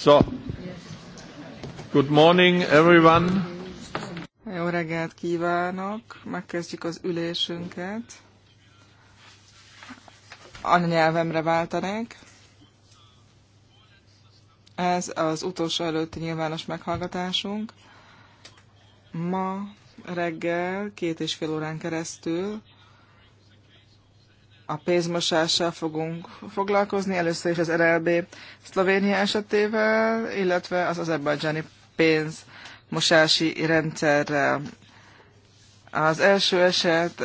So, good morning everyone. Jó reggelt kívánok! Megkezdjük az ülésünket. Anyanyelvemre váltanék. Ez az utolsó előtti nyilvános meghallgatásunk. Ma reggel két és fél órán keresztül a pénzmosással fogunk foglalkozni, először is az RLB Szlovénia esetével, illetve az azerbajdzsáni pénzmosási rendszerrel. Az első eset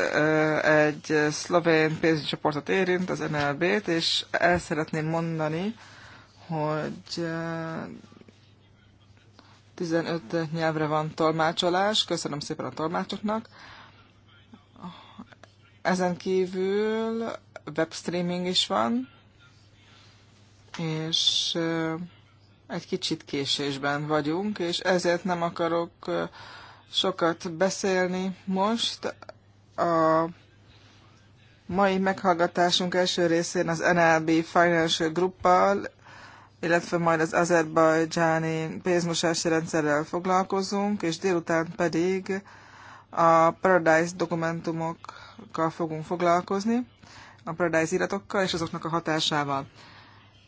egy szlovén pénzügyi csoportot érint, az NLB-t, és el szeretném mondani, hogy 15 nyelvre van tolmácsolás. Köszönöm szépen a tolmácsoknak. Ezen kívül webstreaming is van, és egy kicsit késésben vagyunk, és ezért nem akarok sokat beszélni most. A mai meghallgatásunk első részén az NLB Financial Gruppal, illetve majd az azerbajdzsáni pénzmosási rendszerrel foglalkozunk, és délután pedig a Paradise dokumentumokkal fogunk foglalkozni, a Paradise iratokkal és azoknak a hatásával.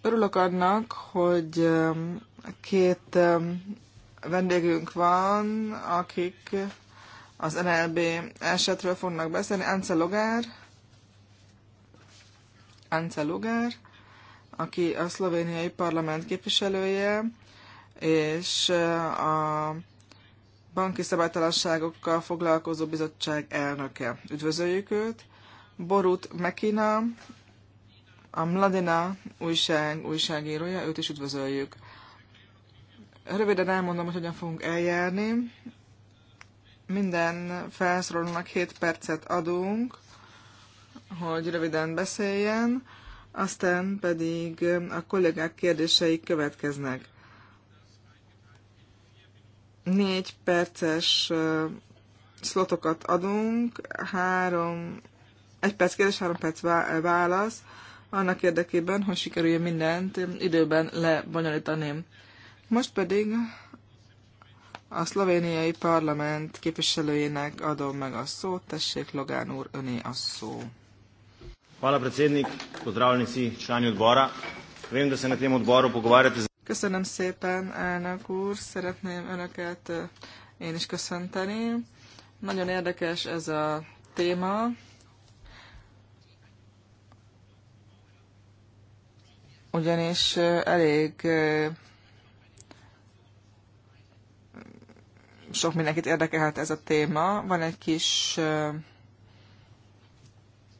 Örülök annak, hogy um, két um, vendégünk van, akik az NLB esetről fognak beszélni. Ence Logár, Ence Logár, aki a szlovéniai parlament képviselője, és uh, a banki szabálytalanságokkal foglalkozó bizottság elnöke. Üdvözöljük őt. Borut Mekina, a Mladina újság újságírója, őt is üdvözöljük. Röviden elmondom, hogy hogyan fogunk eljárni. Minden felszólalónak 7 percet adunk, hogy röviden beszéljen, aztán pedig a kollégák kérdései következnek négy perces szlotokat adunk, három, egy perc kérdés, három perc válasz, annak érdekében, hogy sikerüljön mindent időben lebonyolítani. Most pedig a szlovéniai parlament képviselőjének adom meg a szót, tessék Logán úr, öné a szó. Hála, predsednik, pozdravljeni si člani odbora. Vem, da se na tem odboru pogovarjate Köszönöm szépen, elnök úr, szeretném önöket én is köszönteni. Nagyon érdekes ez a téma. Ugyanis elég sok mindenkit érdekelhet ez a téma. Van egy kis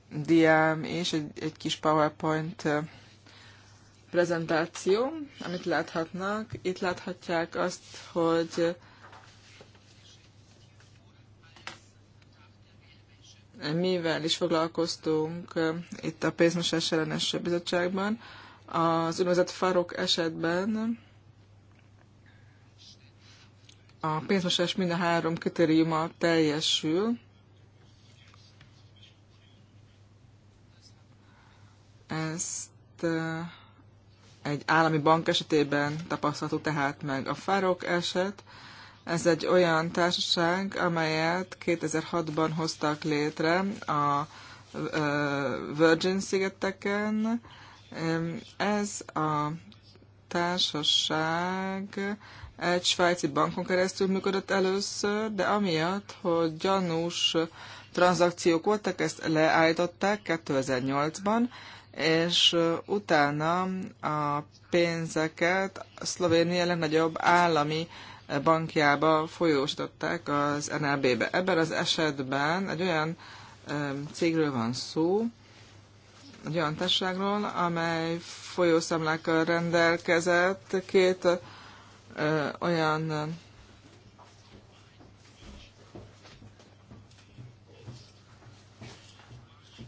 diám és egy, egy kis PowerPoint prezentáció, amit láthatnak. Itt láthatják azt, hogy mivel is foglalkoztunk eh, itt a pénzmosás ellenes bizottságban. Az úgynevezett farok esetben a pénzmosás mind a három kritériuma teljesül. Ezt eh, egy állami bank esetében tapasztalható tehát meg a Fárok eset. Ez egy olyan társaság, amelyet 2006-ban hoztak létre a Virgin szigeteken. Ez a társaság egy svájci bankon keresztül működött először, de amiatt, hogy gyanús tranzakciók voltak, ezt leállították 2008-ban, és utána a pénzeket a Szlovénia legnagyobb állami bankjába folyósították az NLB-be. Ebben az esetben egy olyan cégről van szó, egy olyan társaságról, amely folyószámlákkal rendelkezett két olyan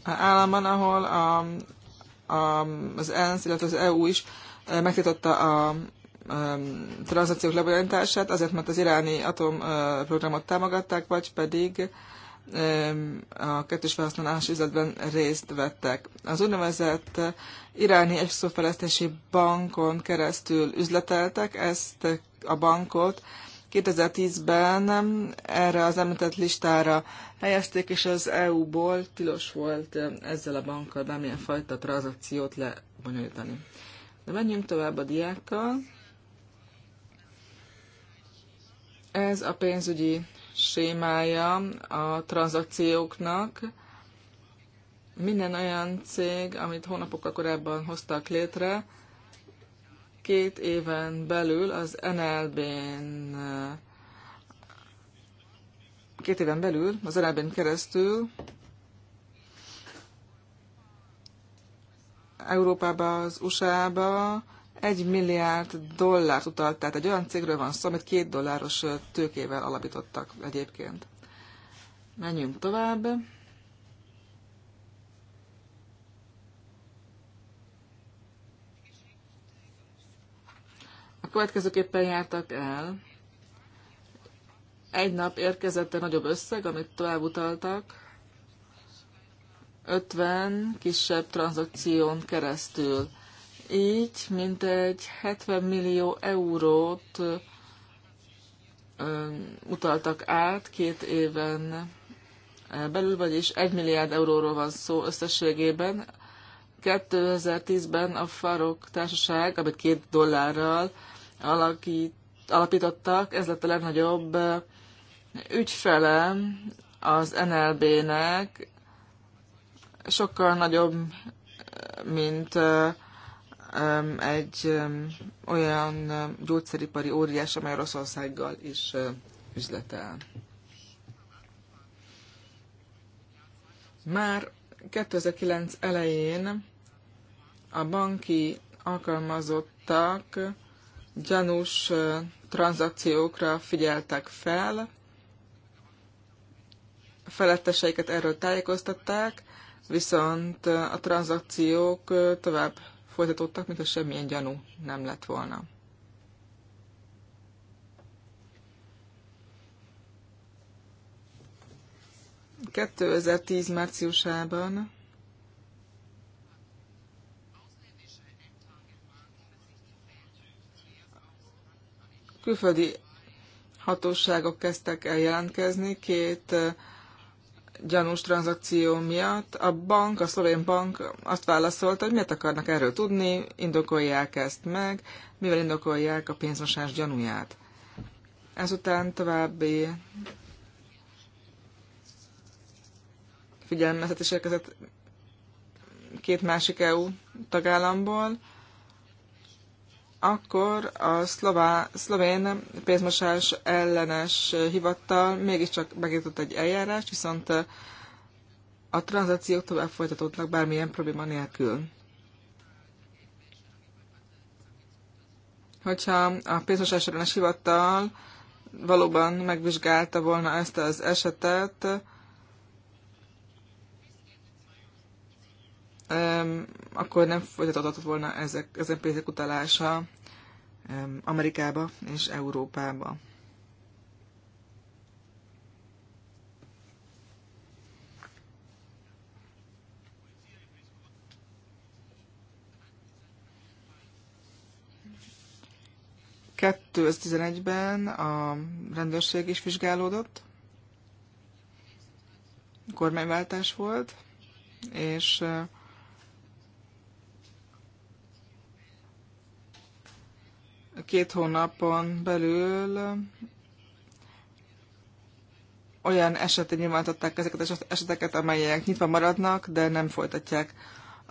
államban, ahol a az ENSZ, illetve az EU is megtiltotta a tranzakciók lebonyolítását, azért, mert az iráni atomprogramot támogatták, vagy pedig a kettős felhasználás üzletben részt vettek. Az úgynevezett iráni egyszófejlesztési bankon keresztül üzleteltek, ezt a bankot 2010-ben erre az említett listára helyezték, és az EU-ból tilos volt ezzel a bankkal bármilyen fajta tranzakciót lebonyolítani. De menjünk tovább a diákkal. Ez a pénzügyi sémája a tranzakcióknak. Minden olyan cég, amit hónapokkal korábban hoztak létre, két éven belül az NLB-n két éven belül, az nlb keresztül Európába, az USA-ba egy milliárd dollárt utalt, tehát egy olyan cégről van szó, amit két dolláros tőkével alapítottak egyébként. Menjünk tovább. következőképpen jártak el. Egy nap érkezett egy nagyobb összeg, amit tovább utaltak, 50 kisebb tranzakción keresztül. Így mintegy 70 millió eurót utaltak át két éven belül, vagyis 1 milliárd euróról van szó összességében. 2010-ben a Farok társaság, amit két dollárral alakít, alapítottak, ez lett a legnagyobb ügyfele az NLB-nek, sokkal nagyobb, mint egy olyan gyógyszeripari óriás, amely Oroszországgal is üzletel. Már 2009 elején a banki alkalmazottak gyanús tranzakciókra figyeltek fel, feletteseiket erről tájékoztatták, viszont a tranzakciók tovább folytatódtak, mintha semmilyen gyanú nem lett volna. ...2010 márciusában külföldi hatóságok kezdtek el jelentkezni két gyanús tranzakció miatt. A bank, a szlovén bank azt válaszolta, hogy miért akarnak erről tudni, indokolják ezt meg, mivel indokolják a pénzmosás gyanúját. Ezután további figyelmeztetés érkezett két másik EU tagállamból, akkor a szlová, szlovén pénzmosás ellenes hivattal mégiscsak megított egy eljárást, viszont a tranzakciók tovább folytatódnak bármilyen probléma nélkül. Hogyha a pénzmosás ellenes hivattal valóban megvizsgálta volna ezt az esetet, akkor nem folytatódott volna ezek, ezen pénzek utalása Amerikába és Európába. ben a rendőrség is vizsgálódott, kormányváltás volt, és két hónapon belül olyan esetén nyilvánították ezeket az eseteket, amelyek nyitva maradnak, de nem folytatják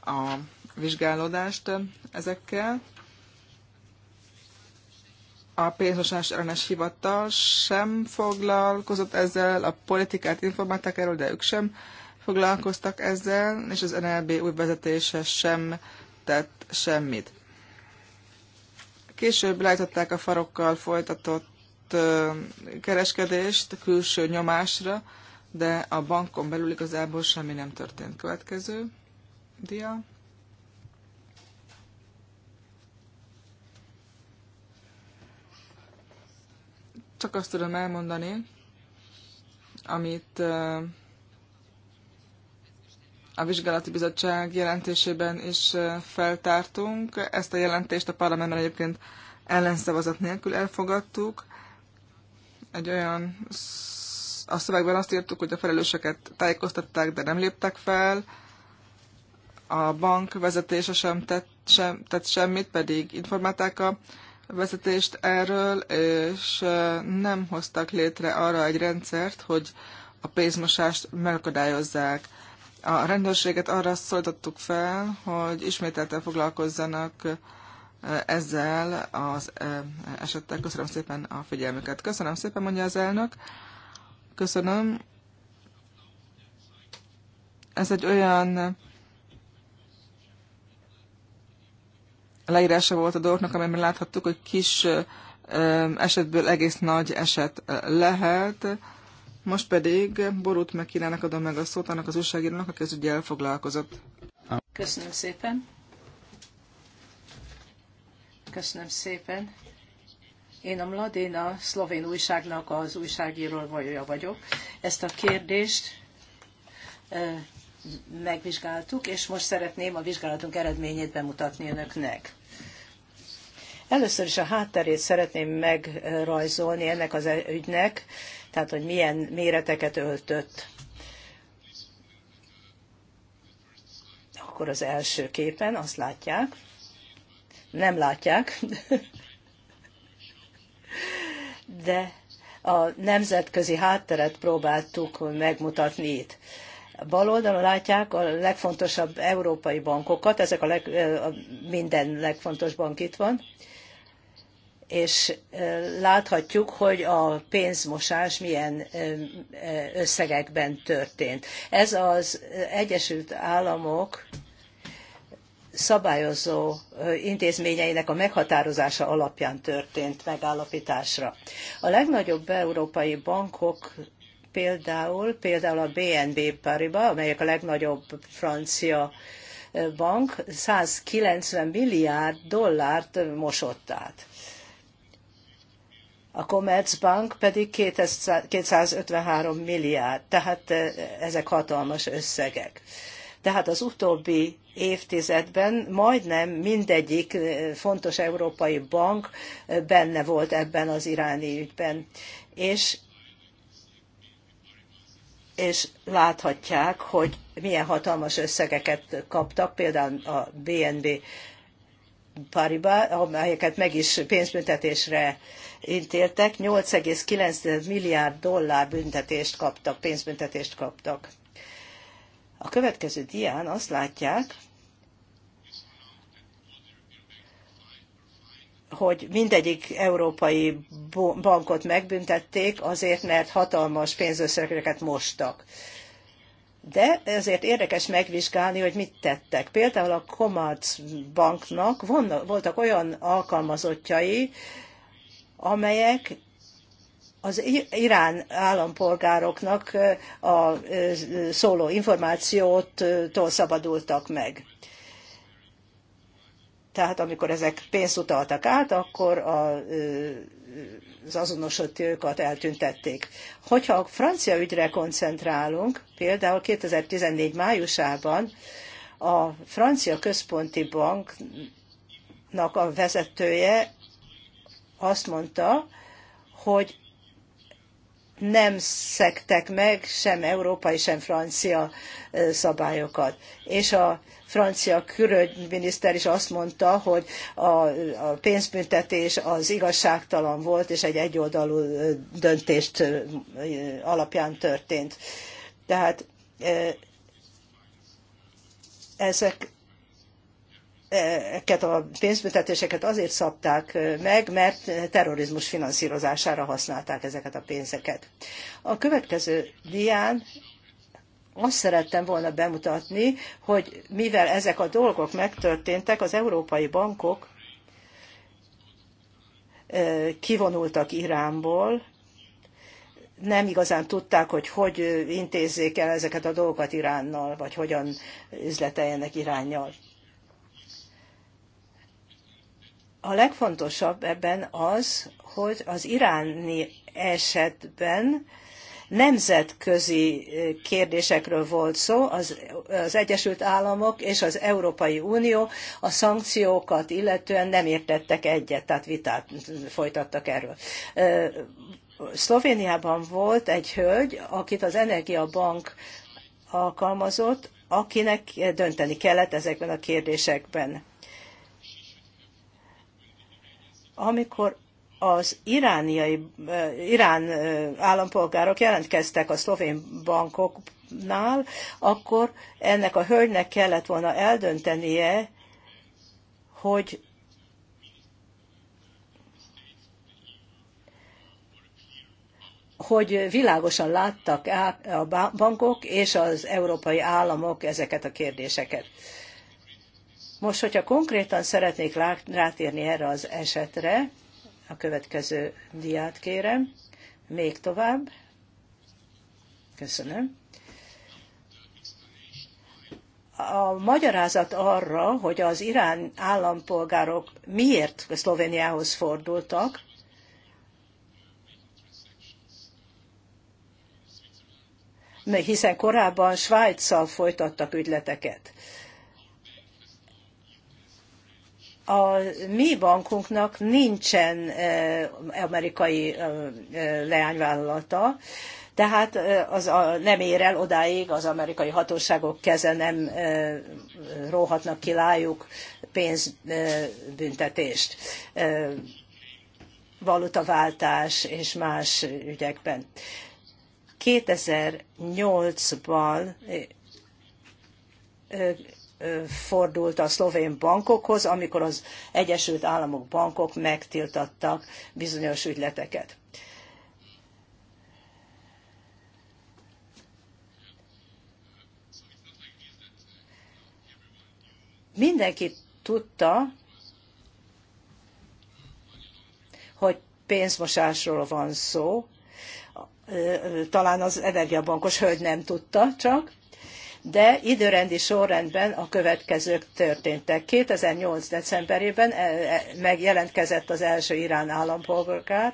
a vizsgálódást ezekkel. A pénzosás ellenes hivatal sem foglalkozott ezzel, a politikát informálták erről, de ők sem foglalkoztak ezzel, és az NLB új vezetése sem tett semmit. Később lejtották a farokkal folytatott kereskedést külső nyomásra, de a bankon belül igazából semmi nem történt. Következő dia. Csak azt tudom elmondani, amit a vizsgálati bizottság jelentésében is feltártunk. Ezt a jelentést a parlamentben egyébként ellenszavazat nélkül elfogadtuk. Egy olyan a szövegben azt írtuk, hogy a felelőseket tájékoztatták, de nem léptek fel. A bank vezetése sem tett, sem tett semmit, pedig informálták a vezetést erről, és nem hoztak létre arra egy rendszert, hogy a pénzmosást megakadályozzák. A rendőrséget arra szóltattuk fel, hogy ismételten foglalkozzanak ezzel az esettel. Köszönöm szépen a figyelmüket. Köszönöm szépen, mondja az elnök. Köszönöm. Ez egy olyan leírása volt a dolgoknak, amelyben láthattuk, hogy kis esetből egész nagy eset lehet. Most pedig Borút Mekinának adom meg a szót, annak az újságírónak, aki az ügyel foglalkozott. Köszönöm szépen. Köszönöm szépen. Én a Mladina szlovén újságnak az újságírója vagyok. Ezt a kérdést megvizsgáltuk, és most szeretném a vizsgálatunk eredményét bemutatni önöknek. Először is a hátterét szeretném megrajzolni ennek az ügynek, tehát hogy milyen méreteket öltött. Akkor az első képen azt látják, nem látják, de a nemzetközi hátteret próbáltuk megmutatni itt. Bal oldalon látják a legfontosabb európai bankokat, ezek a, leg, minden legfontos bank itt van, és láthatjuk, hogy a pénzmosás milyen összegekben történt. Ez az Egyesült Államok szabályozó intézményeinek a meghatározása alapján történt megállapításra. A legnagyobb európai bankok például, például a BNB Paribas, amelyek a legnagyobb francia bank, 190 milliárd dollárt mosott át a Commerzbank pedig 253 milliárd, tehát eh, ezek hatalmas összegek. Tehát az utóbbi évtizedben majdnem mindegyik eh, fontos európai bank eh, benne volt ebben az iráni ügyben. És, és láthatják, hogy milyen hatalmas összegeket kaptak, például a BNB Paribas, amelyeket meg is pénzbüntetésre ítéltek, 8,9 milliárd dollár büntetést kaptak, pénzbüntetést kaptak. A következő dián azt látják, hogy mindegyik európai bankot megbüntették azért, mert hatalmas pénzösszegeket mostak. De ezért érdekes megvizsgálni, hogy mit tettek. Például a Commerzbanknak banknak voltak olyan alkalmazottjai, amelyek az irán állampolgároknak a szóló információtól szabadultak meg. Tehát amikor ezek pénzt utaltak át, akkor a, az azonosítókat eltüntették. Hogyha a francia ügyre koncentrálunk, például 2014 májusában a francia központi banknak a vezetője azt mondta, hogy nem szektek meg sem európai, sem francia szabályokat. És a francia külügyminiszter is azt mondta, hogy a, pénzbüntetés az igazságtalan volt, és egy egyoldalú döntést alapján történt. Tehát ezek a pénzbüntetéseket azért szabták meg, mert terrorizmus finanszírozására használták ezeket a pénzeket. A következő dián azt szerettem volna bemutatni, hogy mivel ezek a dolgok megtörténtek, az európai bankok kivonultak Iránból, nem igazán tudták, hogy hogy intézzék el ezeket a dolgokat Iránnal, vagy hogyan üzleteljenek Iránnyal. A legfontosabb ebben az, hogy az iráni esetben nemzetközi eh, kérdésekről volt szó, az, az Egyesült Államok és az Európai Unió a szankciókat illetően nem értettek egyet, tehát vitát folytattak erről. Eh, Szlovéniában volt egy hölgy, akit az Energiabank alkalmazott, akinek dönteni kellett ezekben a kérdésekben. Amikor az irániai, irán állampolgárok jelentkeztek a szlovén bankoknál, akkor ennek a hölgynek kellett volna eldöntenie, hogy hogy világosan láttak a bankok és az európai államok ezeket a kérdéseket. Most, hogyha konkrétan szeretnék rátérni erre az esetre, a következő diát kérem, még tovább. Köszönöm. A magyarázat arra, hogy az irán állampolgárok miért Szlovéniához fordultak, hiszen korábban Svájccal folytattak ügyleteket. a mi bankunknak nincsen e, amerikai e, e, leányvállalata, tehát az a, nem ér el odáig, az amerikai hatóságok keze nem e, róhatnak ki lájuk pénzbüntetést, e, valutaváltás és más ügyekben. 2008-ban fordult a szlovén bankokhoz, amikor az Egyesült Államok bankok megtiltattak bizonyos ügyleteket. Mindenki tudta, hogy pénzmosásról van szó. Talán az energiabankos hölgy nem tudta csak de időrendi sorrendben a következők történtek. 2008. decemberében e, e, megjelentkezett az első irán állampolgár,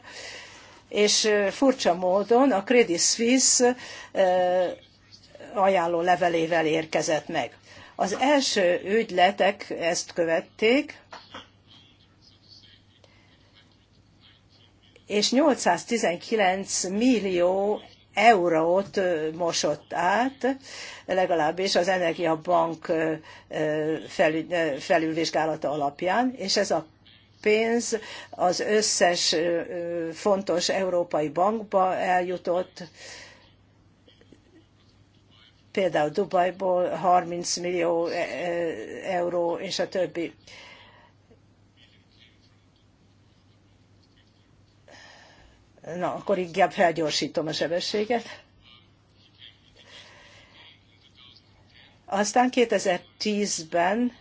és furcsa módon a Credit Suisse ajánló levelével érkezett meg. Az első ügyletek ezt követték, és 819 millió eurót mosott át, legalábbis az Energiabank felül, felülvizsgálata alapján, és ez a pénz az összes fontos európai bankba eljutott, például Dubajból 30 millió euró és a többi. Na, akkor inkább felgyorsítom a sebességet. Aztán 2010-ben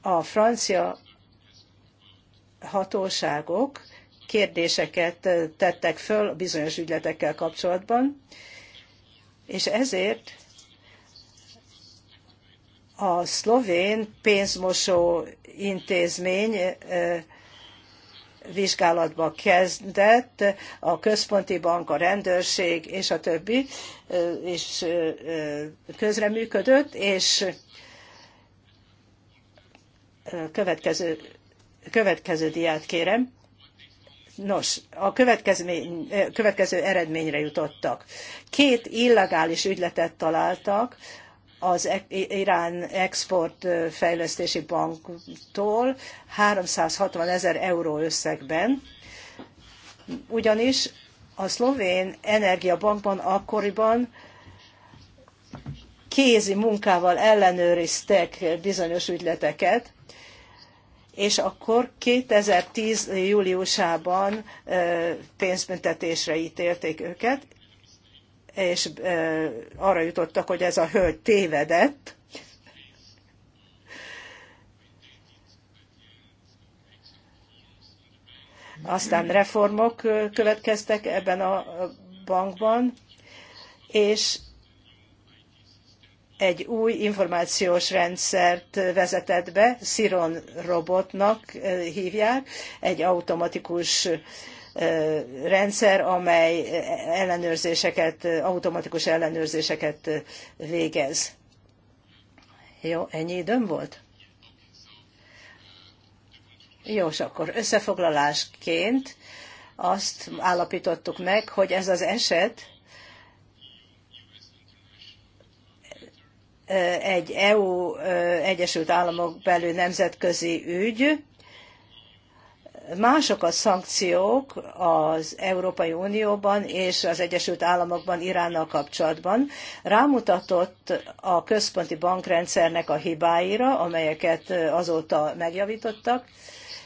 a francia hatóságok kérdéseket tettek föl bizonyos ügyletekkel kapcsolatban, és ezért a szlovén pénzmosó intézmény vizsgálatba kezdett, a központi bank, a rendőrség és a többi, és közreműködött, és következő, következő diát kérem. Nos, a következő eredményre jutottak. Két illegális ügyletet találtak, az e- Irán Export Fejlesztési Banktól 360 ezer euró összegben, ugyanis a szlovén energiabankban akkoriban kézi munkával ellenőriztek bizonyos ügyleteket, és akkor 2010. júliusában pénzbüntetésre ítélték őket, és arra jutottak, hogy ez a hölgy tévedett, Aztán reformok következtek ebben a bankban, és egy új információs rendszert vezetett be, Siron robotnak hívják, egy automatikus rendszer, amely ellenőrzéseket, automatikus ellenőrzéseket végez. Jó, ennyi időm volt? Jó, és akkor összefoglalásként azt állapítottuk meg, hogy ez az eset egy EU Egyesült Államok belül nemzetközi ügy, mások a szankciók az Európai Unióban és az Egyesült Államokban Iránnal kapcsolatban. Rámutatott a központi bankrendszernek a hibáira, amelyeket azóta megjavítottak,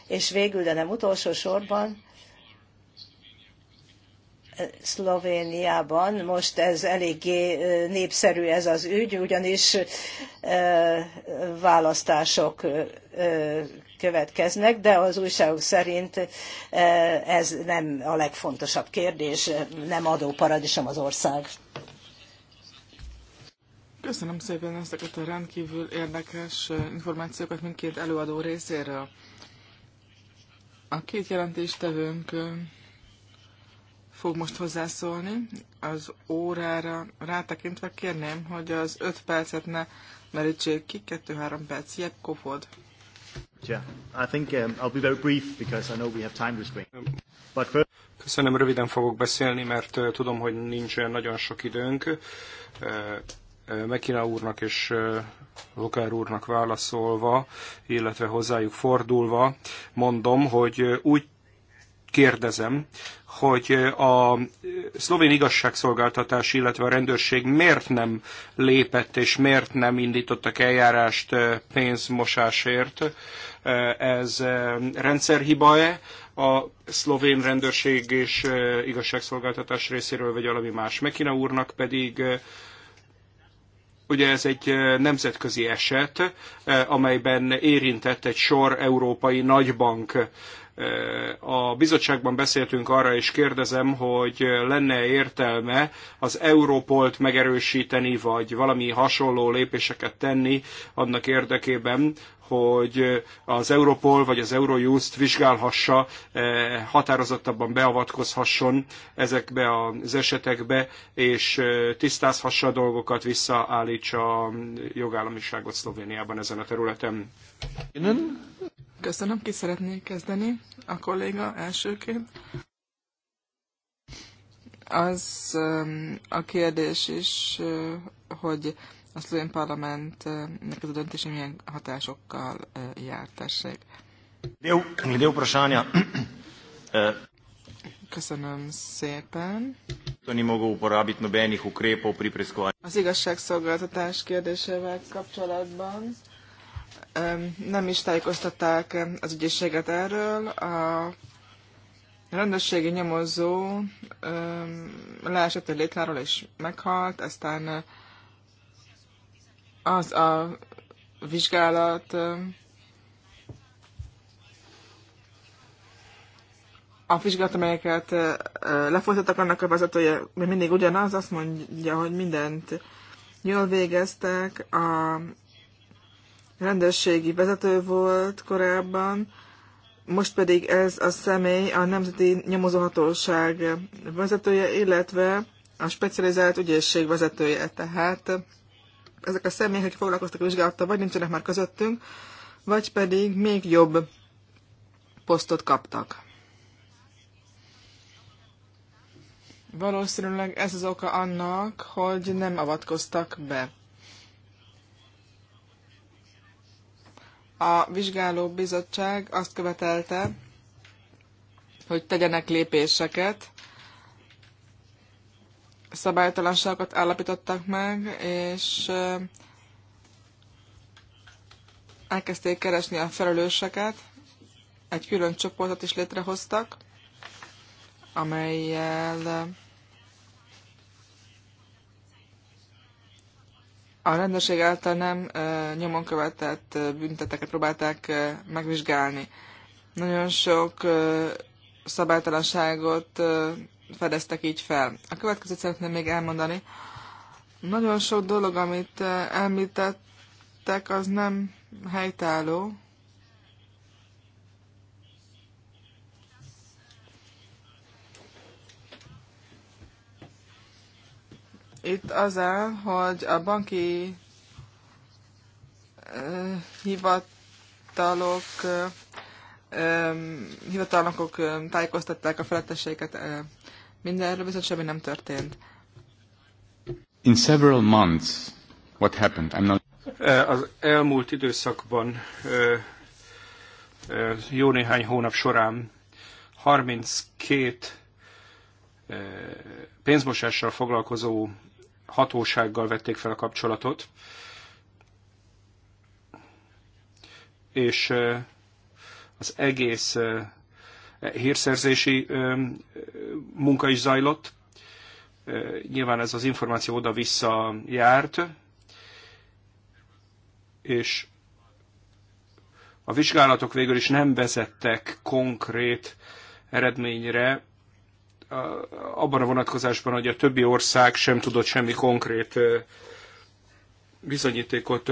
és végül, de nem utolsó sorban, Szlovéniában most ez eléggé népszerű ez az ügy, ugyanis választások következnek, de az újságok szerint eh, ez nem a legfontosabb kérdés, nem adó paradicsom az ország. Köszönöm szépen ezeket a rendkívül érdekes eh, információkat mindkét előadó részéről. A két jelentéstevőnk eh, fog most hozzászólni. Az órára rátekintve kérném, hogy az öt percet ne merítsék ki, kettő-három perc. Jebb kofod. Köszönöm, röviden fogok beszélni, mert uh, tudom, hogy nincs olyan uh, nagyon sok időnk. Uh, Mekina úrnak és Lokár úrnak válaszolva, illetve hozzájuk fordulva, mondom, hogy úgy kérdezem, hogy a szlovén igazságszolgáltatás, illetve a rendőrség miért nem lépett és miért nem indítottak eljárást eh, pénzmosásért. Eh, ez eh, rendszerhiba-e a szlovén rendőrség és igazságszolgáltatás részéről, vagy valami más? Mekina úrnak pedig Ugye ez egy nemzetközi eset, amelyben érintett egy sor európai nagybank a bizottságban beszéltünk arra, és kérdezem, hogy lenne értelme az Európolt megerősíteni, vagy valami hasonló lépéseket tenni annak érdekében, hogy az Europol vagy az Eurojust vizsgálhassa, eh, határozottabban beavatkozhasson ezekbe az esetekbe, és eh, tisztázhassa a dolgokat, visszaállítsa a jogállamiságot Szlovéniában ezen a területen. Köszönöm, ki szeretné kezdeni a kolléga elsőként. Az a kérdés is, hogy a szlovén parlamentnek ez a döntés milyen hatásokkal járt, tessék. Eh, Köszönöm szépen. Az igazságszolgáltatás kérdésével kapcsolatban nem is tájékoztatták az ügyészséget erről. A rendőrségi nyomozó leesett egy létráról és meghalt, aztán eh, az a vizsgálat a vizsgálat, amelyeket eh, lefolytattak, annak a vezetője mert mindig ugyanaz, azt mondja, hogy mindent jól végeztek, a rendőrségi vezető volt korábban, most pedig ez a személy a Nemzeti Nyomozóhatóság vezetője, illetve a specializált ügyészség vezetője. Tehát ezek a személyek, akik foglalkoztak a vizsgálattal, vagy nincsenek már közöttünk, vagy pedig még jobb posztot kaptak. Valószínűleg ez az oka annak, hogy nem avatkoztak be. a vizsgáló bizottság azt követelte, hogy tegyenek lépéseket, szabálytalanságokat állapítottak meg, és elkezdték keresni a felelőseket, egy külön csoportot is létrehoztak, amelyel a rendőrség által nem nyomon követett bünteteket próbálták megvizsgálni. Nagyon sok szabálytalanságot fedeztek így fel. A következőt szeretném még elmondani. Nagyon sok dolog, amit említettek, az nem helytálló. itt az áll, hogy a banki hivatalok hivatalnokok tájékoztatták a feletteséget mindenről, viszont semmi nem történt. In several months, what happened? I'm not... Az elmúlt időszakban jó néhány hónap során 32 pénzmosással foglalkozó hatósággal vették fel a kapcsolatot, és az egész hírszerzési munka is zajlott. Nyilván ez az információ oda-vissza járt, és a vizsgálatok végül is nem vezettek konkrét eredményre, abban a vonatkozásban, hogy a többi ország sem tudott semmi konkrét bizonyítékot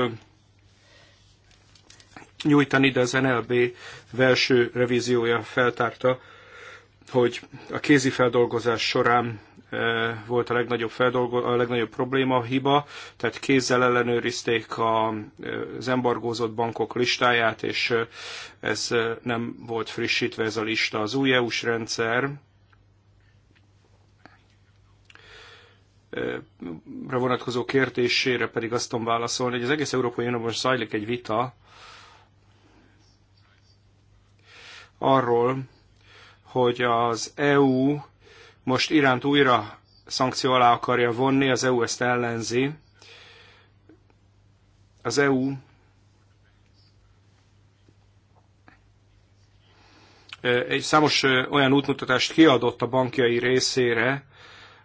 nyújtani, de az NLB belső revíziója feltárta, hogy a kézi feldolgozás során volt a legnagyobb, a legnagyobb probléma, a hiba, tehát kézzel ellenőrizték a, az embargózott bankok listáját, és ez nem volt frissítve ez a lista. Az új EU-s rendszer vonatkozó kérdésére pedig azt tudom válaszolni, hogy az egész Európai Unióban zajlik egy vita arról, hogy az EU most Iránt újra szankció alá akarja vonni, az EU ezt ellenzi. Az EU egy számos olyan útmutatást kiadott a bankjai részére,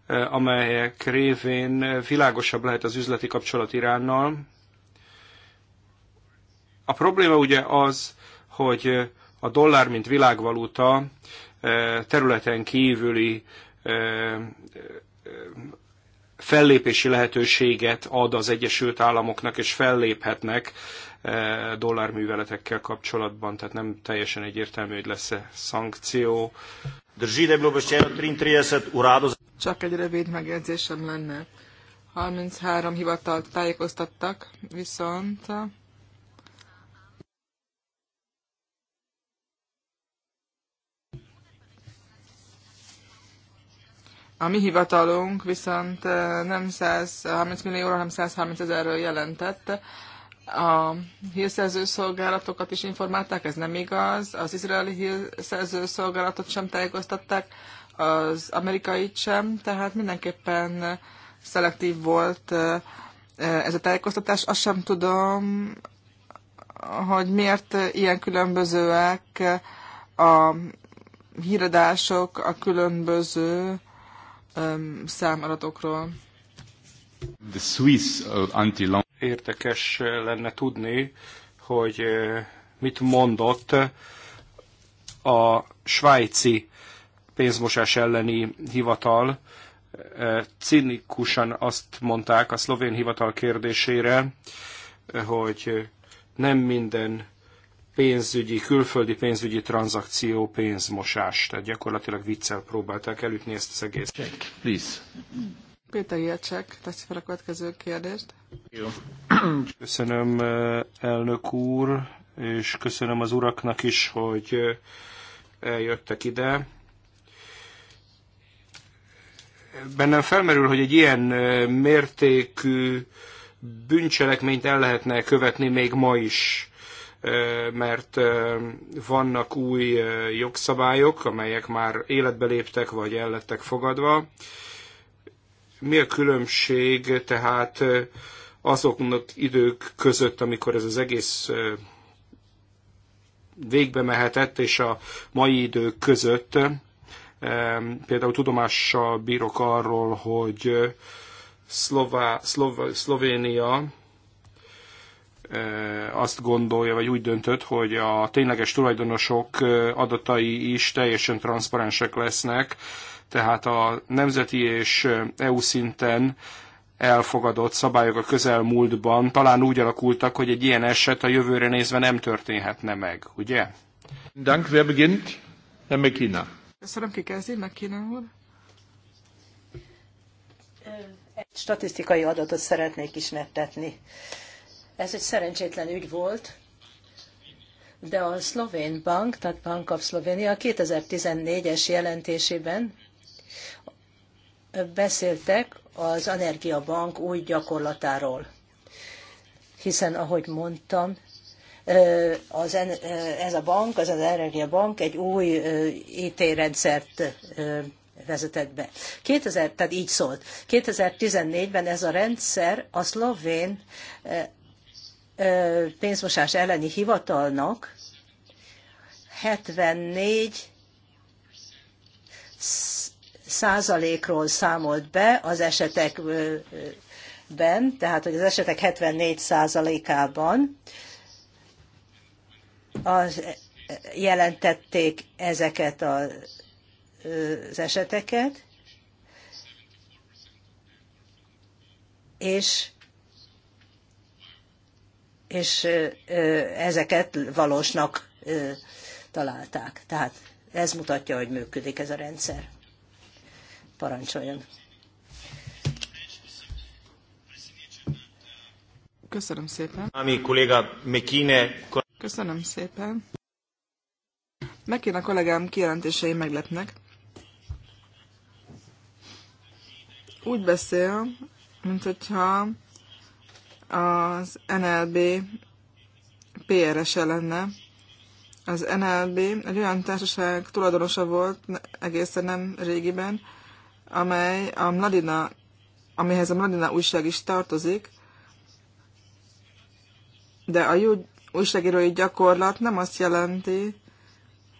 Eh, amelyek révén világosabb lehet az üzleti kapcsolat Iránnal. A probléma ugye az, hogy a dollár, mint világvaluta eh, területen kívüli eh, fellépési lehetőséget ad az Egyesült Államoknak, és felléphetnek E, dollárműveletekkel kapcsolatban, tehát nem teljesen egyértelmű, hogy lesz-e szankció. Csak egy rövid megjegyzésem lenne. 33 hivatalt tájékoztattak, viszont A mi hivatalunk viszont e, nem 130 millióra, hanem 130 ezerről jelentett a hírszerző szolgálatokat is informálták, ez nem igaz. Az izraeli hírszerző szolgálatot sem tájékoztatták, az amerikai sem, tehát mindenképpen szelektív volt ez a tájékoztatás. Azt sem tudom, hogy miért ilyen különbözőek a híradások a különböző számadatokról. The Swiss uh, anti érdekes lenne tudni, hogy eh, mit mondott a svájci pénzmosás elleni hivatal. Eh, cinikusan azt mondták a szlovén hivatal kérdésére, eh, hogy nem minden pénzügyi, külföldi pénzügyi tranzakció pénzmosás. Tehát gyakorlatilag viccel próbálták elütni ezt az egész. Check, please. Péter Jacek, teszi fel a következő kérdést. Köszönöm, elnök úr, és köszönöm az uraknak is, hogy eljöttek ide. Bennem felmerül, hogy egy ilyen mértékű bűncselekményt el lehetne követni még ma is, mert vannak új jogszabályok, amelyek már életbe léptek, vagy el lettek fogadva. Mi a különbség tehát azoknak idők között, amikor ez az egész végbe mehetett, és a mai idők között például tudomással bírok arról, hogy Szlová, Szlová, Szlovénia azt gondolja, vagy úgy döntött, hogy a tényleges tulajdonosok adatai is teljesen transzparensek lesznek, tehát a nemzeti és EU szinten elfogadott szabályok a közelmúltban talán úgy alakultak, hogy egy ilyen eset a jövőre nézve nem történhetne meg, ugye? Dank, wer beginnt? Herr Mekina. Köszönöm, ki kezdi, Mekina úr. Egy statisztikai adatot szeretnék ismertetni. Ez egy szerencsétlen ügy volt, de a Szlovén Bank, tehát Bank of Slovenia 2014-es jelentésében beszéltek az energia bank új gyakorlatáról. Hiszen, ahogy mondtam, az, ez a bank, az energia bank egy új IT-rendszert vezetett be. 2000, tehát így szólt. 2014-ben ez a rendszer a szlovén pénzmosás elleni hivatalnak 74 százalékról számolt be az esetekben, tehát hogy az esetek 74 százalékában az, jelentették ezeket az eseteket, és és ezeket valósnak találták. Tehát ez mutatja, hogy működik ez a rendszer. Parancsoljon! Köszönöm szépen. Ami kolléga Mekine... Köszönöm szépen. Mekine kollégám kijelentései meglepnek. Úgy beszél, mint hogyha az NLB PRS-e lenne. Az NLB egy olyan társaság tulajdonosa volt egészen nem régiben, amely a Mladina, amihez a Mladina újság is tartozik, de a jó újságírói gyakorlat nem azt jelenti,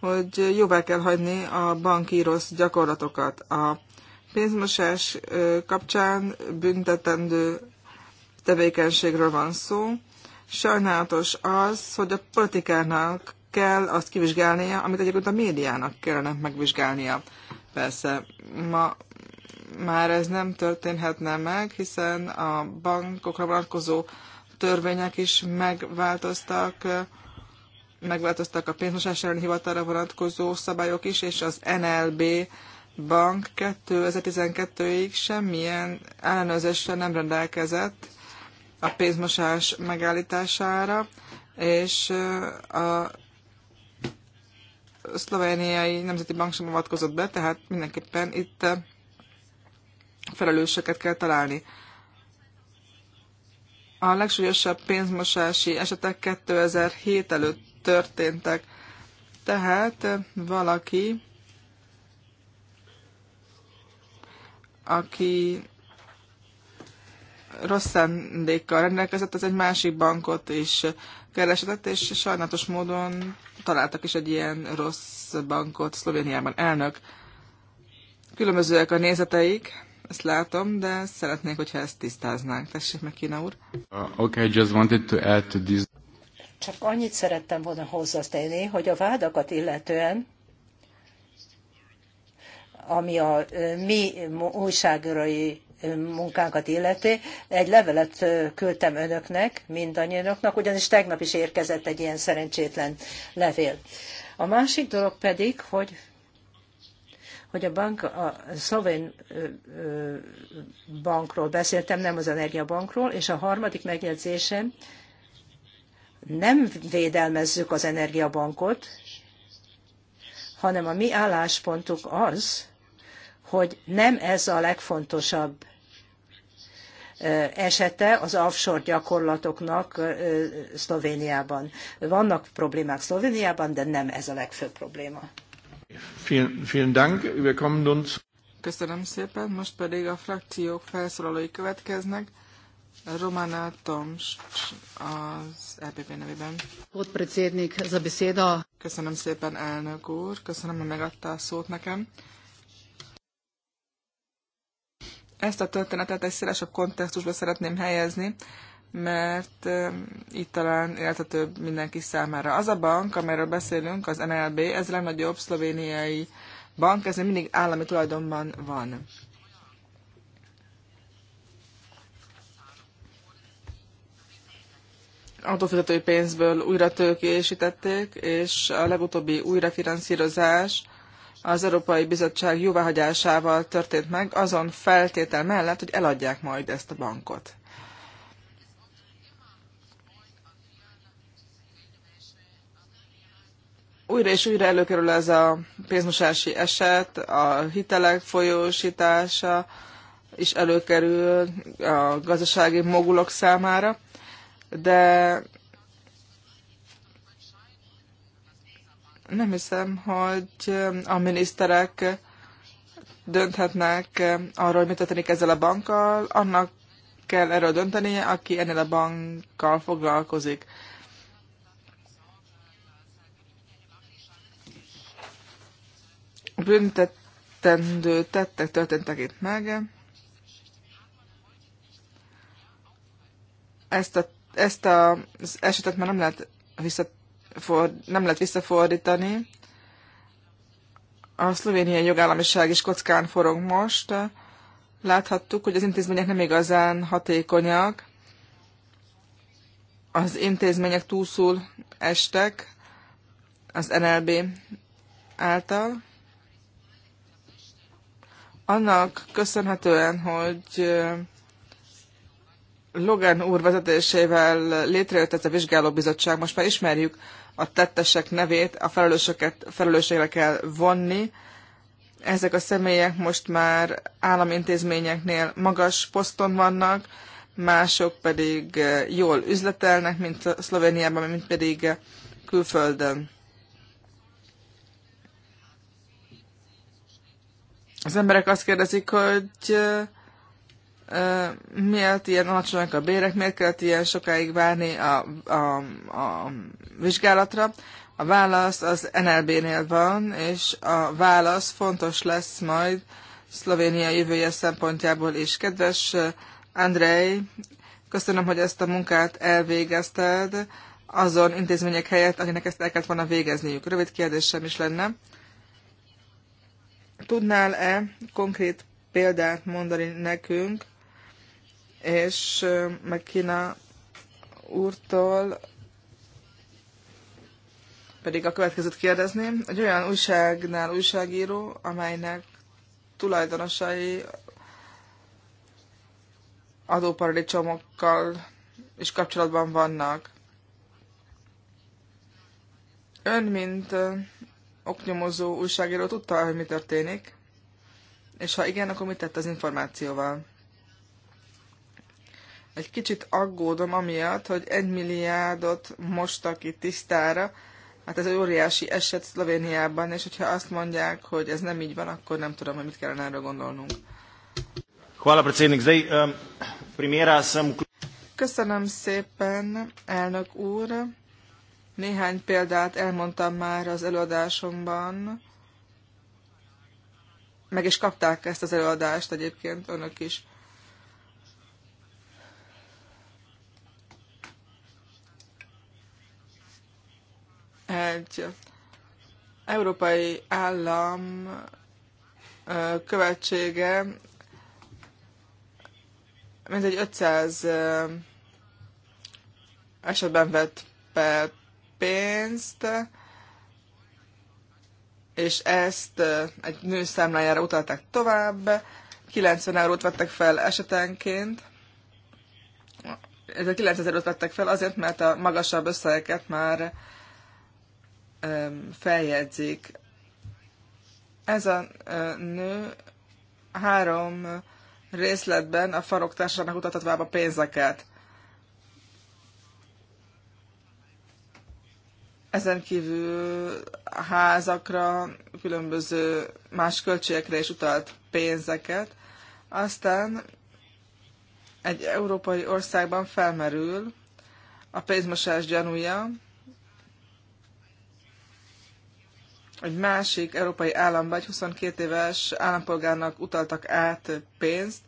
hogy jóvá kell hagyni a banki rossz gyakorlatokat. A pénzmosás kapcsán büntetendő tevékenységről van szó. Sajnálatos az, hogy a politikának kell azt kivizsgálnia, amit egyébként a médiának kellene megvizsgálnia. Persze, ma már ez nem történhetne meg, hiszen a bankokra vonatkozó törvények is megváltoztak, megváltoztak a pénzmosás elleni hivatalra vonatkozó szabályok is, és az NLB bank 2012-ig semmilyen ellenőrzéssel nem rendelkezett a pénzmosás megállítására, és a szlovéniai nemzeti bank sem avatkozott be, tehát mindenképpen itt felelőseket kell találni. A legsúlyosabb pénzmosási esetek 2007 előtt történtek. Tehát valaki, aki rossz szendékkal rendelkezett, az egy másik bankot is keresett, és sajnálatos módon találtak is egy ilyen rossz bankot Szlovéniában. Elnök, különbözőek a nézeteik, ezt látom, de szeretnék, hogyha ezt tisztáznánk. Tessék meg, Kína úr. Uh, okay, just wanted to add to this. Csak annyit szerettem volna hozzátenni, hogy a vádakat illetően ami a mi újságírói munkánkat illeti. Egy levelet küldtem önöknek, mindannyiunknak, ugyanis tegnap is érkezett egy ilyen szerencsétlen levél. A másik dolog pedig, hogy hogy a bank, a szlovén bankról beszéltem, nem az energiabankról, és a harmadik megjegyzésem, nem védelmezzük az energiabankot, hanem a mi álláspontunk az, hogy nem ez a legfontosabb esete az offshore gyakorlatoknak Szlovéniában. Vannak problémák Szlovéniában, de nem ez a legfőbb probléma. Vielen, vielen Dank. Wir kommen nun zu... Köszönöm szépen, most pedig a frakciók felszólalói következnek. Romana Tomst az EPP nevében. Podpredsednik, a beszéda. Köszönöm szépen, elnök úr, köszönöm, hogy megadta a szót nekem. Ezt a történetet egy szélesebb kontextusba szeretném helyezni, mert itt talán éltetőbb mindenki számára. Az a bank, amelyről beszélünk, az NLB, ez a legnagyobb szlovéniai bank, ez mindig állami tulajdonban van. Autófizetői pénzből újra tőkésítették, és a legutóbbi újrafinanszírozás az Európai Bizottság jóváhagyásával történt meg, azon feltétel mellett, hogy eladják majd ezt a bankot. újra és újra előkerül ez a pénzmosási eset, a hitelek folyósítása is előkerül a gazdasági mogulok számára, de nem hiszem, hogy a miniszterek dönthetnek arról, hogy mit történik ezzel a bankkal, annak kell erről döntenie, aki ennél a bankkal foglalkozik. büntetendő tettek történtek itt meg. Ezt, a, ezt a, az esetet már nem lehet, visszafor, nem lehet visszafordítani. A szlovéniai jogállamiság is kockán forog most. Láthattuk, hogy az intézmények nem igazán hatékonyak. Az intézmények túlszul estek az NLB által. Annak köszönhetően, hogy Logan úr vezetésével létrejött ez a vizsgálóbizottság, most már ismerjük a tettesek nevét, a felelősöket felelősségre kell vonni. Ezek a személyek most már államintézményeknél magas poszton vannak, mások pedig jól üzletelnek, mint Szlovéniában, mint pedig külföldön. az emberek azt kérdezik, hogy miért ilyen alacsonyak a bérek, miért kellett ilyen sokáig várni a, a, a vizsgálatra. A válasz az NLB-nél van, és a válasz fontos lesz majd Szlovénia jövője szempontjából is. Kedves Andrei, köszönöm, hogy ezt a munkát elvégezted azon intézmények helyett, akinek ezt el kellett volna végezniük. Rövid kérdésem is lenne. Tudnál-e konkrét példát mondani nekünk, és meg Kína úrtól pedig a következőt kérdezném. Egy olyan újságnál újságíró, amelynek tulajdonosai adóparadicsomokkal is kapcsolatban vannak. Ön, mint oknyomozó újságíró tudta, hogy mi történik? És ha igen, akkor mit tett az információval? Egy kicsit aggódom amiatt, hogy egy milliárdot mostak itt tisztára, Hát ez egy óriási eset Szlovéniában, és hogyha azt mondják, hogy ez nem így van, akkor nem tudom, hogy mit kellene erről gondolnunk. Köszönöm szépen, elnök úr. Néhány példát elmondtam már az előadásomban. Meg is kapták ezt az előadást egyébként önök is. Egy európai állam követsége mintegy 500 esetben vett per pénzt, és ezt egy nő számlájára utalták tovább, 90 eurót vettek fel esetenként, ez a 9000 eurót vettek fel azért, mert a magasabb összegeket már feljegyzik. Ez a nő három részletben a farok társadalomnak a pénzeket. Ezen kívül a házakra, különböző más költségekre is utalt pénzeket. Aztán egy európai országban felmerül a pénzmosás gyanúja, egy másik európai államban egy 22 éves állampolgárnak utaltak át pénzt,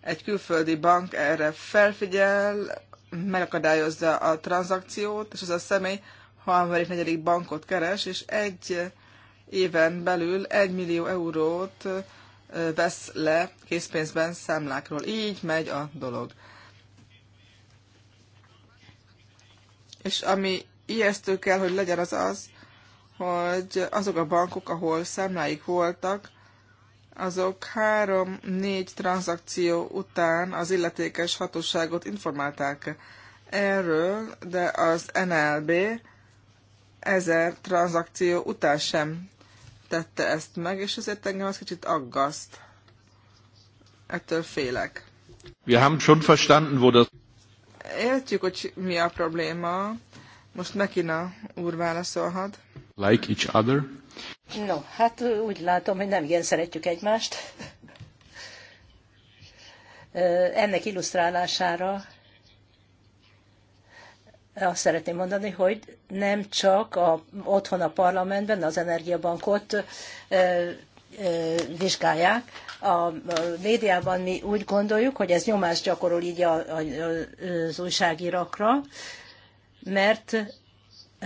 egy külföldi bank erre felfigyel, megakadályozza a tranzakciót, és az a személy harmadik, negyedik bankot keres, és egy éven belül egy millió eurót vesz le készpénzben számlákról. Így megy a dolog. És ami ijesztő kell, hogy legyen az az, hogy azok a bankok, ahol számláik voltak, azok három-négy tranzakció után az illetékes hatóságot informálták erről, de az NLB ezer tranzakció után sem tette ezt meg, és ezért engem az kicsit aggaszt. Ettől félek. Wir haben schon verstanden, wo das... Értjük, hogy mi a probléma. Most Mekina úr válaszolhat. Like each other? No, hát úgy látom, hogy nem igen szeretjük egymást. Ennek illusztrálására azt szeretném mondani, hogy nem csak a, otthon a parlamentben az energiabankot ö, ö, vizsgálják, a médiában mi úgy gondoljuk, hogy ez nyomást gyakorol így a, a, az újságírakra, mert,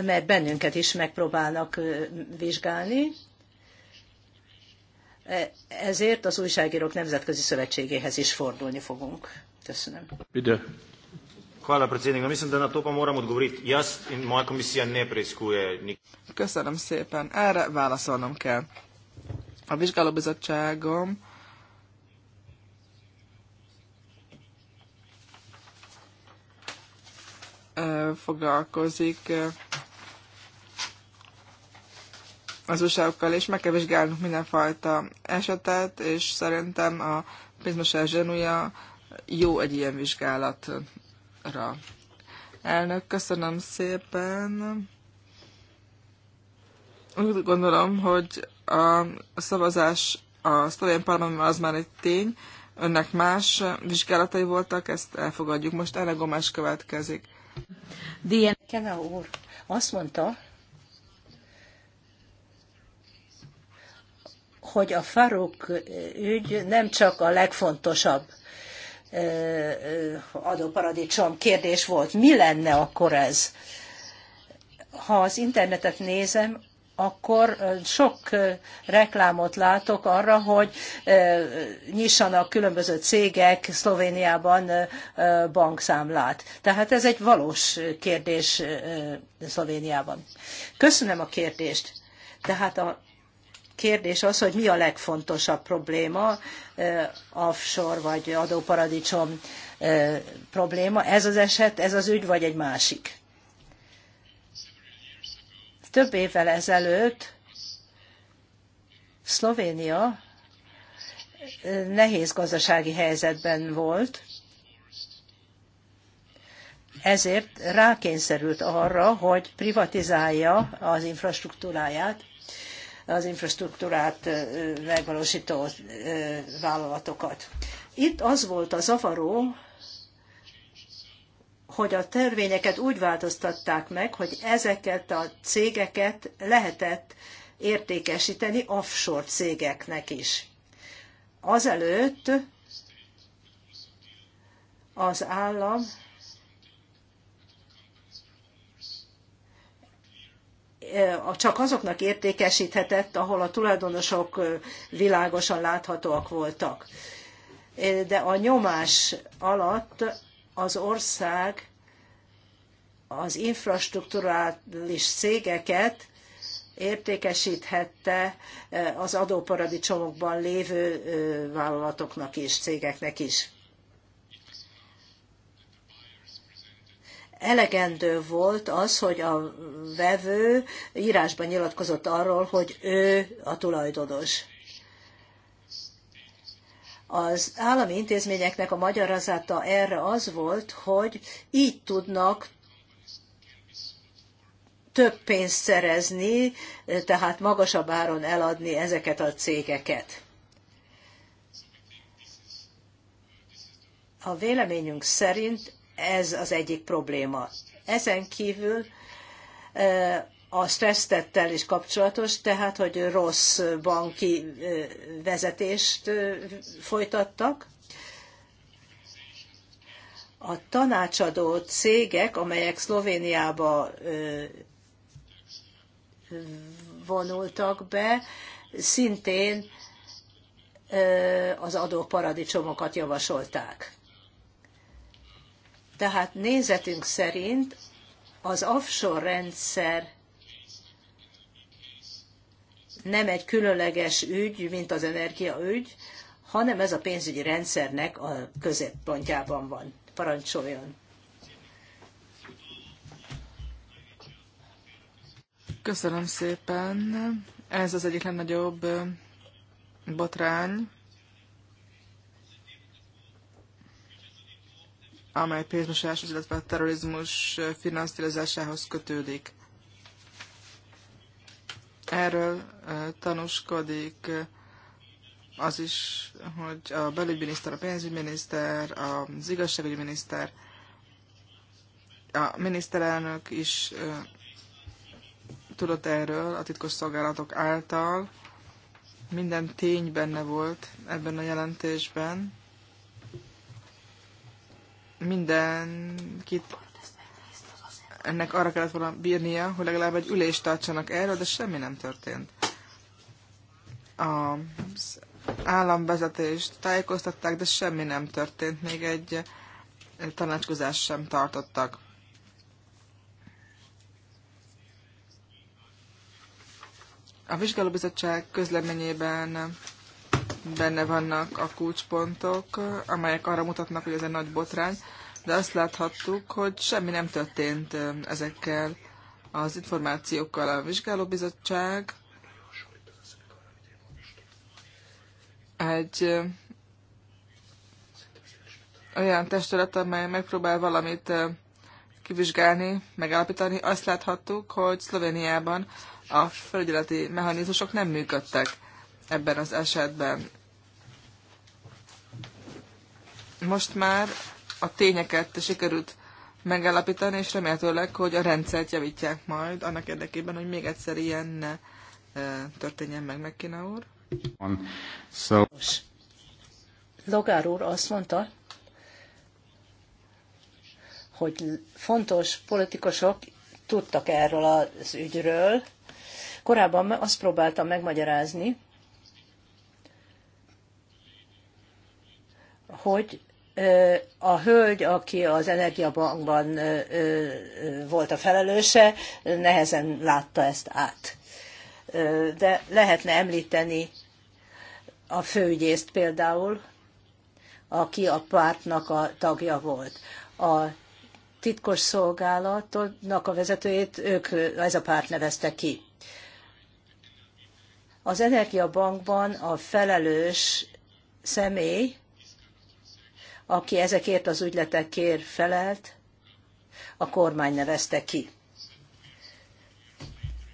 mert bennünket is megpróbálnak vizsgálni. Ezért az újságírók nemzetközi szövetségéhez is fordulni fogunk. Köszönöm. Ide. Hvala, predsednik. Mislim, da na to pa moram odgovoriti. Jaz in moja komisija ne preizkuje nikogar. Köszönöm szépen. Erre válaszolnom kell. A vizsgálóbizottságom foglalkozik az újságokkal, és meg kell vizsgálnunk mindenfajta esetet, és szerintem a pénzmosás zsenúja jó egy ilyen vizsgálat ra Elnök, köszönöm szépen. Úgy gondolom, hogy a szavazás a szlovén parlamentben az már egy tény. Önnek más vizsgálatai voltak, ezt elfogadjuk. Most erre gomás következik. Dien Kena úr azt mondta, hogy a farok ügy nem csak a legfontosabb adóparadicsom kérdés volt. Mi lenne akkor ez? Ha az internetet nézem, akkor sok reklámot látok arra, hogy nyissanak különböző cégek Szlovéniában bankszámlát. Tehát ez egy valós kérdés Szlovéniában. Köszönöm a kérdést. Tehát a kérdés az, hogy mi a legfontosabb probléma, eh, offshore vagy adóparadicsom eh, probléma. Ez az eset, ez az ügy, vagy egy másik. Több évvel ezelőtt Szlovénia eh, nehéz gazdasági helyzetben volt, ezért rákényszerült arra, hogy privatizálja az infrastruktúráját, az infrastruktúrát megvalósító vállalatokat. Itt az volt a zavaró, hogy a törvényeket úgy változtatták meg, hogy ezeket a cégeket lehetett értékesíteni offshore cégeknek is. Azelőtt az állam csak azoknak értékesíthetett, ahol a tulajdonosok világosan láthatóak voltak. De a nyomás alatt az ország az infrastruktúrális cégeket értékesíthette az adóparadicsomokban lévő vállalatoknak és cégeknek is. elegendő volt az, hogy a vevő írásban nyilatkozott arról, hogy ő a tulajdonos. Az állami intézményeknek a magyarázata erre az volt, hogy így tudnak több pénzt szerezni, tehát magasabb áron eladni ezeket a cégeket. A véleményünk szerint ez az egyik probléma. Ezen kívül e, a stressztettel is kapcsolatos, tehát hogy rossz banki e, vezetést e, folytattak. A tanácsadó cégek, amelyek Szlovéniába vonultak be, szintén az adóparadicsomokat javasolták. Tehát nézetünk szerint az offshore rendszer nem egy különleges ügy, mint az energiaügy, hanem ez a pénzügyi rendszernek a középpontjában van. Parancsoljon! Köszönöm szépen! Ez az egyik legnagyobb botrány, amely pénzmosáshoz, illetve a terrorizmus finanszírozásához kötődik. Erről tanúskodik az is, hogy a belügyminiszter, a pénzügyminiszter, az igazságügyi miniszter, a miniszterelnök is tudott erről a titkos szolgálatok által. Minden tény benne volt ebben a jelentésben mindenkit ennek arra kellett volna bírnia, hogy legalább egy ülést tartsanak erről, de semmi nem történt. Az államvezetést tájékoztatták, de semmi nem történt, még egy tanácskozást sem tartottak. A vizsgálóbizottság közleményében benne vannak a kulcspontok, amelyek arra mutatnak, hogy ez egy nagy botrány, de azt láthattuk, hogy semmi nem történt ezekkel az információkkal. A vizsgálóbizottság egy olyan testület, amely megpróbál valamit kivizsgálni, megállapítani. Azt láthattuk, hogy Szlovéniában a felügyeleti mechanizmusok nem működtek ebben az esetben. Most már a tényeket sikerült megállapítani, és remélhetőleg, hogy a rendszert javítják majd annak érdekében, hogy még egyszer ilyen ne eh, történjen meg, Megkina úr. Logár úr azt mondta, hogy fontos politikusok tudtak erről az ügyről. Korábban azt próbáltam megmagyarázni, hogy a hölgy, aki az energiabankban volt a felelőse, nehezen látta ezt át. De lehetne említeni a főügyészt például, aki a pártnak a tagja volt. A titkos szolgálatnak a vezetőjét ők, ez a párt nevezte ki. Az Energiabankban a felelős személy aki ezekért az ügyletekért felelt, a kormány nevezte ki.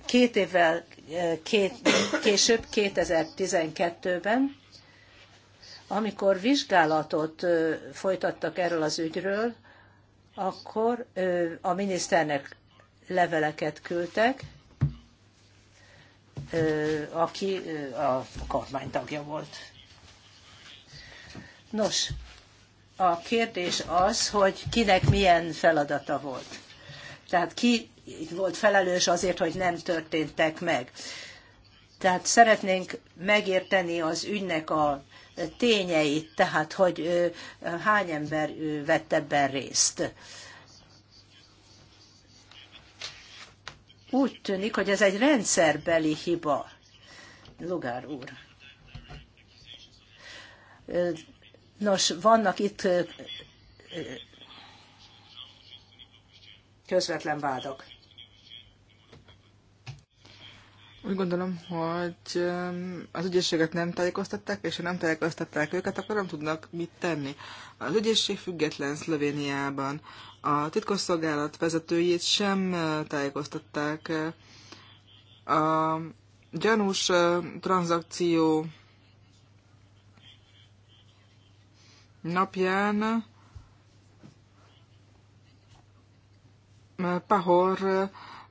Két évvel eh, két, később, 2012-ben, amikor vizsgálatot eh, folytattak erről az ügyről, akkor eh, a miniszternek leveleket küldtek, aki a kormánytagja volt. Nos, a kérdés az, hogy kinek milyen feladata volt. Tehát ki volt felelős azért, hogy nem történtek meg. Tehát szeretnénk megérteni az ügynek a tényeit, tehát hogy hány ember vett ebben részt. Úgy tűnik, hogy ez egy rendszerbeli hiba. Lugár úr. Nos, vannak itt közvetlen vádak. Úgy gondolom, hogy az ügyészséget nem tájékoztatták, és ha nem tájékoztatták őket, akkor nem tudnak mit tenni. Az ügyészség független Szlovéniában. A titkosszolgálat vezetőjét sem tájékoztatták. A gyanús tranzakció napján eh, Pahor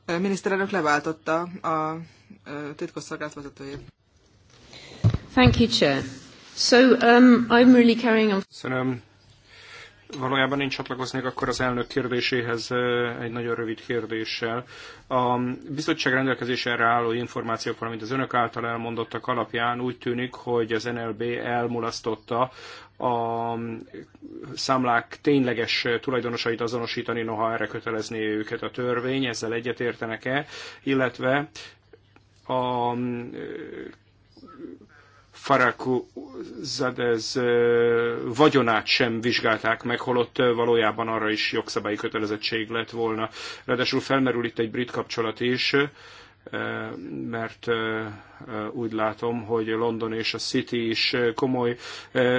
eh, miniszterelnök leváltotta a eh, titkosszolgált vezetőjét. Thank you, Chair. So, um, I'm really carrying on. Köszönöm. Valójában én csatlakoznék akkor az elnök kérdéséhez egy nagyon rövid kérdéssel. A bizottság rendelkezésére álló információk, valamint az önök által elmondottak alapján úgy tűnik, hogy az NLB elmulasztotta a számlák tényleges tulajdonosait azonosítani, noha erre kötelezné őket a törvény, ezzel egyetértenek-e, illetve a Faraku Zadez vagyonát sem vizsgálták meg, holott valójában arra is jogszabályi kötelezettség lett volna. Ráadásul felmerül itt egy brit kapcsolat is, mert úgy látom, hogy London és a City is komoly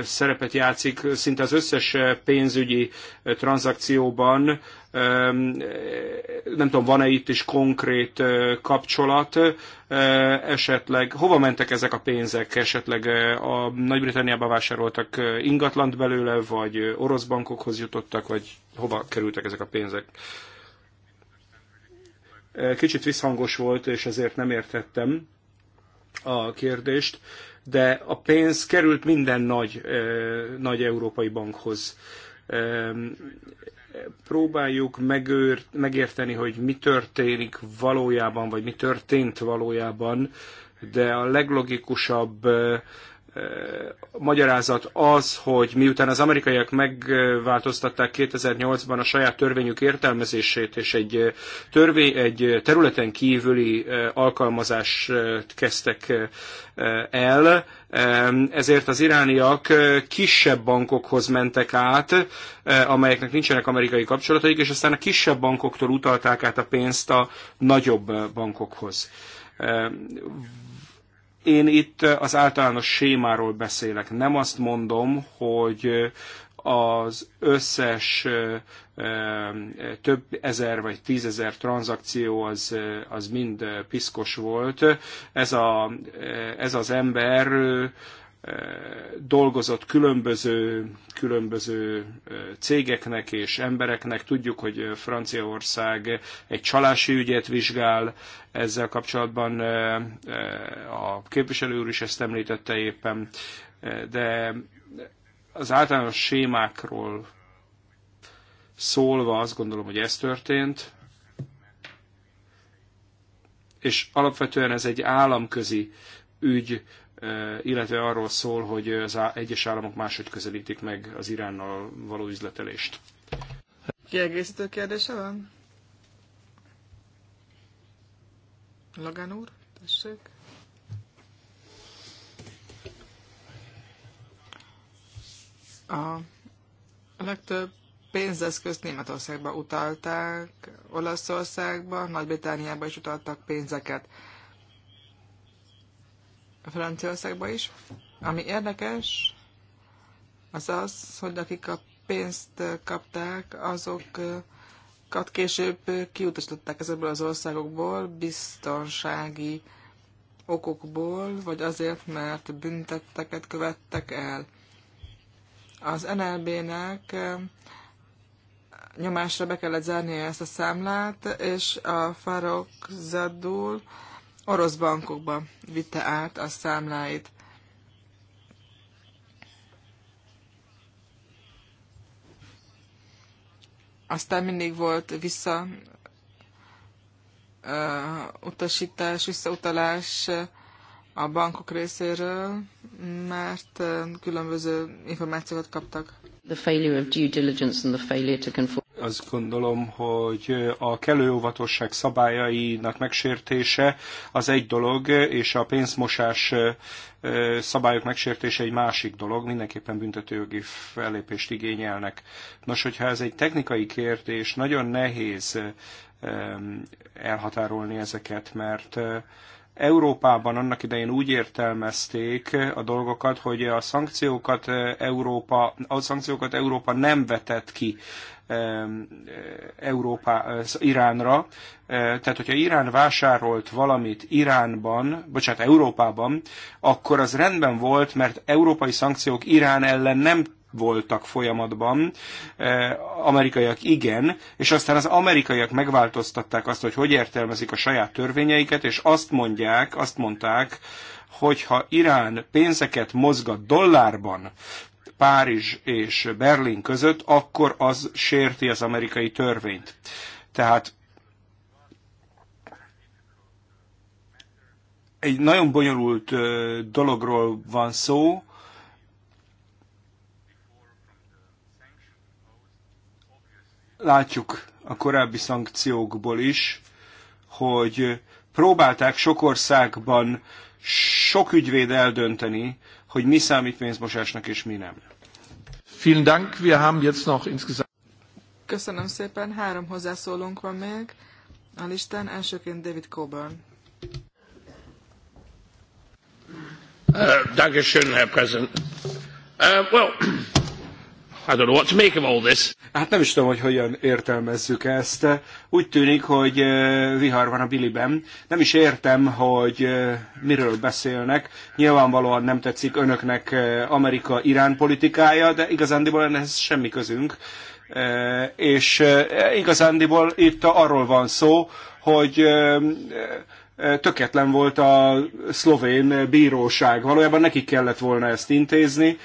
szerepet játszik szinte az összes pénzügyi tranzakcióban. Nem tudom, van-e itt is konkrét kapcsolat, esetleg hova mentek ezek a pénzek, esetleg a Nagy-Britanniába vásároltak ingatlant belőle, vagy orosz bankokhoz jutottak, vagy hova kerültek ezek a pénzek? Kicsit visszhangos volt, és ezért nem értettem a kérdést, de a pénz került minden nagy, nagy európai bankhoz próbáljuk megőr, megérteni, hogy mi történik valójában, vagy mi történt valójában, de a leglogikusabb magyarázat az, hogy miután az amerikaiak megváltoztatták 2008-ban a saját törvényük értelmezését, és egy, törvény, egy területen kívüli alkalmazást kezdtek el, ezért az irániak kisebb bankokhoz mentek át, amelyeknek nincsenek amerikai kapcsolataik, és aztán a kisebb bankoktól utalták át a pénzt a nagyobb bankokhoz én itt az általános sémáról beszélek. Nem azt mondom, hogy az összes több ezer vagy tízezer tranzakció az, az mind piszkos volt. Ez, a, ez az ember dolgozott különböző, különböző cégeknek és embereknek. Tudjuk, hogy Franciaország egy csalási ügyet vizsgál, ezzel kapcsolatban a képviselő úr is ezt említette éppen, de az általános sémákról szólva azt gondolom, hogy ez történt, és alapvetően ez egy államközi ügy, illetve arról szól, hogy az egyes államok máshogy közelítik meg az Iránnal való üzletelést. Kiegészítő kérdése van? Lagán úr, tessék. A legtöbb pénzeszközt Németországba utalták, Olaszországba, Nagy-Britániába is utaltak pénzeket. Franciaországba is. Ami érdekes, az az, hogy akik a pénzt kapták, azokat később kiutasították ezekből az országokból biztonsági okokból, vagy azért, mert büntetteket követtek el. Az NLB-nek eh, nyomásra be kellett zárnia ezt a számlát, és a Farok Zadul orosz bankokba vitte át a számláit. Aztán mindig volt vissza uh, utasítás, visszautalás a bankok részéről, mert uh, különböző információkat kaptak. The failure of due diligence and the failure to conform azt gondolom, hogy a kellő óvatosság szabályainak megsértése az egy dolog, és a pénzmosás szabályok megsértése egy másik dolog, mindenképpen büntetőjogi fellépést igényelnek. Nos, hogyha ez egy technikai kérdés, nagyon nehéz elhatárolni ezeket, mert Európában annak idején úgy értelmezték a dolgokat, hogy a szankciókat Európa, a szankciókat Európa nem vetett ki Eh, Európa eh, Iránra. Eh, tehát, hogyha Irán vásárolt valamit Iránban, bocsánat, Európában, akkor az rendben volt, mert európai szankciók Irán ellen nem voltak folyamatban, amerikaiak igen, és aztán az amerikaiak megváltoztatták azt, hogy hogy értelmezik a saját törvényeiket, és azt mondják, azt mondták, hogyha Irán pénzeket mozgat dollárban, Párizs és Berlin között, akkor az sérti az amerikai törvényt. Tehát egy nagyon bonyolult dologról van szó, látjuk a korábbi szankciókból is, hogy próbálták sok országban sok ügyvéd eldönteni, hogy mi számít pénzmosásnak és mi nem. Vielen Dank, wir haben jetzt noch insgesamt... Köszönöm szépen, három hozzászólónk van még a listán, elsőként David Coburn. Uh, Dankeschön, Herr Präsident. Uh, well, I don't know what to make of all this. Hát nem is tudom, hogy hogyan értelmezzük ezt. Úgy tűnik, hogy eh, vihar van a biliben. Nem is értem, hogy eh, miről beszélnek. Nyilvánvalóan nem tetszik önöknek eh, Amerika-Irán politikája, de igazándiból ehhez semmi közünk. És igazándiból itt arról van szó, hogy töketlen volt a szlovén bíróság. Valójában nekik kellett volna ezt intézni,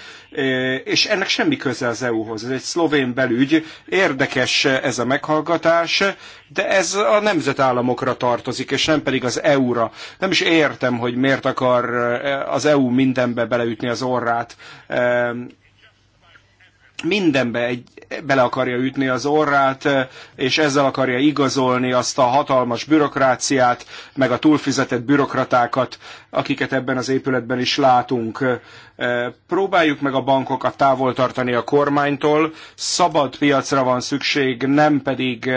és ennek semmi köze az EU-hoz. Ez egy szlovén belügy. Érdekes ez a meghallgatás, de ez a nemzetállamokra tartozik, és nem pedig az EU-ra. Nem is értem, hogy miért akar az EU mindenbe beleütni az orrát mindenbe egy, bele akarja ütni az orrát, és ezzel akarja igazolni azt a hatalmas bürokráciát, meg a túlfizetett bürokratákat, akiket ebben az épületben is látunk. Próbáljuk meg a bankokat távol tartani a kormánytól, szabad piacra van szükség, nem pedig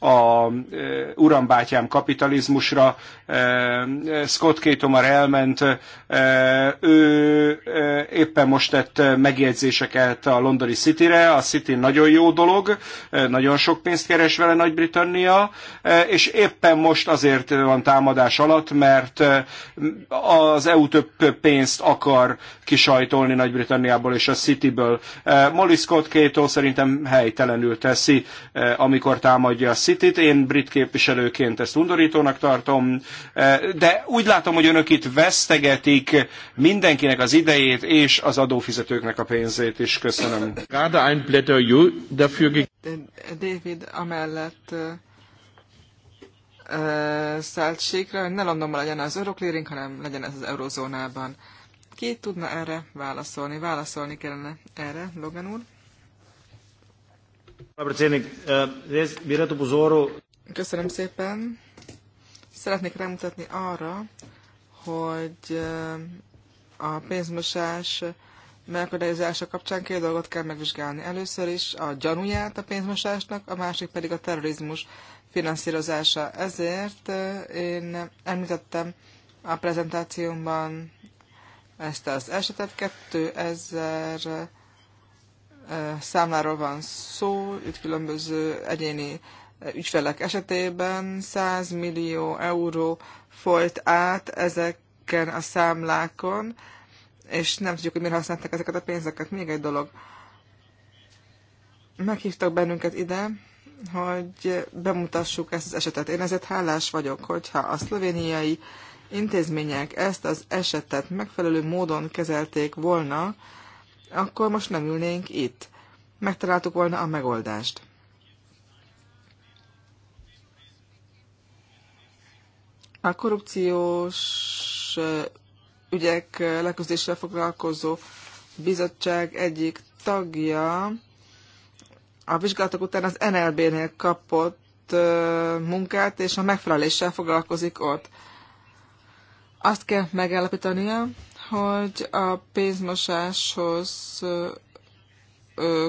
a urambátyám kapitalizmusra. Scott Cato már elment, ő éppen most tett megjegyzéseket a londoni Cityre, a City nagyon jó dolog, nagyon sok pénzt keres vele Nagy-Britannia, és éppen most azért van támadás alatt, mert az EU több pénzt akar kisajtolni Nagy-Britanniából és a Cityből. Molly Scott Kato szerintem helytelenül teszi, amikor támadja a Cityt. Én brit képviselőként ezt undorítónak tartom, de úgy látom, hogy önök itt vesztegetik mindenkinek az idejét és az adófizetőknek a pénzét is. Köszönöm gerade ein Plädoyer dafür gegeben. David amellett uh, szállt síkra, hogy ne Londonban legyen az euroclearing, hanem legyen ez az eurozónában. Ki tudna erre válaszolni? Válaszolni kellene erre, Logan úr. E, Köszönöm szépen. Szeretnék rámutatni arra, hogy a pénzmosás megakadályozása kapcsán két dolgot kell megvizsgálni. Először is a gyanúját a pénzmosásnak, a másik pedig a terrorizmus finanszírozása. Ezért én említettem a prezentációmban ezt az esetet. 2000 számláról van szó, itt különböző egyéni ügyfelek esetében 100 millió euró folyt át ezeken a számlákon, és nem tudjuk, hogy miért használták ezeket a pénzeket. Még egy dolog. Meghívtak bennünket ide, hogy bemutassuk ezt az esetet. Én ezért hálás vagyok, hogyha a szlovéniai intézmények ezt az esetet megfelelő módon kezelték volna, akkor most nem ülnénk itt. Megtaláltuk volna a megoldást. A korrupciós ügyek eh, leküzdéssel foglalkozó bizottság egyik tagja a vizsgálatok után az NLB-nél kapott eh, munkát, és a megfeleléssel foglalkozik ott. Azt kell megállapítania, hogy a pénzmosáshoz eh,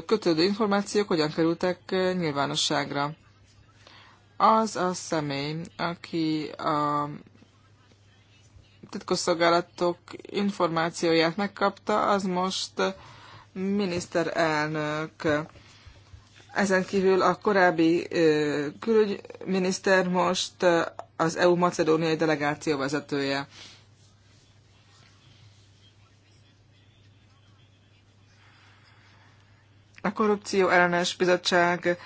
kötődő információk hogyan kerültek nyilvánosságra. Az a személy, aki a titkosszolgálatok információját megkapta, az most miniszterelnök. Ezen kívül a korábbi külügyminiszter most az EU macedóniai delegáció vezetője. A korrupció ellenes bizottság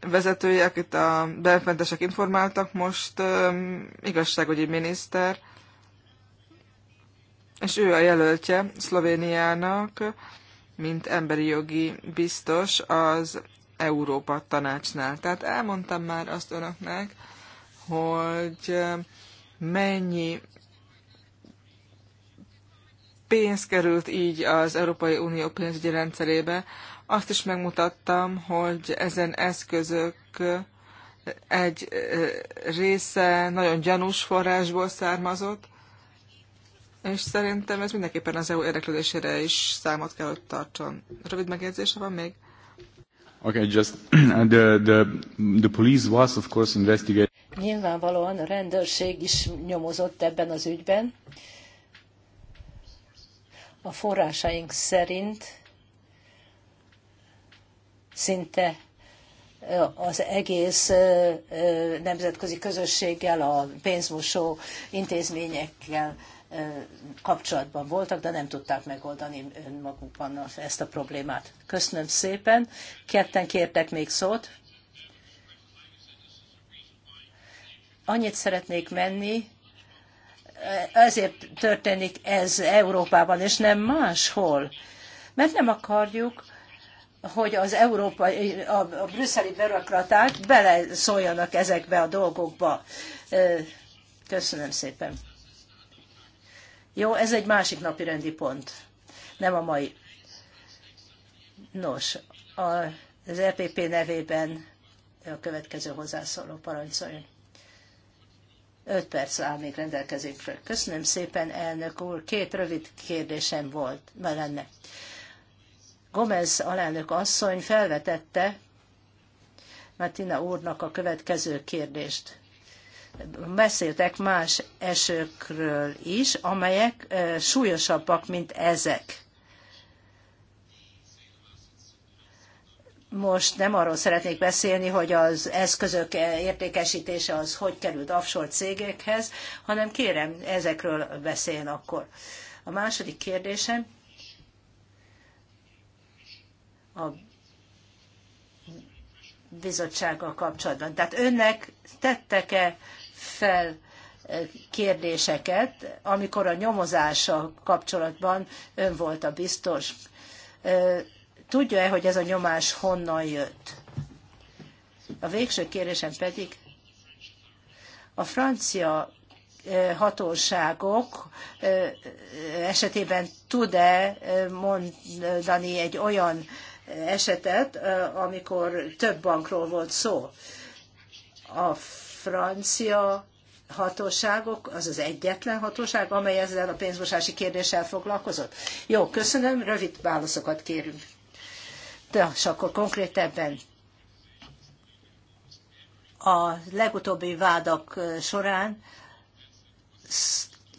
vezetője, akit a belfentesek informáltak, most um, igazságügyi miniszter, és ő a jelöltje Szlovéniának, mint emberi jogi biztos az Európa tanácsnál. Tehát elmondtam már azt önöknek, hogy mennyi pénz került így az Európai Unió pénzügyi rendszerébe. Azt is megmutattam, hogy ezen eszközök egy része nagyon gyanús forrásból származott, és szerintem ez mindenképpen az EU érdeklődésére is számot kell, hogy tartson. Rövid megjegyzése van még? Okay, just the, the, the police was of course investigating. Nyilvánvalóan a rendőrség is nyomozott ebben az ügyben. A forrásaink szerint szinte az egész nemzetközi közösséggel, a pénzmosó intézményekkel kapcsolatban voltak, de nem tudták megoldani önmagukban ezt a problémát. Köszönöm szépen. Ketten kértek még szót. Annyit szeretnék menni, ezért történik ez Európában, és nem máshol. Mert nem akarjuk, hogy az európai, a, a brüsszeli bürokraták beleszóljanak ezekbe a dolgokba. Köszönöm szépen. Jó, ez egy másik napi rendi pont, nem a mai. Nos, a, az EPP nevében a következő hozzászóló parancsoljon. Öt perc áll még rendelkezésre. Köszönöm szépen, elnök úr. Két rövid kérdésem volt, mert lenne. Gomez alelnök asszony felvetette Martina úrnak a következő kérdést beszéltek más esőkről is, amelyek súlyosabbak, mint ezek. Most nem arról szeretnék beszélni, hogy az eszközök értékesítése az hogy került offshore cégekhez, hanem kérem, ezekről beszéljen akkor. A második kérdésem a bizottsággal kapcsolatban. Tehát önnek tettek-e fel kérdéseket, amikor a nyomozással kapcsolatban ön volt a biztos. Tudja-e, hogy ez a nyomás honnan jött? A végső kérdésem pedig, a francia hatóságok esetében tud-e mondani egy olyan esetet, amikor több bankról volt szó. A francia hatóságok, az az egyetlen hatóság, amely ezzel a pénzmosási kérdéssel foglalkozott? Jó, köszönöm, rövid válaszokat kérünk. De és akkor konkrétebben a legutóbbi vádak során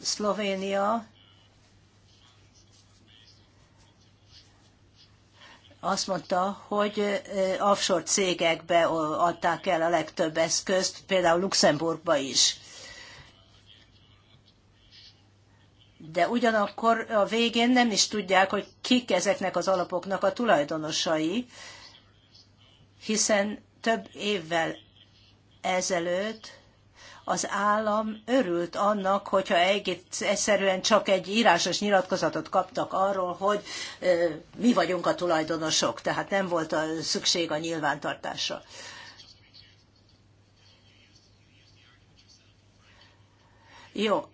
Szlovénia azt mondta, hogy offshore cégekbe adták el a legtöbb eszközt, például Luxemburgba is. De ugyanakkor a végén nem is tudják, hogy kik ezeknek az alapoknak a tulajdonosai, hiszen több évvel ezelőtt az állam örült annak, hogyha egyszerűen csak egy írásos nyilatkozatot kaptak arról, hogy mi vagyunk a tulajdonosok, tehát nem volt a szükség a nyilvántartásra. Jó.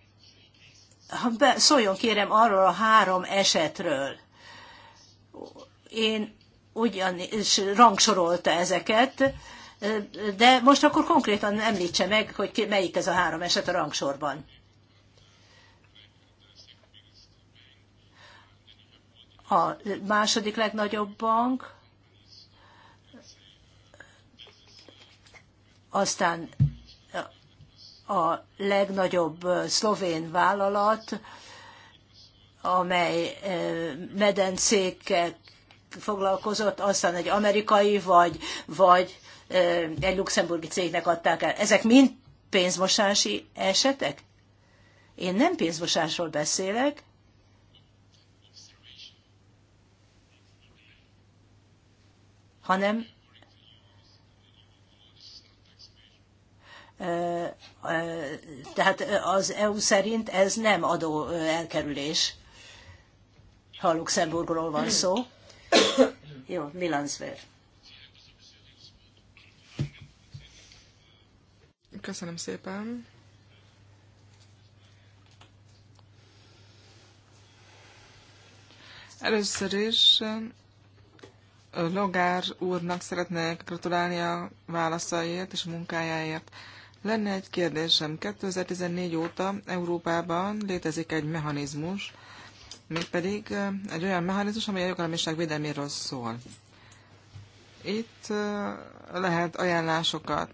Szóljon kérem arról a három esetről. Én ugyanis rangsorolta ezeket, de most akkor konkrétan említse meg, hogy melyik ez a három eset a rangsorban. A második legnagyobb bank, aztán a legnagyobb szlovén vállalat, amely eh, medencékek foglalkozott, aztán egy amerikai, vagy, vagy egy luxemburgi cégnek adták el. Ezek mind pénzmosási esetek? Én nem pénzmosásról beszélek, hanem tehát az EU szerint ez nem adó elkerülés, ha Luxemburgról van szó. Jó, Milansver. Köszönöm szépen. Először is Logár úrnak szeretnék gratulálni a válaszaiért és a munkájáért. Lenne egy kérdésem. 2014 óta Európában létezik egy mechanizmus, mégpedig egy olyan mechanizmus, amely a jogállamiság védelméről szól. Itt lehet ajánlásokat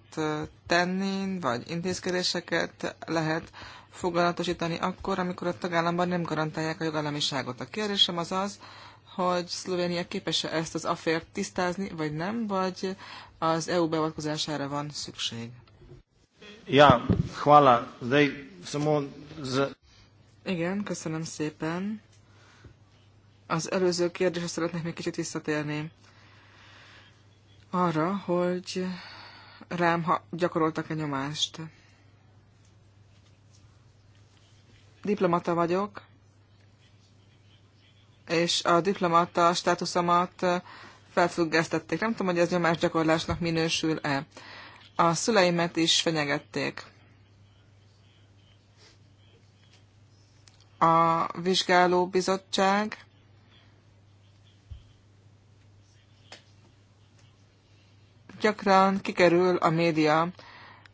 tenni, vagy intézkedéseket lehet foganatosítani akkor, amikor a tagállamban nem garantálják a jogállamiságot. A kérdésem az az, hogy Szlovénia képes-e ezt az affért tisztázni, vagy nem, vagy az EU beavatkozására van szükség? Ja, hvala. Zdaj, samo z... Igen, köszönöm szépen. Az előző kérdésre szeretnék még kicsit visszatérni. Arra, hogy rám ha gyakoroltak-e nyomást. Diplomata vagyok, és a diplomata státuszomat felfüggesztették. Nem tudom, hogy ez gyakorlásnak minősül-e. A szüleimet is fenyegették. A vizsgáló bizottság. gyakran kikerül a média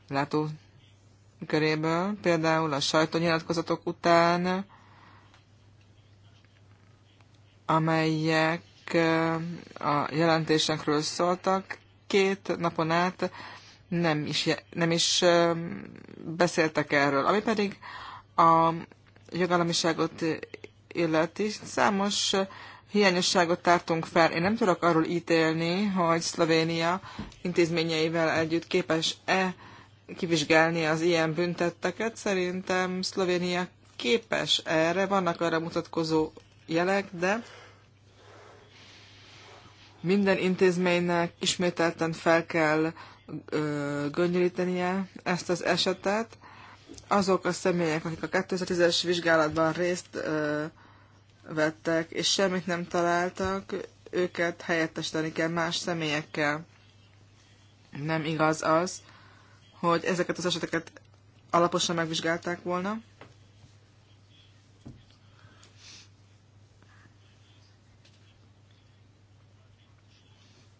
látóköréből, például a sajtónyilatkozatok után, amelyek eh, a jelentésekről szóltak, két napon át nem is, nem is eh, beszéltek erről. Ami pedig a jogállamiságot illeti, számos hiányosságot tártunk fel. Én nem tudok arról ítélni, hogy Szlovénia intézményeivel együtt képes-e kivizsgálni az ilyen büntetteket. Szerintem Szlovénia képes erre, vannak arra mutatkozó jelek, de minden intézménynek ismételten fel kell ö, göngyölítenie ezt az esetet. Azok a személyek, akik a 2010-es vizsgálatban részt ö, vettek, és semmit nem találtak, őket helyettesíteni kell más személyekkel. Nem igaz az, hogy ezeket az eseteket alaposan megvizsgálták volna.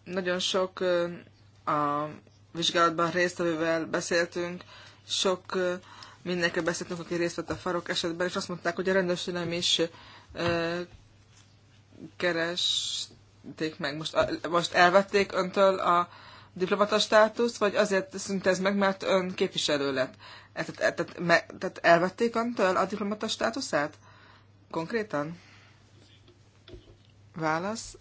Nagyon sok a vizsgálatban résztvevővel beszéltünk, sok mindenkel beszéltünk, aki részt vett a farok esetben, és azt mondták, hogy a rendőrség nem is keresték meg? Most, most elvették öntől a diplomata státuszt, vagy azért szűnt ez meg, mert ön képviselő lett? E, tehát, e, tehát, me, tehát elvették öntől a diplomata státuszát? Konkrétan? Válasz.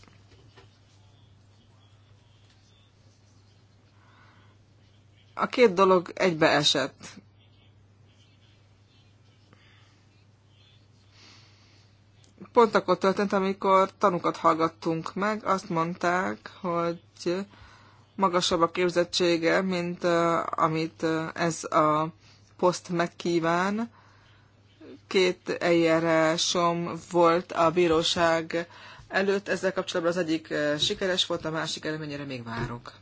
A két dolog egybeesett pont akkor történt, amikor tanukat hallgattunk meg, azt mondták, hogy magasabb a képzettsége, mint amit ez a poszt megkíván. Két eljárásom volt a bíróság előtt, ezzel kapcsolatban az egyik sikeres volt, a másik eredményére még várok.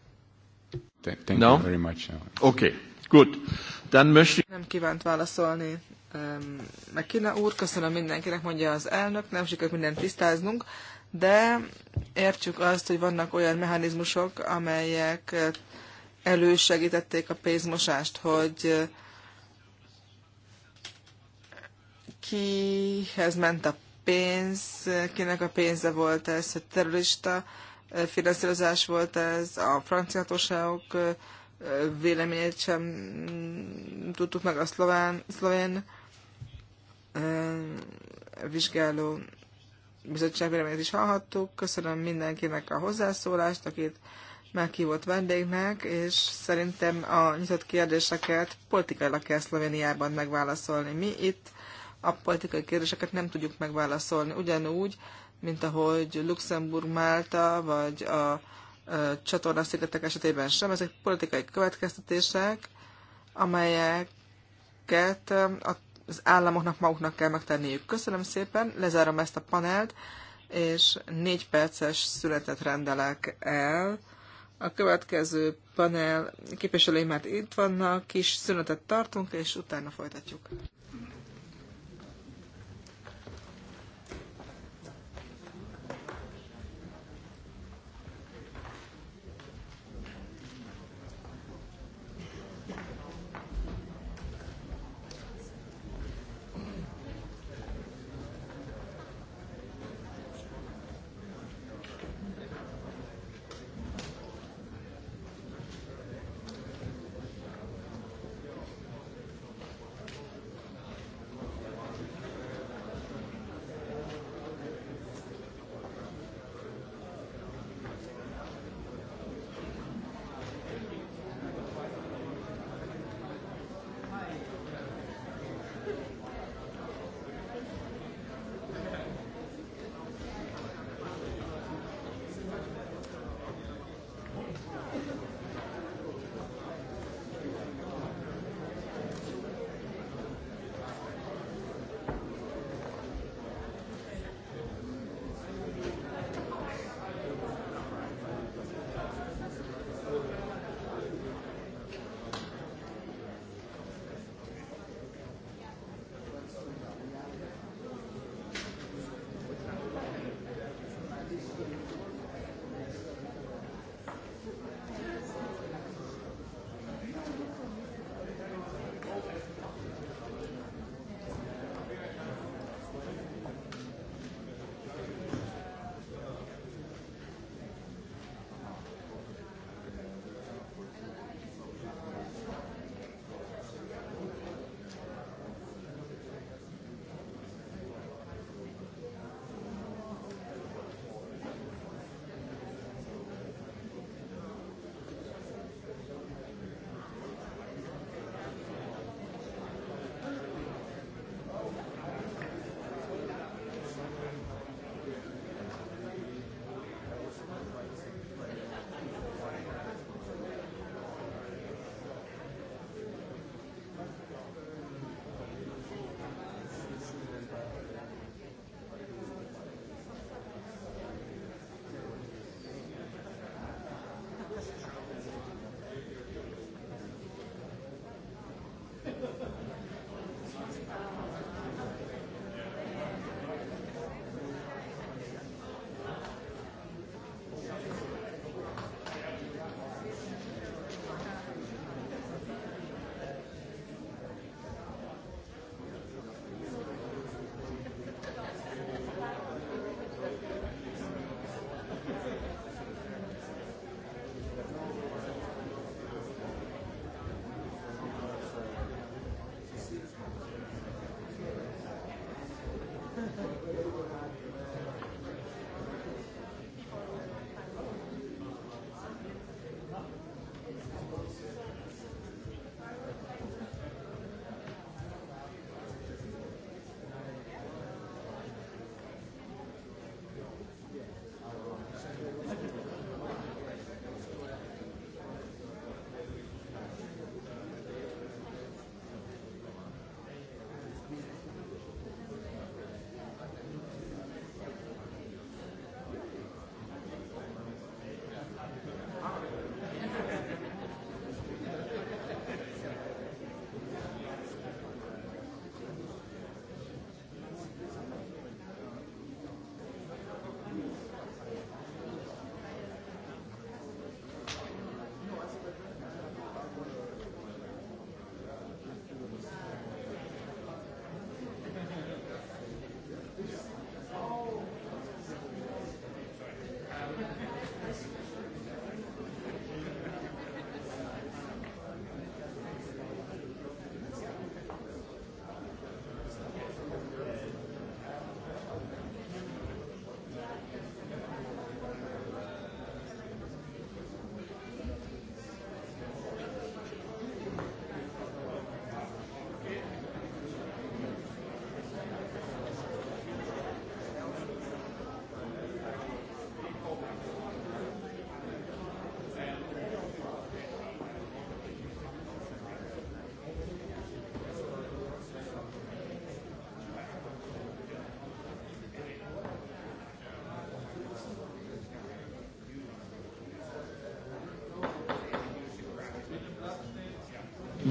Thank you very much. Okay, good. Then Nem kívánt válaszolni Mekina úr, köszönöm mindenkinek, mondja az elnök, nem sikerült mindent tisztáznunk, de értsük azt, hogy vannak olyan mechanizmusok, amelyek eh, elősegítették a pénzmosást, hogy eh, kihez ment a pénz, kinek a pénze volt ez, hogy terrorista eh, finanszírozás volt ez, a francia hatóságok véleményét sem mm, tudtuk meg a szlován, szlovén vizsgáló bizottság véleményét is hallhattuk. Köszönöm mindenkinek a hozzászólást, akit meghívott vendégnek, és szerintem a nyitott kérdéseket politikailag kell Szlovéniában megválaszolni. Mi itt a politikai kérdéseket nem tudjuk megválaszolni. Ugyanúgy, mint ahogy Luxemburg, Málta, vagy a, a szigetek esetében sem, ezek politikai következtetések, amelyeket a az államoknak maguknak kell megtenniük. Köszönöm szépen, lezárom ezt a panelt, és négy perces szünetet rendelek el. A következő panel képviselői már itt vannak, kis szünetet tartunk, és utána folytatjuk.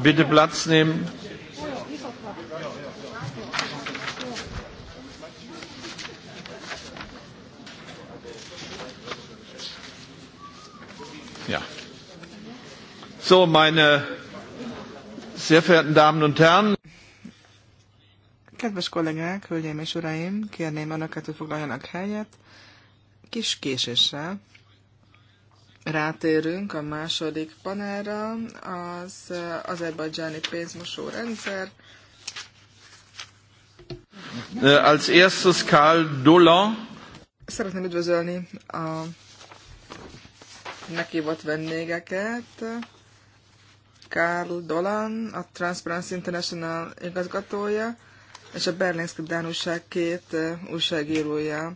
Bitte Platz nehmen. Ja. So, meine sehr verehrten Damen und Herren. Kedves kollégák, hölgyeim és uraim, kérném önöket, hogy foglaljanak helyet. Kis késéssel rátérünk a második panelra, az azerbajdzsáni pénzmosó rendszer. Als erstes Karl Dolan. Szeretném üdvözölni a meghívott vendégeket. Karl Dolan, a Transparency International igazgatója, és a Berlinszki Dánuság két újságírója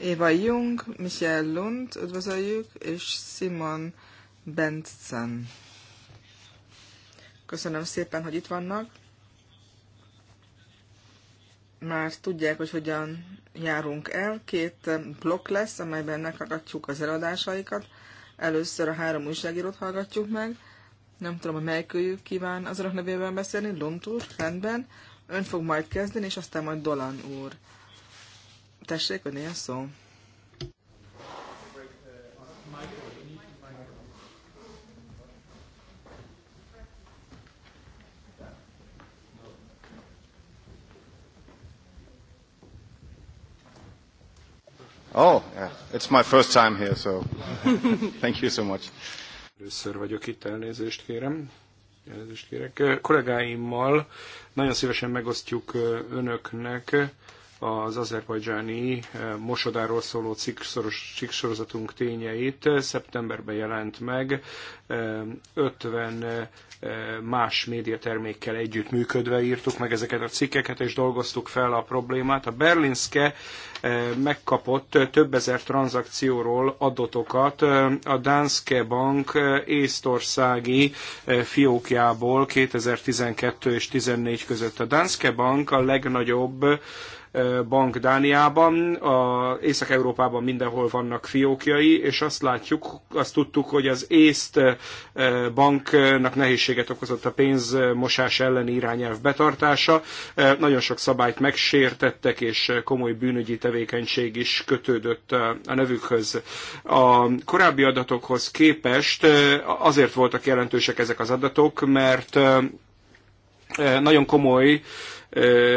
Éva Jung, Michael Lund, üdvözöljük, és Simon Bentzen. Köszönöm szépen, hogy itt vannak. Már tudják, hogy hogyan járunk el. Két blokk lesz, amelyben meghallgatjuk az előadásaikat. Először a három újságírót hallgatjuk meg. Nem tudom, hogy melyikőjük kíván az önök nevében beszélni. Lund úr, rendben. Ön fog majd kezdeni, és aztán majd Dolan úr. Tessék, hogy néha szó? Oh, yeah. It's my first time here, so thank you so much. Először vagyok itt, elnézést kérem. Elnézést kérek. Kollégáimmal nagyon szívesen megosztjuk önöknek az azerbajdzsáni eh, mosodáról szóló cikksorozatunk tényeit. Szeptemberben jelent meg 50 eh, eh, más médiatermékkel együtt működve írtuk meg ezeket a cikkeket, és dolgoztuk fel a problémát. A Berlinske megkapott több ezer tranzakcióról adatokat a Danske Bank észtországi fiókjából 2012 és 2014 között. A Danske Bank a legnagyobb bank Dániában, a Észak-Európában mindenhol vannak fiókjai, és azt látjuk, azt tudtuk, hogy az észt eh, banknak nehézséget okozott a pénzmosás elleni irányelv betartása. Eh, nagyon sok szabályt megsértettek, és komoly bűnügyi tevékenység is kötődött a nevükhöz. A korábbi adatokhoz képest eh, azért voltak jelentősek ezek az adatok, mert nagyon komoly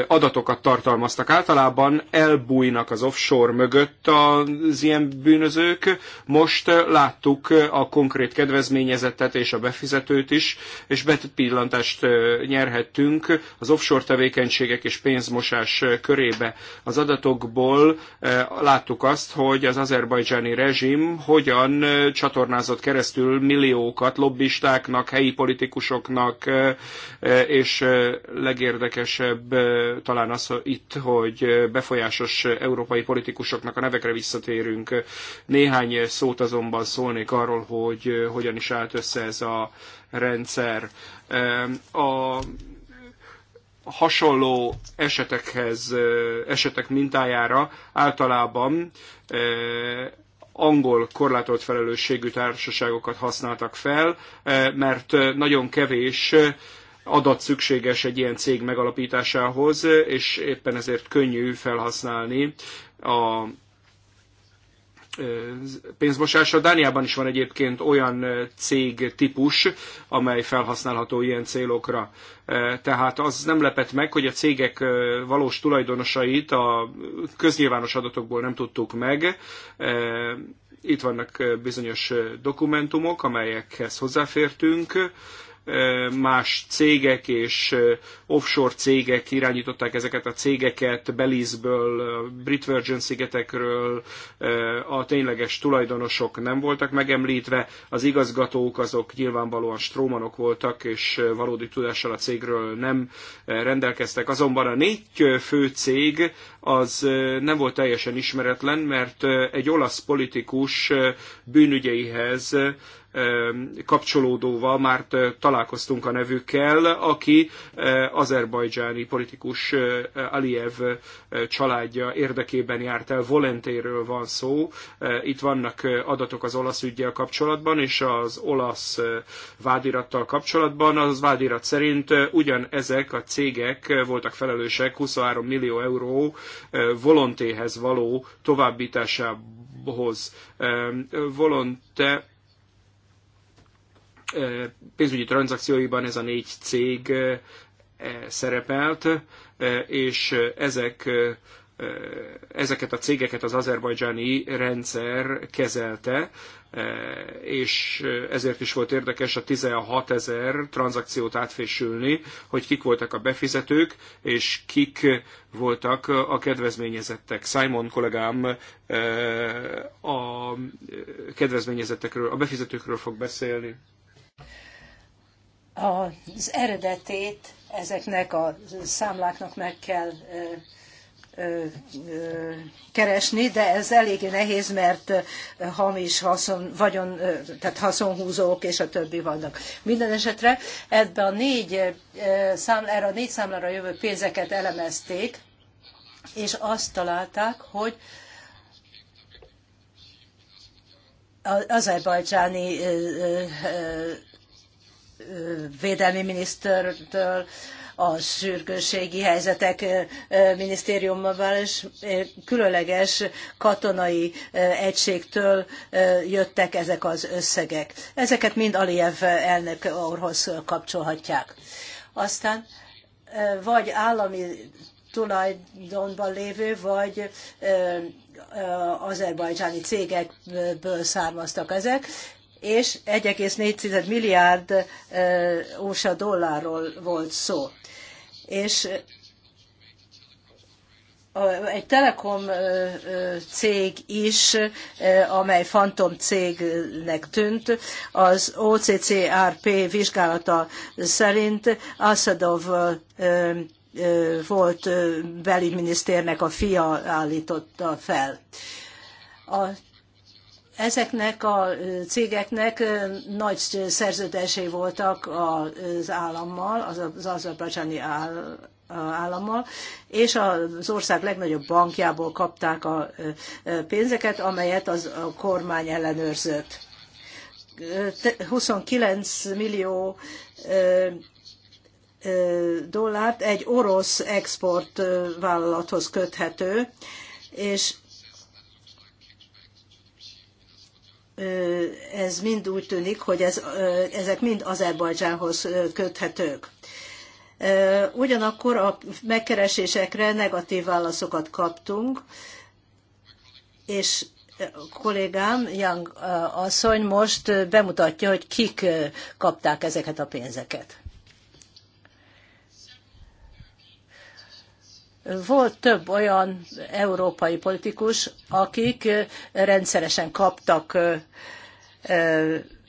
adatokat tartalmaztak. Általában elbújnak az offshore mögött az ilyen bűnözők. Most láttuk a konkrét kedvezményezettet és a befizetőt is, és betpillantást nyerhettünk az offshore tevékenységek és pénzmosás körébe. Az adatokból láttuk azt, hogy az azerbajdzsáni rezsim hogyan csatornázott keresztül milliókat lobbistáknak, helyi politikusoknak, és legérdekesebb legfrissebb talán az hogy itt, hogy befolyásos európai politikusoknak a nevekre visszatérünk. Néhány szót azonban szólnék arról, hogy hogyan is állt össze ez a rendszer. A hasonló esetekhez, esetek mintájára általában angol korlátolt felelősségű társaságokat használtak fel, mert nagyon kevés adat szükséges egy ilyen cég megalapításához, és éppen ezért könnyű felhasználni a pénzmosásra. Dániában is van egyébként olyan cég típus, amely felhasználható ilyen célokra. Tehát az nem lepett meg, hogy a cégek valós tulajdonosait a köznyilvános adatokból nem tudtuk meg. Itt vannak bizonyos dokumentumok, amelyekhez hozzáfértünk más cégek és offshore cégek irányították ezeket a cégeket Belizből, Brit Virgin szigetekről, a tényleges tulajdonosok nem voltak megemlítve, az igazgatók azok nyilvánvalóan strómanok voltak, és valódi tudással a cégről nem rendelkeztek. Azonban a négy fő cég az nem volt teljesen ismeretlen, mert egy olasz politikus bűnügyeihez kapcsolódóval már találkoztunk a nevükkel, aki azerbajdzsáni politikus Aliyev családja érdekében járt el, Volentéről van szó. Itt vannak adatok az olasz ügyjel kapcsolatban, és az olasz vádirattal kapcsolatban. Az vádirat szerint ugyan ezek a cégek voltak felelősek 23 millió euró volontéhez való továbbításához. Volonte pénzügyi tranzakcióiban ez a négy cég e, szerepelt, és ezek ezeket a cégeket az azerbajdzsáni rendszer kezelte, és ezért is volt érdekes a 16 ezer tranzakciót átfésülni, hogy kik voltak a befizetők, és kik voltak a kedvezményezettek. Simon kollégám a kedvezményezettekről, a befizetőkről fog beszélni. Az eredetét ezeknek a számláknak meg kell keresni, de ez eléggé nehéz, mert hamis haszon, vagyon, tehát haszonhúzók és a többi vannak. Minden esetre a négy szám, erre a négy számlára jövő pénzeket elemezték, és azt találták, hogy az azerbajdzsáni védelmi minisztertől, a sürgősségi helyzetek minisztériumával és különleges katonai egységtől jöttek ezek az összegek. Ezeket mind Aliyev elnök orhoz kapcsolhatják. Aztán vagy állami tulajdonban lévő, vagy azerbajdzsáni cégekből származtak ezek, és 1,4 milliárd USA dollárról volt szó. És egy telekom cég is, amely fantom cégnek tűnt, az OCCRP vizsgálata szerint Asadov volt belügyminiszternek a fia állította fel. A Ezeknek a cégeknek nagy szerződései voltak az állammal, az azerbajdzsáni állammal, és az ország legnagyobb bankjából kapták a pénzeket, amelyet az a kormány ellenőrzött. 29 millió dollárt egy orosz exportvállalathoz köthető, és ez mind úgy tűnik, hogy ez, ezek mind Azerbajdzsánhoz köthetők. Ugyanakkor a megkeresésekre negatív válaszokat kaptunk, és kollégám, Young asszony most bemutatja, hogy kik kapták ezeket a pénzeket. volt több olyan európai politikus, akik rendszeresen kaptak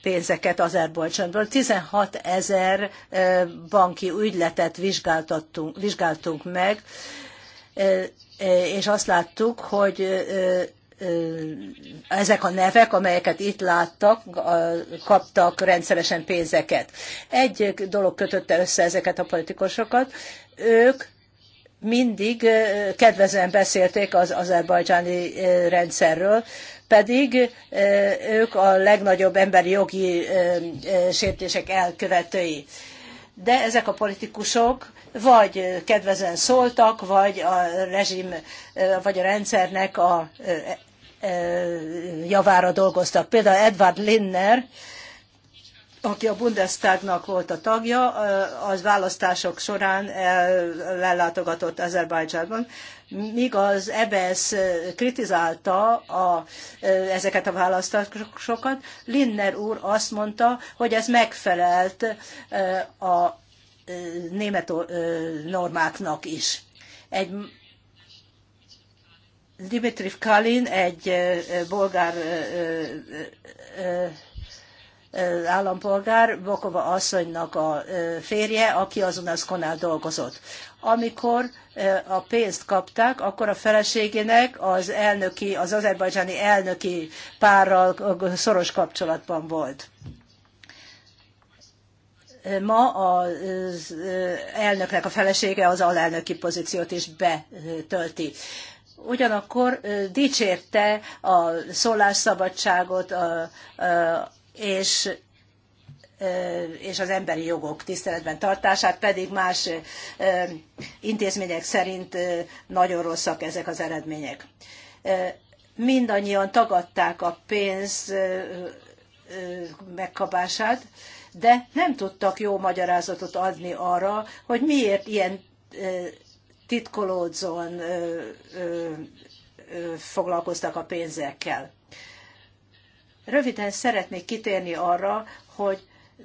pénzeket Azerbajdzsánból. 16 ezer banki ügyletet vizsgáltattunk, vizsgáltunk meg, és azt láttuk, hogy ezek a nevek, amelyeket itt láttak, kaptak rendszeresen pénzeket. Egy dolog kötötte össze ezeket a politikusokat, ők mindig kedvezően beszélték az azerbajdzsáni rendszerről, pedig ők a legnagyobb emberi jogi sértések elkövetői. De ezek a politikusok vagy kedvezően szóltak, vagy a rezsim, vagy a rendszernek a javára dolgoztak. Például Edward Linner, aki a Bundestagnak volt a tagja, az választások során ellátogatott Azerbajdzsánban, míg az EBS kritizálta a, ezeket a választásokat, Linner úr azt mondta, hogy ez megfelelt a német normáknak is. Egy Dimitri Kalin, egy bolgár állampolgár, Bokova asszonynak a férje, aki azon az konál dolgozott. Amikor a pénzt kapták, akkor a feleségének az elnöki, az azerbajdzsáni elnöki párral szoros kapcsolatban volt ma az elnöknek a felesége az alelnöki pozíciót is betölti. Ugyanakkor dicsérte a szólásszabadságot, a, és és az emberi jogok tiszteletben tartását, pedig más intézmények szerint nagyon rosszak ezek az eredmények. Mindannyian tagadták a pénz megkapását, de nem tudtak jó magyarázatot adni arra, hogy miért ilyen titkolódzón foglalkoztak a pénzekkel. Röviden szeretnék kitérni arra, hogy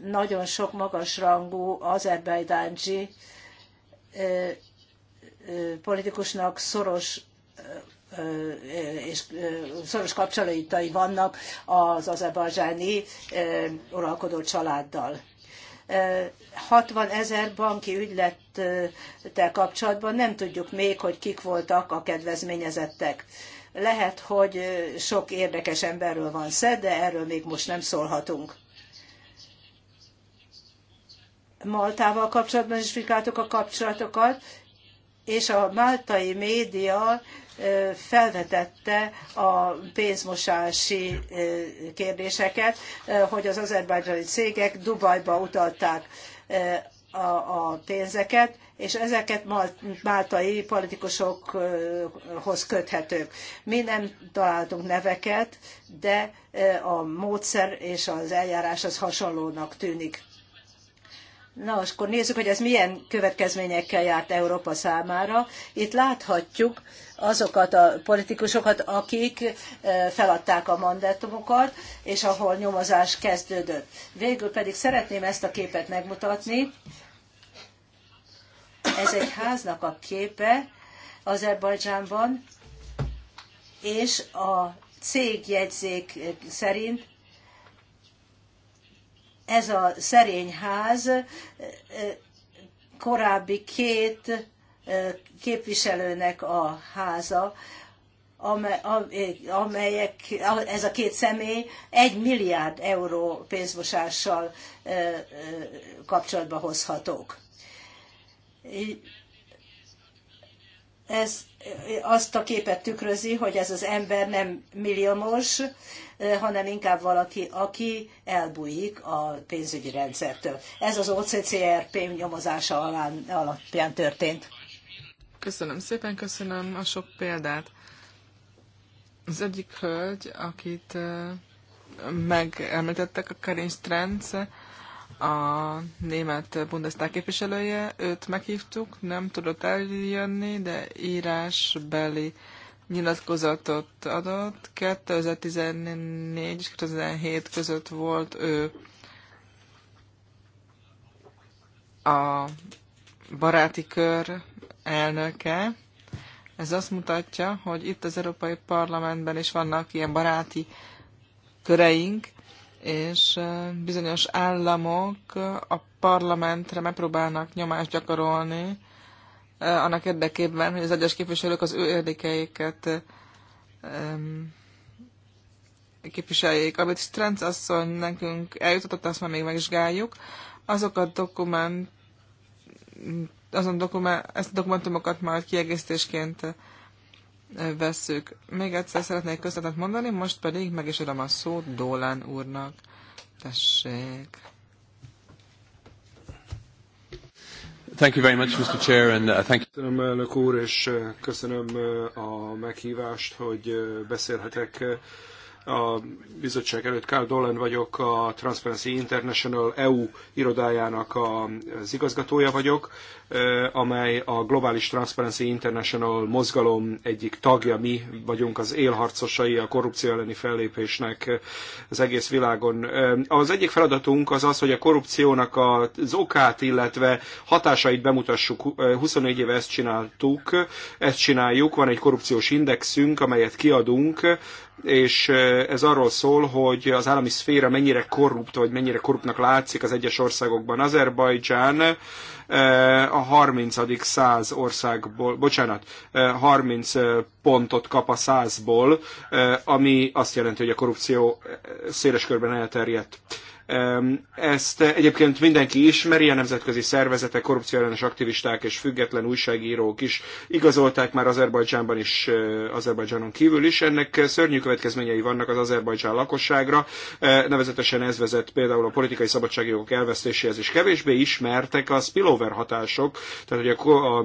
nagyon sok magasrangú azerbajdáncsi politikusnak szoros és szoros kapcsolatai vannak az azerbajdzsáni uralkodó családdal. 60 ezer banki ügylettel kapcsolatban nem tudjuk még, hogy kik voltak a kedvezményezettek. Lehet, hogy sok érdekes emberről van szó, de erről még most nem szólhatunk. Maltával kapcsolatban is vizsgáltuk a kapcsolatokat, és a máltai média felvetette a pénzmosási kérdéseket, hogy az azerbajdzsani cégek Dubajba utalták a pénzeket, és ezeket máltai politikusokhoz köthetők. Mi nem találtunk neveket, de e, a módszer és az eljárás az hasonlónak tűnik. Na, és akkor nézzük, hogy ez milyen következményekkel járt Európa számára. Itt láthatjuk azokat a politikusokat, akik e, feladták a mandátumukat, és ahol nyomozás kezdődött. Végül pedig szeretném ezt a képet megmutatni, ez egy háznak a képe Azerbajdzsánban, és a cégjegyzék szerint ez a szerény ház korábbi két képviselőnek a háza, amelyek, ez a két személy egy milliárd euró pénzmosással kapcsolatba hozhatók ez azt a képet tükrözi, hogy ez az ember nem milliomos, eh, hanem inkább valaki, aki elbújik a pénzügyi rendszertől. Ez az OCCRP nyomozása alán, alapján történt. Köszönöm szépen, köszönöm a sok példát. Az egyik hölgy, akit eh, megemlítettek, a Karin Strenz, a német Bundestag képviselője, őt meghívtuk, nem tudott eljönni, de írásbeli nyilatkozatot adott. 2014 és 2017 között volt ő a baráti kör elnöke. Ez azt mutatja, hogy itt az Európai Parlamentben is vannak ilyen baráti köreink, és bizonyos államok a parlamentre megpróbálnak nyomást gyakorolni annak érdekében, hogy az egyes képviselők az ő érdekeiket képviseljék. Amit Strenc asszony nekünk eljutott, azt már még megvizsgáljuk. Azok a dokument, azon dokument, ezt a dokumentumokat majd kiegészítésként vesszük. Még egyszer szeretnék köszönetet mondani, most pedig meg is adom a szót Dólán úrnak. Tessék. Thank you very much, Mr. Chair, and uh, thank you. Köszönöm, elnök úr, és uh, köszönöm uh, a meghívást, hogy uh, beszélhetek a bizottság előtt. Kyle Dolan vagyok, a Transparency International EU irodájának az igazgatója vagyok amely a Globális Transparency International mozgalom egyik tagja, mi vagyunk az élharcosai a korrupció elleni fellépésnek az egész világon. Az egyik feladatunk az az, hogy a korrupciónak az okát, illetve hatásait bemutassuk. 24 éve ezt csináltuk, ezt csináljuk, van egy korrupciós indexünk, amelyet kiadunk, és ez arról szól, hogy az állami szféra mennyire korrupt, vagy mennyire korruptnak látszik az egyes országokban. Azerbajdzsán Eh, a 30. száz országból, bocsánat, 30 eh, eh, pontot kap a százból, ami azt jelenti, hogy a korrupció széles körben elterjedt. Ezt egyébként mindenki ismeri, a nemzetközi szervezetek, korrupcióellenes aktivisták és független újságírók is igazolták már Azerbajdzsánban is, Azerbajdzsánon kívül is. Ennek szörnyű következményei vannak az Azerbajdzsán lakosságra, nevezetesen ez vezet például a politikai szabadságjogok elvesztéséhez is. Kevésbé ismertek a spillover hatások, tehát hogy a, a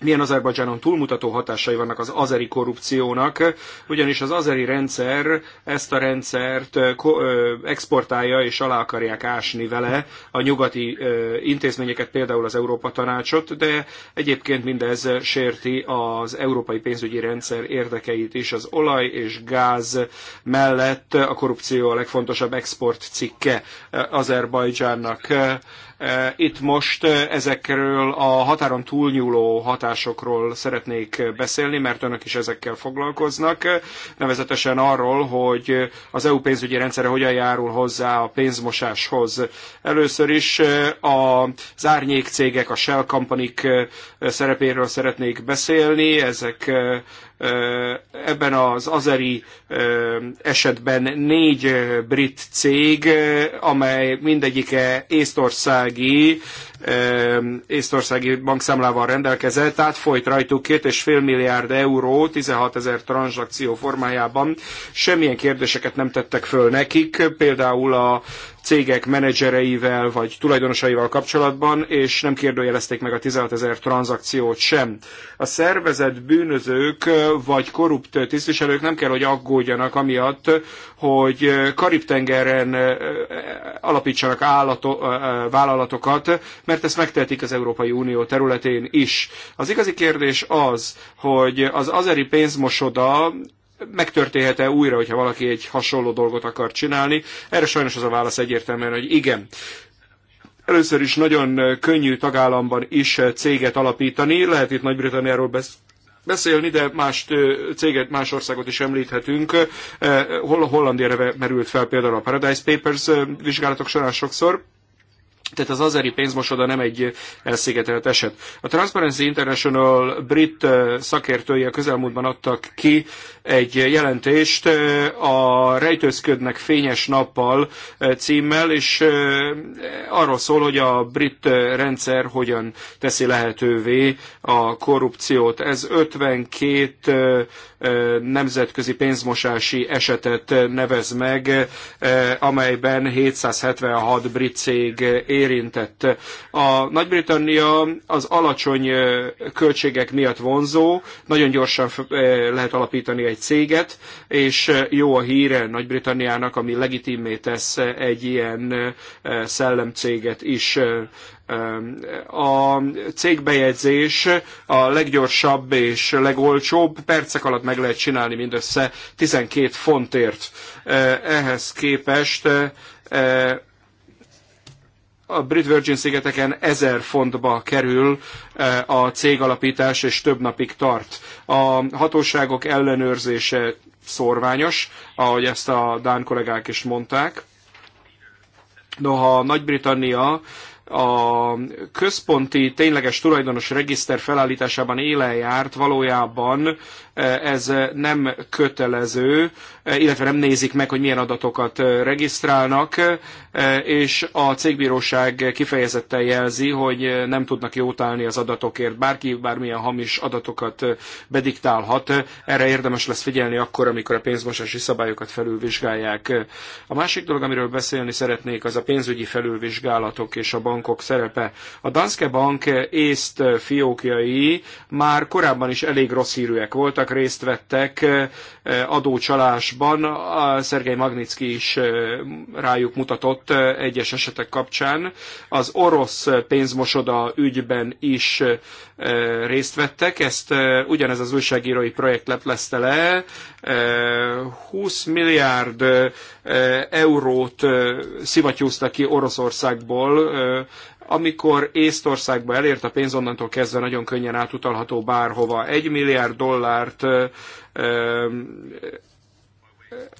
milyen Azerbajdzsánon túlmutató hatásai vannak az azeri korrupciónak, ugyanis az azeri rendszer ezt a rendszert eh, eh, exportálja és alá akarják ásni vele a nyugati eh, intézményeket, például az Európa Tanácsot, de egyébként mindez sérti az európai pénzügyi rendszer érdekeit is. Az olaj és gáz mellett a korrupció a legfontosabb exportcikke Azerbajdzsánnak Eh, itt most eh, ezekről a határon túlnyúló hatásokról szeretnék beszélni, mert önök is ezekkel foglalkoznak, eh, nevezetesen arról, hogy az EU pénzügyi rendszere hogyan járul hozzá a pénzmosáshoz. Először is az árnyék cégek, a shell company szerepéről szeretnék beszélni, ezek Ebben az azeri esetben négy brit cég, amely mindegyike észtországi Ehm, észtországi bankszámlával rendelkezett, tehát folyt rajtuk két és fél milliárd euró 16 ezer tranzakció formájában. Semmilyen kérdéseket nem tettek föl nekik, például a cégek menedzsereivel vagy tulajdonosaival kapcsolatban, és nem kérdőjelezték meg a 16 ezer tranzakciót sem. A szervezet bűnözők vagy korrupt tisztviselők nem kell, hogy aggódjanak amiatt, hogy Karib-tengeren eh, alapítsanak állato, eh, vállalatokat, mert mert ezt megtehetik az Európai Unió területén is. Az igazi kérdés az, hogy az azeri pénzmosoda megtörténhet-e újra, hogyha valaki egy hasonló dolgot akar csinálni. Erre sajnos az a válasz egyértelműen, hogy igen. Először is nagyon könnyű tagállamban is céget alapítani, lehet itt Nagy-Britanniáról beszélni, de más céget, más országot is említhetünk. Hollandiára merült fel például a Paradise Papers vizsgálatok során sokszor. Tehát az azeri pénzmosoda nem egy elszigetelt eset. A Transparency International brit szakértői a közelmúltban adtak ki egy jelentést a Rejtőzködnek fényes nappal címmel, és arról szól, hogy a brit rendszer hogyan teszi lehetővé a korrupciót. Ez 52 nemzetközi pénzmosási esetet nevez meg, amelyben 776 brit cég érintett. A Nagy-Britannia az alacsony költségek miatt vonzó, nagyon gyorsan lehet alapítani egy céget, és jó a híre Nagy-Britanniának, ami legitimé tesz egy ilyen szellemcéget is a cégbejegyzés a leggyorsabb és legolcsóbb, percek alatt meg lehet csinálni mindössze 12 fontért. Ehhez képest a Brit Virgin szigeteken ezer fontba kerül e, a cég alapítás, és több napig tart. A hatóságok ellenőrzése szorványos, ahogy ezt a Dán kollégák is mondták. Noha Nagy-Britannia a központi tényleges tulajdonos regiszter felállításában élen járt, valójában ez nem kötelező, illetve nem nézik meg, hogy milyen adatokat regisztrálnak, és a cégbíróság kifejezetten jelzi, hogy nem tudnak jótálni az adatokért. Bárki bármilyen hamis adatokat bediktálhat, erre érdemes lesz figyelni akkor, amikor a pénzmosási szabályokat felülvizsgálják. A másik dolog, amiről beszélni szeretnék, az a pénzügyi felülvizsgálatok és a bankok szerepe. A Danske Bank észt fiókjai már korábban is elég rossz hírűek voltak, voltak, részt vettek eh, eh, adócsalásban. A Szergei Magnitsky is eh, rájuk mutatott egyes esetek kapcsán. Az orosz pénzmosoda ügyben is részt vettek. Ezt ugyanez az újságírói projekt leplezte le. 20 milliárd eurót szivattyúztak ki Oroszországból amikor Észtországba elért a pénz, onnantól kezdve nagyon könnyen átutalható bárhova. Egy milliárd dollárt ö, ö,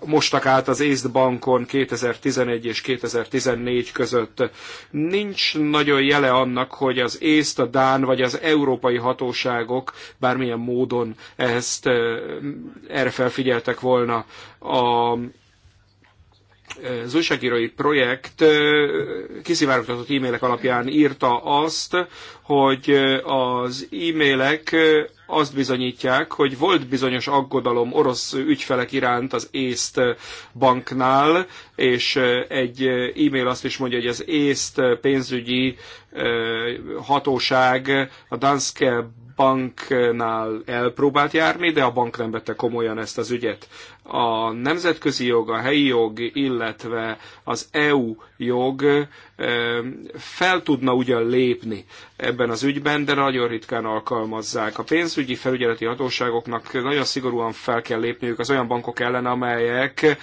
mostak át az észt bankon 2011 és 2014 között. Nincs nagyon jele annak, hogy az észt, a dán vagy az európai hatóságok bármilyen módon ezt erre felfigyeltek volna. A az újságírói projekt kiszivárogtatott e-mailek alapján írta azt, hogy az e-mailek azt bizonyítják, hogy volt bizonyos aggodalom orosz ügyfelek iránt az észt banknál, és egy e-mail azt is mondja, hogy az észt pénzügyi hatóság a Danske banknál elpróbált járni, de a bank nem vette komolyan ezt az ügyet a nemzetközi jog, a helyi jog, illetve az EU jog fel tudna ugyan lépni ebben az ügyben, de nagyon ritkán alkalmazzák. A pénzügyi felügyeleti hatóságoknak nagyon szigorúan fel kell lépniük az olyan bankok ellen, amelyek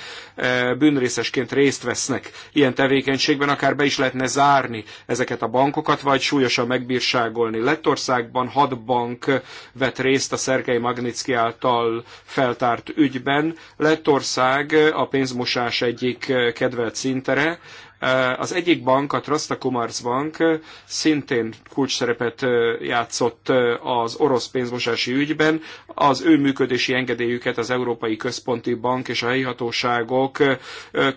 bűnrészesként részt vesznek ilyen tevékenységben, akár be is lehetne zárni ezeket a bankokat, vagy súlyosan megbírságolni. Lettországban hat bank vett részt a Szergei Magnitsky által feltárt ügyben. Lettország a pénzmosás egyik kedvelt szintere, Eh, az egyik bank, a Trasta Commerce Bank eh, szintén kulcsszerepet eh, játszott az orosz pénzmosási ügyben. Az ő működési engedélyüket az Európai Központi Bank és a helyi hatóságok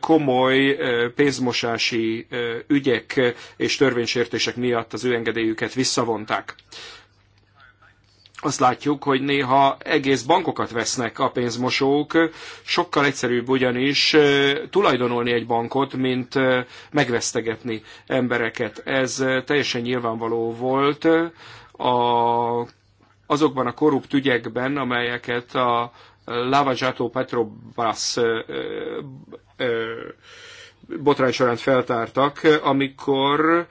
komoly pénzmosási ügyek és törvénysértések miatt az ő engedélyüket visszavonták azt látjuk, hogy néha egész bankokat vesznek a pénzmosók, sokkal egyszerűbb ugyanis tulajdonolni egy bankot, mint megvesztegetni embereket. Ez teljesen nyilvánvaló volt a, azokban a korrupt ügyekben, amelyeket a Lavajato Petrobras botrány során feltártak, amikor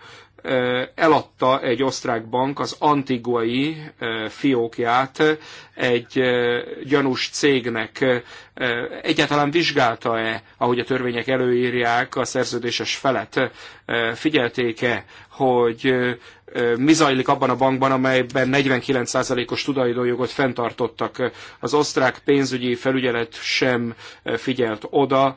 eladta egy osztrák bank az antiguai fiókját egy gyanús cégnek. Egyáltalán vizsgálta-e, ahogy a törvények előírják, a szerződéses felet? Figyelték-e hogy mi zajlik abban a bankban, amelyben 49%-os tulajdonjogot fenntartottak. Az osztrák pénzügyi felügyelet sem figyelt oda,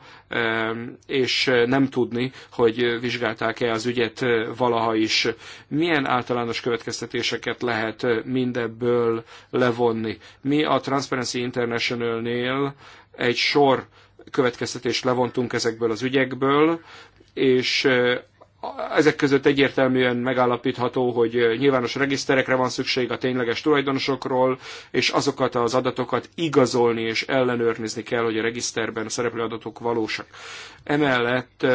és nem tudni, hogy vizsgálták-e az ügyet valaha is. Milyen általános következtetéseket lehet mindebből levonni? Mi a Transparency International-nél egy sor következtetést levontunk ezekből az ügyekből, és ezek között egyértelműen megállapítható, hogy nyilvános regiszterekre van szükség a tényleges tulajdonosokról, és azokat az adatokat igazolni és ellenőrizni kell, hogy a regiszterben szereplő adatok valósak. Emellett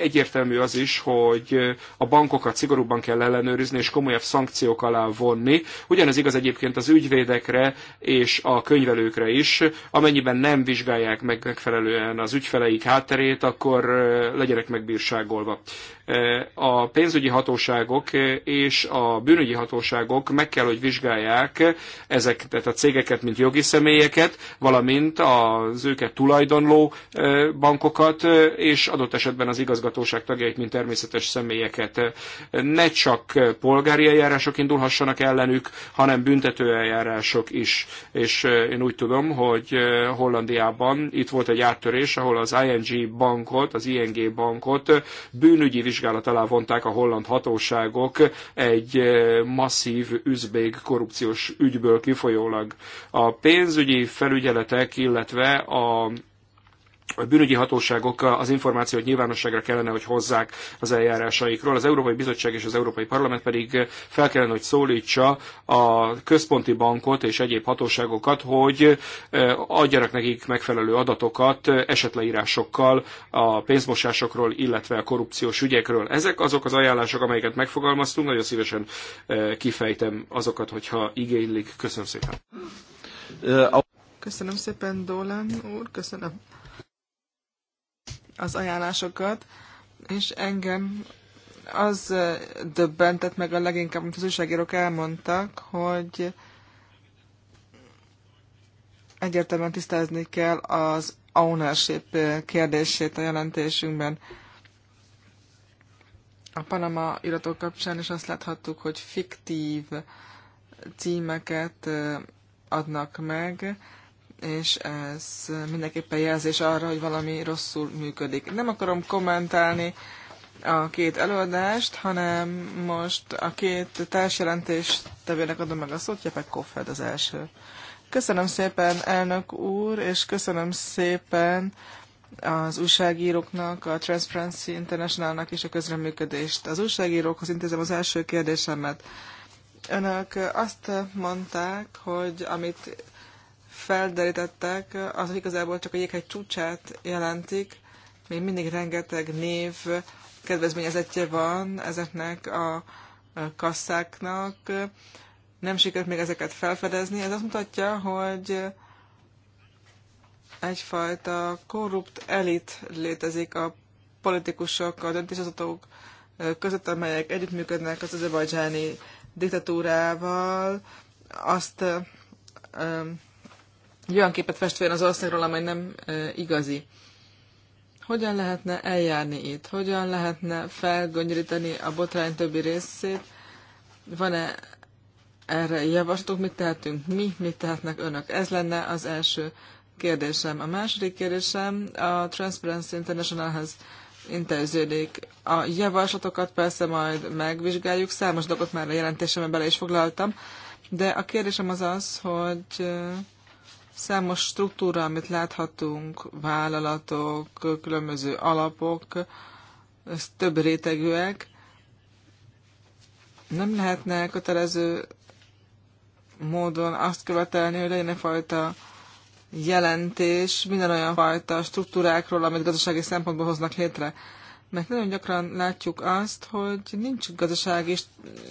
egyértelmű az is, hogy a bankokat szigorúbban kell ellenőrizni és komolyabb szankciók alá vonni. Ugyanez igaz egyébként az ügyvédekre és a könyvelőkre is. Amennyiben nem vizsgálják meg megfelelően az ügyfeleik hátterét, akkor legyenek megbírságolva a pénzügyi hatóságok és a bűnügyi hatóságok meg kell, hogy vizsgálják ezeket a cégeket, mint jogi személyeket, valamint az őket tulajdonló bankokat, és adott esetben az igazgatóság tagjait, mint természetes személyeket. Ne csak polgári eljárások indulhassanak ellenük, hanem büntető eljárások is. És én úgy tudom, hogy Hollandiában itt volt egy áttörés, ahol az ING bankot, az ING bankot bűnügyi ügyi vizsgálat alá vonták a holland hatóságok egy eh, masszív üzbég korrupciós ügyből kifolyólag. A pénzügyi felügyeletek, illetve a a bűnügyi hatóságok az információt nyilvánosságra kellene, hogy hozzák az eljárásaikról. Az Európai Bizottság és az Európai Parlament pedig fel kellene, hogy szólítsa a központi bankot és egyéb hatóságokat, hogy adjanak nekik megfelelő adatokat esetleírásokkal a pénzmosásokról, illetve a korrupciós ügyekről. Ezek azok az ajánlások, amelyeket megfogalmaztunk. Nagyon szívesen kifejtem azokat, hogyha igénylik. Köszönöm szépen. Köszönöm szépen, Dolan úr, köszönöm az ajánlásokat, és engem az döbbentett meg a leginkább, amit az újságírók elmondtak, hogy egyértelműen tisztázni kell az ownership kérdését a jelentésünkben. A Panama iratok kapcsán is azt láthattuk, hogy fiktív címeket adnak meg, és ez mindenképpen jelzés arra, hogy valami rosszul működik. Nem akarom kommentálni a két előadást, hanem most a két társjelentést tevének adom meg a szót, Jepek Koffed az első. Köszönöm szépen, elnök úr, és köszönöm szépen az újságíróknak, a Transparency Internationalnak és a közreműködést. Az újságírókhoz intézem az első kérdésemet. Önök azt mondták, hogy amit felderítettek, az igazából csak a jéghegy csúcsát jelentik, még mindig rengeteg név kedvezményezetje van ezeknek a kasszáknak. Nem sikerült még ezeket felfedezni. Ez azt mutatja, hogy egyfajta korrupt elit létezik a politikusok, a döntéshozatók között, amelyek együttműködnek az azerbajdzsáni diktatúrával. Azt um, egy olyan képet fest az országról, amely nem igazi. Hogyan lehetne eljárni itt? Hogyan lehetne felgönyöríteni a botrány többi részét? Van-e erre javaslatok? Mit tehetünk mi? Mit tehetnek önök? Ez lenne az első kérdésem. A második kérdésem a Transparency International-hez intéződik. A javaslatokat persze majd megvizsgáljuk, számos dolgot már a jelentésemben bele is foglaltam, de a kérdésem az az, hogy Számos struktúra, amit láthatunk, vállalatok, különböző alapok, ez több rétegűek, nem lehetne kötelező módon azt követelni, hogy legyen fajta jelentés minden olyan fajta struktúrákról, amit gazdasági szempontból hoznak létre. Mert nagyon gyakran látjuk azt, hogy nincs gazdasági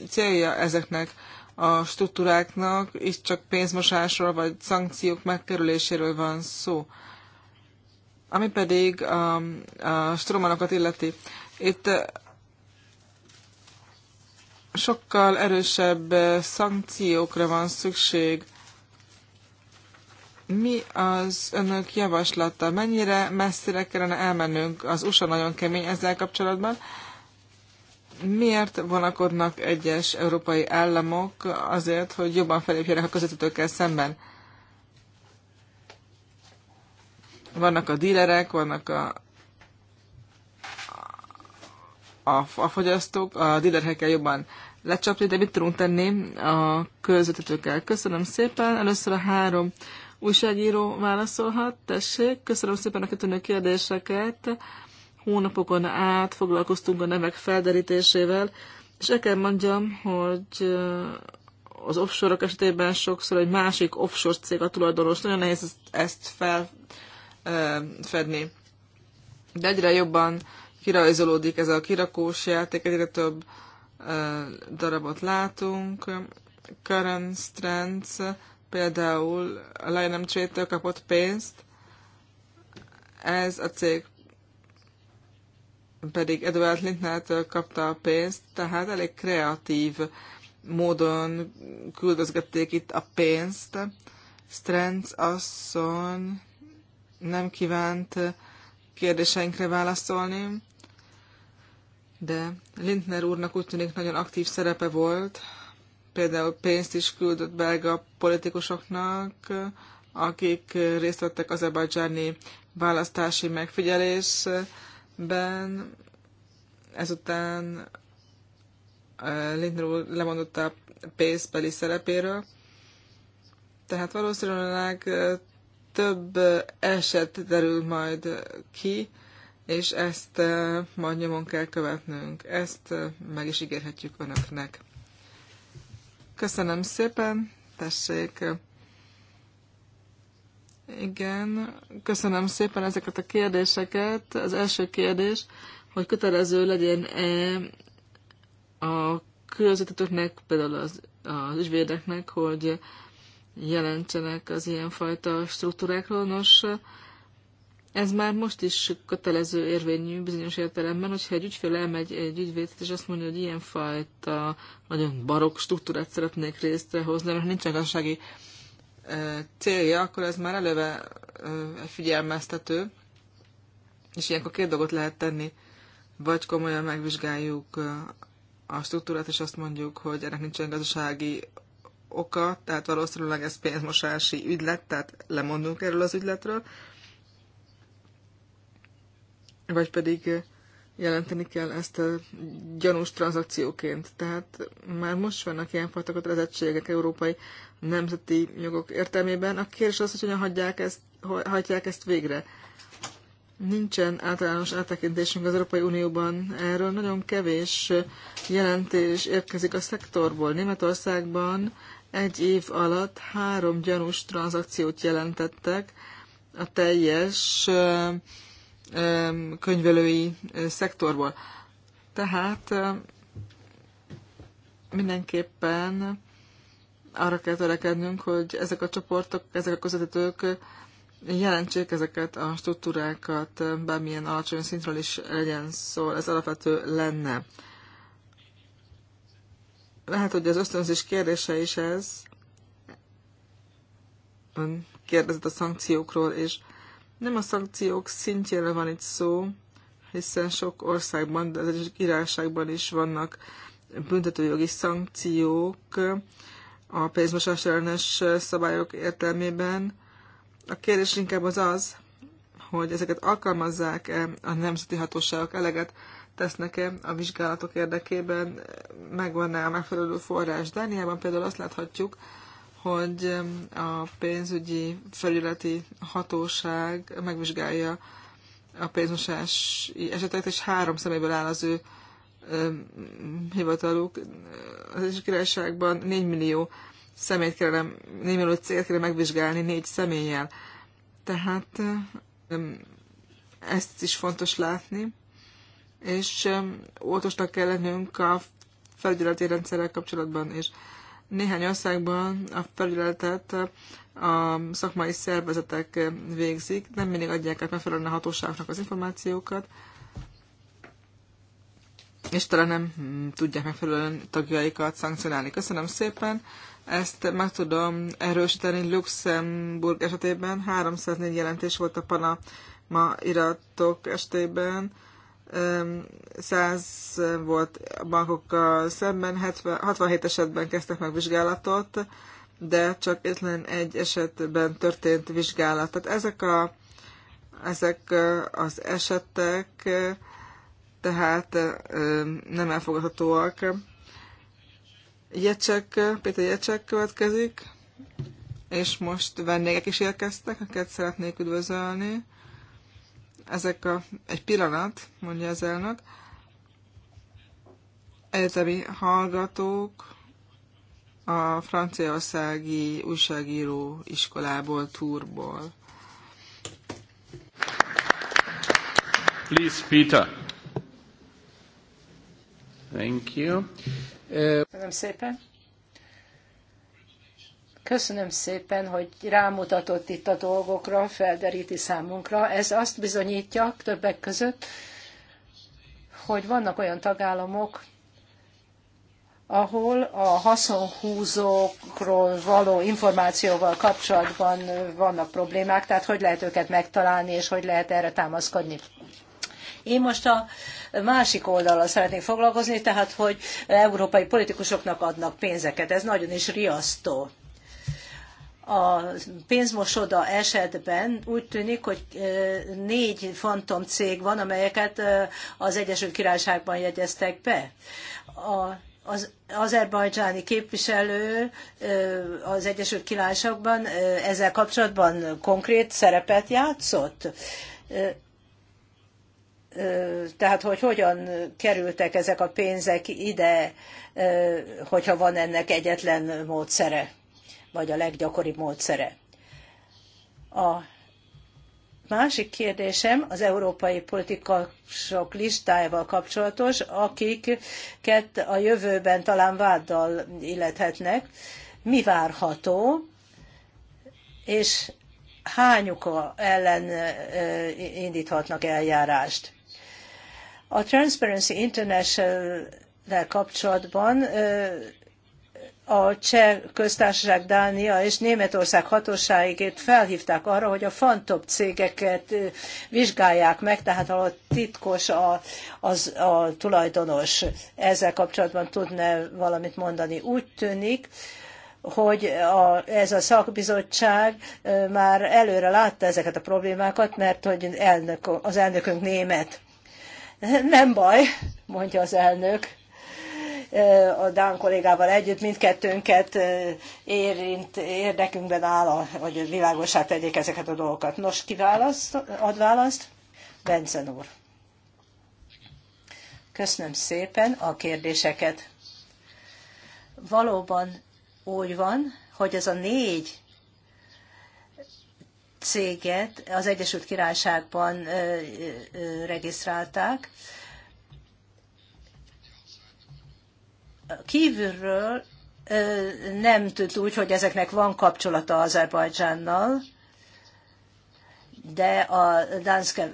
célja ezeknek a struktúráknak, itt csak pénzmosásról vagy szankciók megkerüléséről van szó. Ami pedig um, a, a strómanokat illeti. Itt uh, sokkal erősebb uh, szankciókra van szükség. Mi az önök javaslata? Mennyire messzire kellene elmennünk? Az USA nagyon kemény ezzel kapcsolatban miért vonakodnak egyes európai államok azért, hogy jobban felépjenek a közvetítőkkel szemben? Vannak a dílerek, vannak a, a, a fogyasztók, a dílerekkel jobban lecsapni, de mit tudunk tenni a közvetítőkkel? Köszönöm szépen. Először a három újságíró válaszolhat. Tessék, köszönöm szépen a kitűnő kérdéseket. Hónapokon át foglalkoztunk a nevek felderítésével, és el kell mondjam, hogy az offshore-ok esetében sokszor egy másik offshore cég a tulajdonos, nagyon nehéz ezt felfedni. De egyre jobban kirajzolódik ez a kirakós játék, egyre több darabot látunk. Karen Strands például a Lionel Trade-től kapott pénzt, ez a cég pedig Edward Lindnertől kapta a pénzt, tehát elég kreatív módon küldözgették itt a pénzt. Strenz asszony nem kívánt kérdéseinkre válaszolni, de Lindner úrnak úgy tűnik nagyon aktív szerepe volt, például pénzt is küldött belga politikusoknak, akik részt vettek az választási megfigyelés ben ezután Lindner úr lemondott a beli szerepéről, tehát valószínűleg több eset derül majd ki, és ezt majd nyomon kell követnünk. Ezt meg is ígérhetjük önöknek. Köszönöm szépen, tessék, igen, köszönöm szépen ezeket a kérdéseket. Az első kérdés, hogy kötelező legyen-e a közvetítőknek, például az, az ügyvédeknek, hogy jelentsenek az ilyenfajta struktúrákról. Nos, ez már most is kötelező érvényű bizonyos értelemben, hogyha egy ügyfél elmegy egy ügyvédet, és azt mondja, hogy ilyenfajta nagyon barokk struktúrát szeretnék részt hozni, mert nincs gazdasági célja, akkor ez már előve figyelmeztető, és ilyenkor két dolgot lehet tenni. Vagy komolyan megvizsgáljuk a struktúrát, és azt mondjuk, hogy ennek nincsen gazdasági oka, tehát valószínűleg ez pénzmosási ügylet, tehát lemondunk erről az ügyletről, vagy pedig jelenteni kell ezt a gyanús tranzakcióként. Tehát már most vannak ilyen ilyenfajta kötelezettségek európai nemzeti jogok értelmében. A kérdés az, hogy hogyan hagyják ezt, hagyják ezt végre. Nincsen általános áttekintésünk az Európai Unióban erről. Nagyon kevés jelentés érkezik a szektorból. Németországban egy év alatt három gyanús tranzakciót jelentettek a teljes könyvelői szektorból. Tehát mindenképpen arra kell törekednünk, hogy ezek a csoportok, ezek a közvetítők jelentsék ezeket a struktúrákat, bármilyen alacsony szintről is legyen szó, ez alapvető lenne. Lehet, hogy az ösztönzés kérdése is ez. Ön kérdezett a szankciókról, és nem a szankciók szintjére van itt szó, hiszen sok országban, de az egyes királyságban is vannak büntetőjogi szankciók a pénzmosás ellenes szabályok értelmében. A kérdés inkább az az, hogy ezeket alkalmazzák-e a nemzeti hatóságok eleget, tesznek-e a vizsgálatok érdekében, megvan-e a megfelelő forrás. Dániában például azt láthatjuk, hogy a pénzügyi felületi hatóság megvizsgálja a pénzmosási eseteket, és három szeméből áll az ő hivataluk. Az is Királyságban 4 millió személyt kellene, 4 millió célt kellene megvizsgálni négy személlyel. Tehát ezt is fontos látni, és óvatosnak kell lennünk a felügyeleti rendszerrel kapcsolatban, és néhány országban a felületet a szakmai szervezetek végzik, nem mindig adják át megfelelően a hatóságnak az információkat, és talán nem tudják megfelelően tagjaikat szankcionálni. Köszönöm szépen! Ezt meg tudom erősíteni Luxemburg esetében. 304 jelentés volt a Panama iratok esetében, 100 volt a bankokkal szemben, 70, 67 esetben kezdtek meg vizsgálatot, de csak egyetlen egy esetben történt vizsgálat. Tehát ezek, a, ezek az esetek tehát nem elfogadhatóak. Jecsek, Péter Jecsek következik, és most vendégek is érkeztek, akiket szeretnék üdvözölni ezek a... Egy pillanat, mondja az elnök. Egyetemi hallgatók a franciaországi újságíró iskolából, Túrból. Please, Peter. Thank you. Köszönöm szépen. Köszönöm szépen, hogy rámutatott itt a dolgokra, felderíti számunkra. Ez azt bizonyítja többek között, hogy vannak olyan tagállamok, ahol a haszonhúzókról való információval kapcsolatban vannak problémák, tehát hogy lehet őket megtalálni, és hogy lehet erre támaszkodni. Én most a másik oldalra szeretnék foglalkozni, tehát hogy európai politikusoknak adnak pénzeket. Ez nagyon is riasztó a pénzmosoda esetben úgy tűnik, hogy négy fantom cég van, amelyeket az Egyesült Királyságban jegyeztek be. A az azerbajdzsáni képviselő az Egyesült Királyságban ezzel kapcsolatban konkrét szerepet játszott? Tehát, hogy hogyan kerültek ezek a pénzek ide, hogyha van ennek egyetlen módszere? vagy a leggyakoribb módszere. A másik kérdésem az európai politikusok listájával kapcsolatos, akiket a jövőben talán váddal illethetnek. Mi várható, és hányuk ellen indíthatnak eljárást? A Transparency international kapcsolatban a Cseh köztársaság Dánia és Németország hatóságét felhívták arra, hogy a fantop cégeket vizsgálják meg, tehát ahol titkos a, az, a tulajdonos. Ezzel kapcsolatban tudna valamit mondani. Úgy tűnik, hogy a, ez a szakbizottság már előre látta ezeket a problémákat, mert hogy elnök, az elnökünk német. Nem baj, mondja az elnök a Dán kollégával együtt mindkettőnket érint, érdekünkben áll, a, hogy világosá tegyék ezeket a dolgokat. Nos, ki választ, ad választ? Bencen úr. Köszönöm szépen a kérdéseket. Valóban úgy van, hogy ez a négy céget az Egyesült Királyságban regisztrálták, kívülről nem tűnt úgy, hogy ezeknek van kapcsolata Azerbajdzsánnal, de a Danske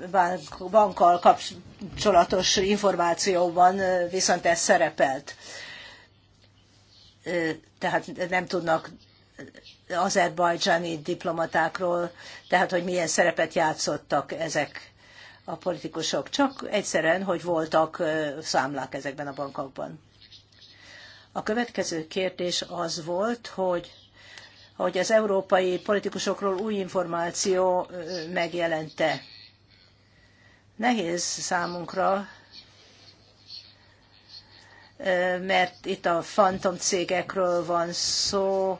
bankkal kapcsolatos információban viszont ez szerepelt. Tehát nem tudnak azerbajdzsáni diplomatákról, tehát hogy milyen szerepet játszottak ezek a politikusok. Csak egyszerűen, hogy voltak számlák ezekben a bankokban. A következő kérdés az volt, hogy hogy az európai politikusokról új információ megjelente. Nehéz számunkra, mert itt a fantom cégekről van szó,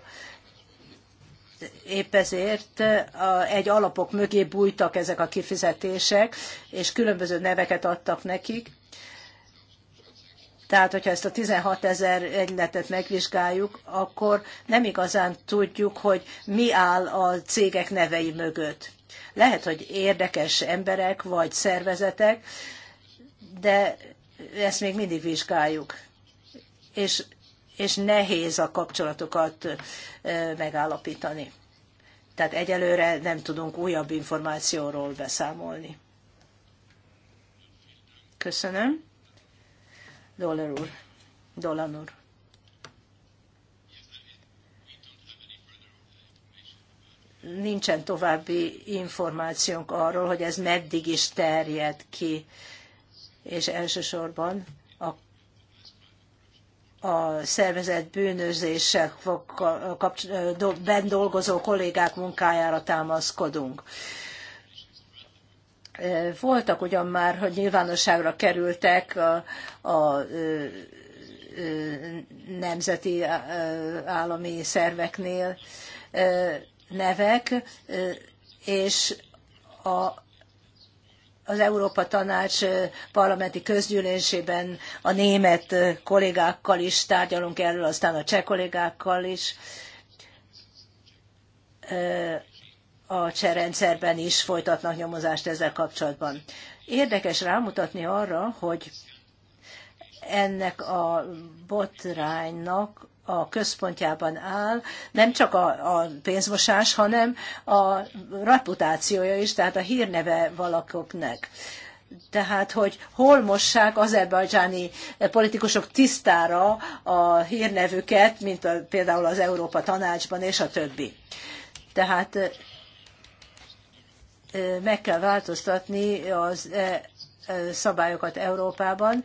épp ezért egy alapok mögé bújtak ezek a kifizetések, és különböző neveket adtak nekik, tehát, hogyha ezt a 16 ezer egyletet megvizsgáljuk, akkor nem igazán tudjuk, hogy mi áll a cégek nevei mögött. Lehet, hogy érdekes emberek vagy szervezetek, de ezt még mindig vizsgáljuk. És, és nehéz a kapcsolatokat megállapítani. Tehát egyelőre nem tudunk újabb információról beszámolni. Köszönöm. Dollar úr. Dollar úr. Nincsen további információnk arról, hogy ez meddig is terjed ki, és elsősorban a a szervezett kapcs, ben dolgozó kollégák munkájára támaszkodunk. Voltak ugyan már, hogy nyilvánosságra kerültek a, a nemzeti állami szerveknél nevek, és a, az Európa Tanács parlamenti közgyűlésében a német kollégákkal is tárgyalunk erről, aztán a cseh kollégákkal is a cserrendszerben is folytatnak nyomozást ezzel kapcsolatban. Érdekes rámutatni arra, hogy ennek a botránynak a központjában áll, nem csak a, a pénzmosás, hanem a reputációja is, tehát a hírneve valakoknak. Tehát, hogy hol mossák azerbajdzsáni politikusok tisztára a hírnevüket, mint a, például az Európa Tanácsban és a többi. Tehát meg kell változtatni az szabályokat Európában.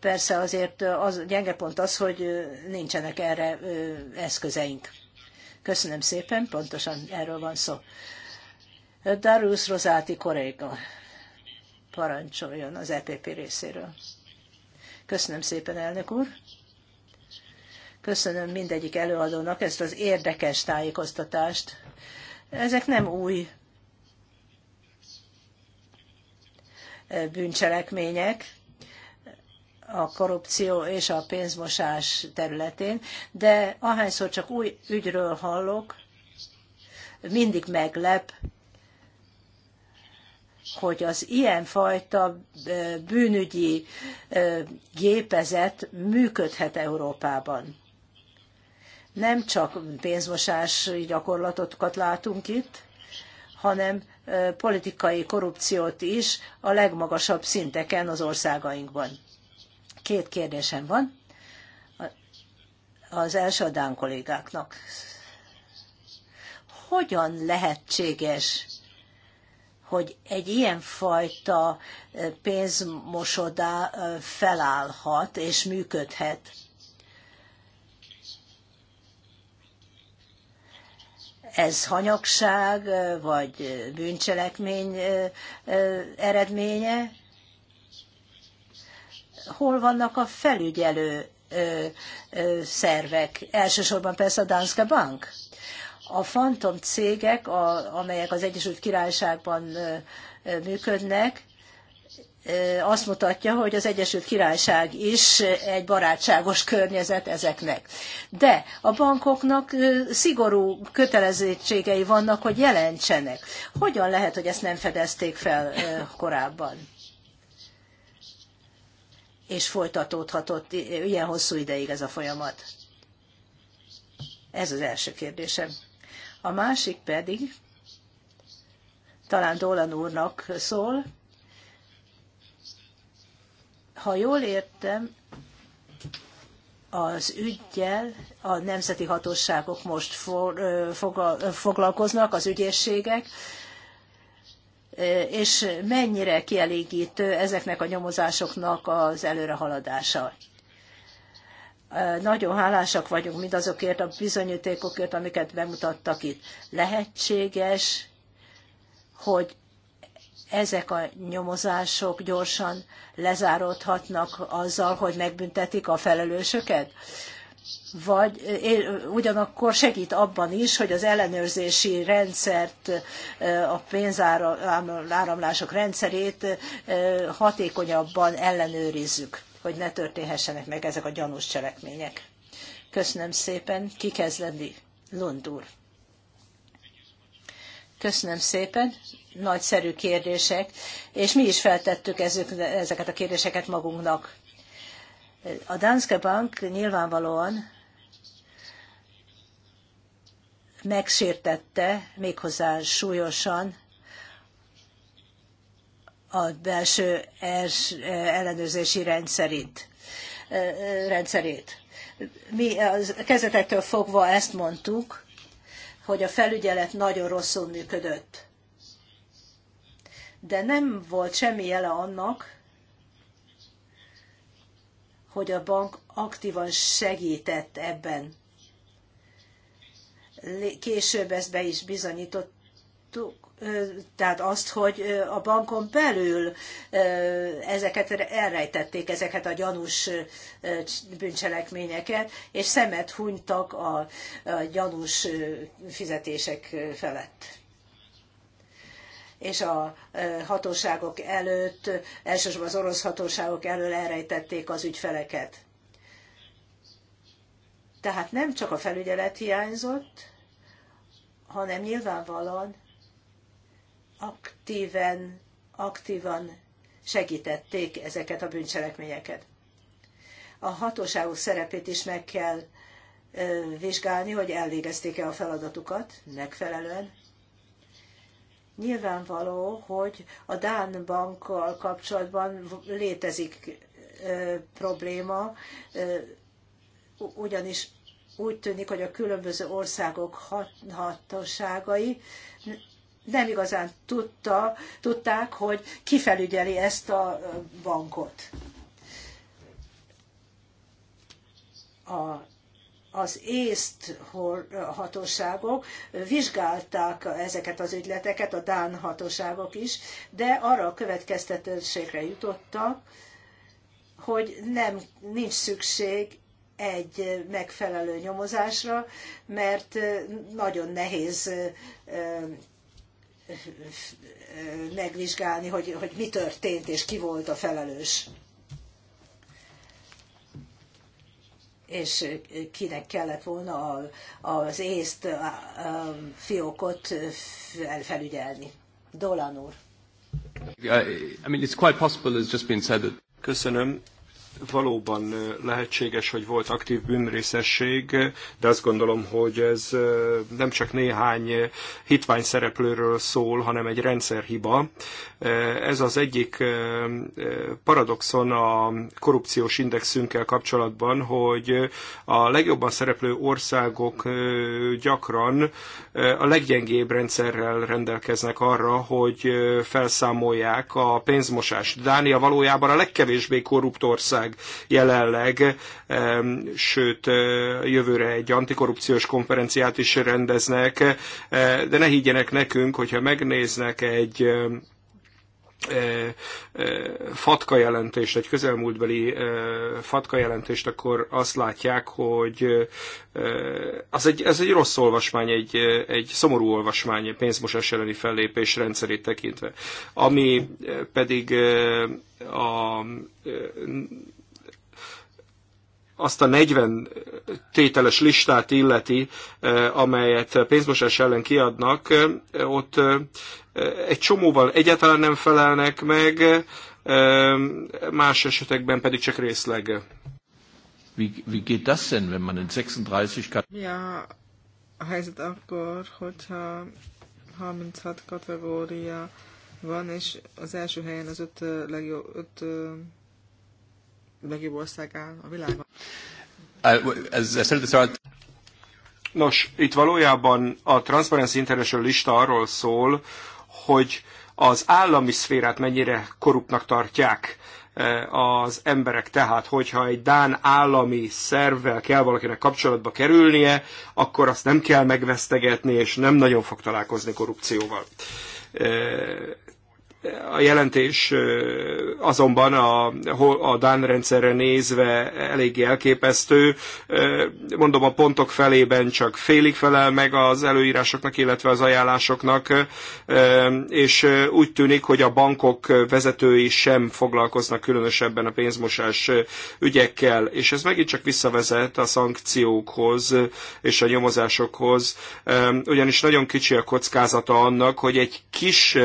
Persze azért az gyenge pont az, hogy nincsenek erre eszközeink. Köszönöm szépen, pontosan erről van szó. Darius Rozáti kolléga parancsoljon az EPP részéről. Köszönöm szépen, elnök úr. Köszönöm mindegyik előadónak ezt az érdekes tájékoztatást. Ezek nem új bűncselekmények a korrupció és a pénzmosás területén, de ahányszor csak új ügyről hallok, mindig meglep, hogy az ilyenfajta bűnügyi gépezet működhet Európában. Nem csak pénzmosás gyakorlatokat látunk itt, hanem politikai korrupciót is a legmagasabb szinteken az országainkban. Két kérdésem van. Az első a Dán kollégáknak. Hogyan lehetséges, hogy egy ilyen fajta pénzmosodá felállhat és működhet? ez hanyagság vagy bűncselekmény eredménye? Hol vannak a felügyelő szervek? Elsősorban persze a Danske Bank. A fantom cégek, amelyek az Egyesült Királyságban működnek, azt mutatja, hogy az Egyesült Királyság is egy barátságos környezet ezeknek. De a bankoknak szigorú kötelezettségei vannak, hogy jelentsenek. Hogyan lehet, hogy ezt nem fedezték fel korábban? És folytatódhatott ilyen hosszú ideig ez a folyamat. Ez az első kérdésem. A másik pedig talán Dolan úrnak szól, ha jól értem, az ügyjel a nemzeti hatóságok most for, foglalkoznak, az ügyészségek, és mennyire kielégítő ezeknek a nyomozásoknak az előrehaladása. Nagyon hálásak vagyunk mindazokért a bizonyítékokért, amiket bemutattak itt. Lehetséges, hogy ezek a nyomozások gyorsan lezáródhatnak azzal, hogy megbüntetik a felelősöket? Vagy eh, ugyanakkor segít abban is, hogy az ellenőrzési rendszert, eh, a pénzáramlások rendszerét eh, hatékonyabban ellenőrizzük, hogy ne történhessenek meg ezek a gyanús cselekmények. Köszönöm szépen. Ki kezdeni? Lund úr. Köszönöm szépen, nagyszerű kérdések, és mi is feltettük ezeket a kérdéseket magunknak. A Danske Bank nyilvánvalóan megsértette méghozzá súlyosan a belső ellenőrzési rendszerét. Eh, eh, rendszerét. Mi az kezdetektől fogva ezt mondtuk, hogy a felügyelet nagyon rosszul működött. De nem volt semmi jele annak, hogy a bank aktívan segített ebben. Később ezt be is bizonyítottuk, tehát azt, hogy a bankon belül ezeket elrejtették, ezeket a gyanús bűncselekményeket, és szemet hunytak a gyanús fizetések felett és a hatóságok előtt, elsősorban az orosz hatóságok elől elrejtették az ügyfeleket. Tehát nem csak a felügyelet hiányzott, hanem nyilvánvalóan aktíven, aktívan segítették ezeket a bűncselekményeket. A hatóságok szerepét is meg kell vizsgálni, hogy elvégezték-e a feladatukat megfelelően. Nyilvánvaló, hogy a Dán bankkal kapcsolatban létezik probléma, ugyanis úgy tűnik, hogy a különböző országok hatóságai nem igazán tudta, tudták, hogy kifelügyeli ezt a bankot. A, az észt hatóságok vizsgálták ezeket az ügyleteket, a dán hatóságok is, de arra a következtetőségre jutottak, hogy nem, nincs szükség egy megfelelő nyomozásra, mert nagyon nehéz megvizsgálni, hogy, hogy mi történt és ki volt a felelős. és kinek kellett volna az észt fiókot felügyelni. Dolan úr. Köszönöm valóban lehetséges, hogy volt aktív bűnrészesség, de azt gondolom, hogy ez nem csak néhány hitvány szereplőről szól, hanem egy rendszerhiba. Ez az egyik paradoxon a korrupciós indexünkkel kapcsolatban, hogy a legjobban szereplő országok gyakran a leggyengébb rendszerrel rendelkeznek arra, hogy felszámolják a pénzmosást. Dánia valójában a legkevésbé korrupt ország ország jelenleg, sőt jövőre egy antikorrupciós konferenciát is rendeznek, de ne higgyenek nekünk, hogyha megnéznek egy fatka jelentést, egy közelmúltbeli fatka jelentést, akkor azt látják, hogy az egy, ez egy rossz olvasmány, egy, egy szomorú olvasmány pénzmosás elleni fellépés rendszerét tekintve. Ami pedig a azt a 40 tételes listát illeti, eh, amelyet pénzmosás ellen kiadnak, eh, ott eh, egy csomóval egyáltalán nem felelnek meg, más esetekben pedig csak részleg. Wie, wie geht das denn, wenn man in 36 Ja, helyzet akkor, hogyha 36 kategória van, és az első helyen az öt legjobb, öt legjobb ország áll a világon. Uh, Nos, itt valójában a Transparency International lista arról szól, hogy az állami szférát mennyire korruptnak tartják eh, az emberek. Tehát, hogyha egy Dán állami szervvel kell valakinek kapcsolatba kerülnie, akkor azt nem kell megvesztegetni, és nem nagyon fog találkozni korrupcióval. Eh, a jelentés azonban a, a Dán rendszerre nézve eléggé elképesztő. Mondom, a pontok felében csak félig felel meg az előírásoknak, illetve az ajánlásoknak, és úgy tűnik, hogy a bankok vezetői sem foglalkoznak különösebben a pénzmosás ügyekkel, és ez megint csak visszavezet a szankciókhoz és a nyomozásokhoz, ugyanis nagyon kicsi a kockázata annak, hogy egy kis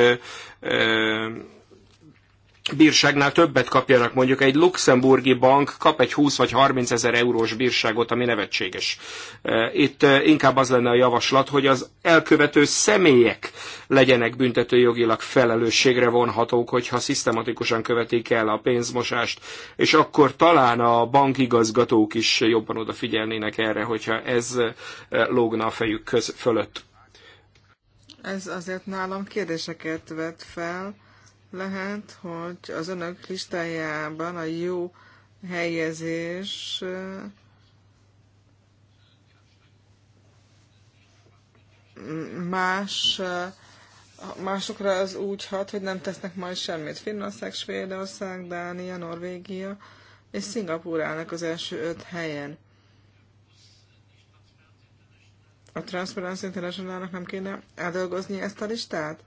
bírságnál többet kapjanak. Mondjuk egy luxemburgi bank kap egy 20 vagy 30 ezer eurós bírságot, ami nevetséges. Itt inkább az lenne a javaslat, hogy az elkövető személyek legyenek büntetőjogilag felelősségre vonhatók, hogyha szisztematikusan követik el a pénzmosást, és akkor talán a bankigazgatók is jobban odafigyelnének erre, hogyha ez lógna a fejük köz fölött. Ez azért nálam kérdéseket vet fel. Lehet, hogy az önök listájában a jó helyezés más másokra az úgy hat, hogy nem tesznek majd semmit. Finnország, Svédország, Dánia, Norvégia és Szingapúr állnak az első öt helyen. a Transparency international nem kéne eldolgozni ezt a listát?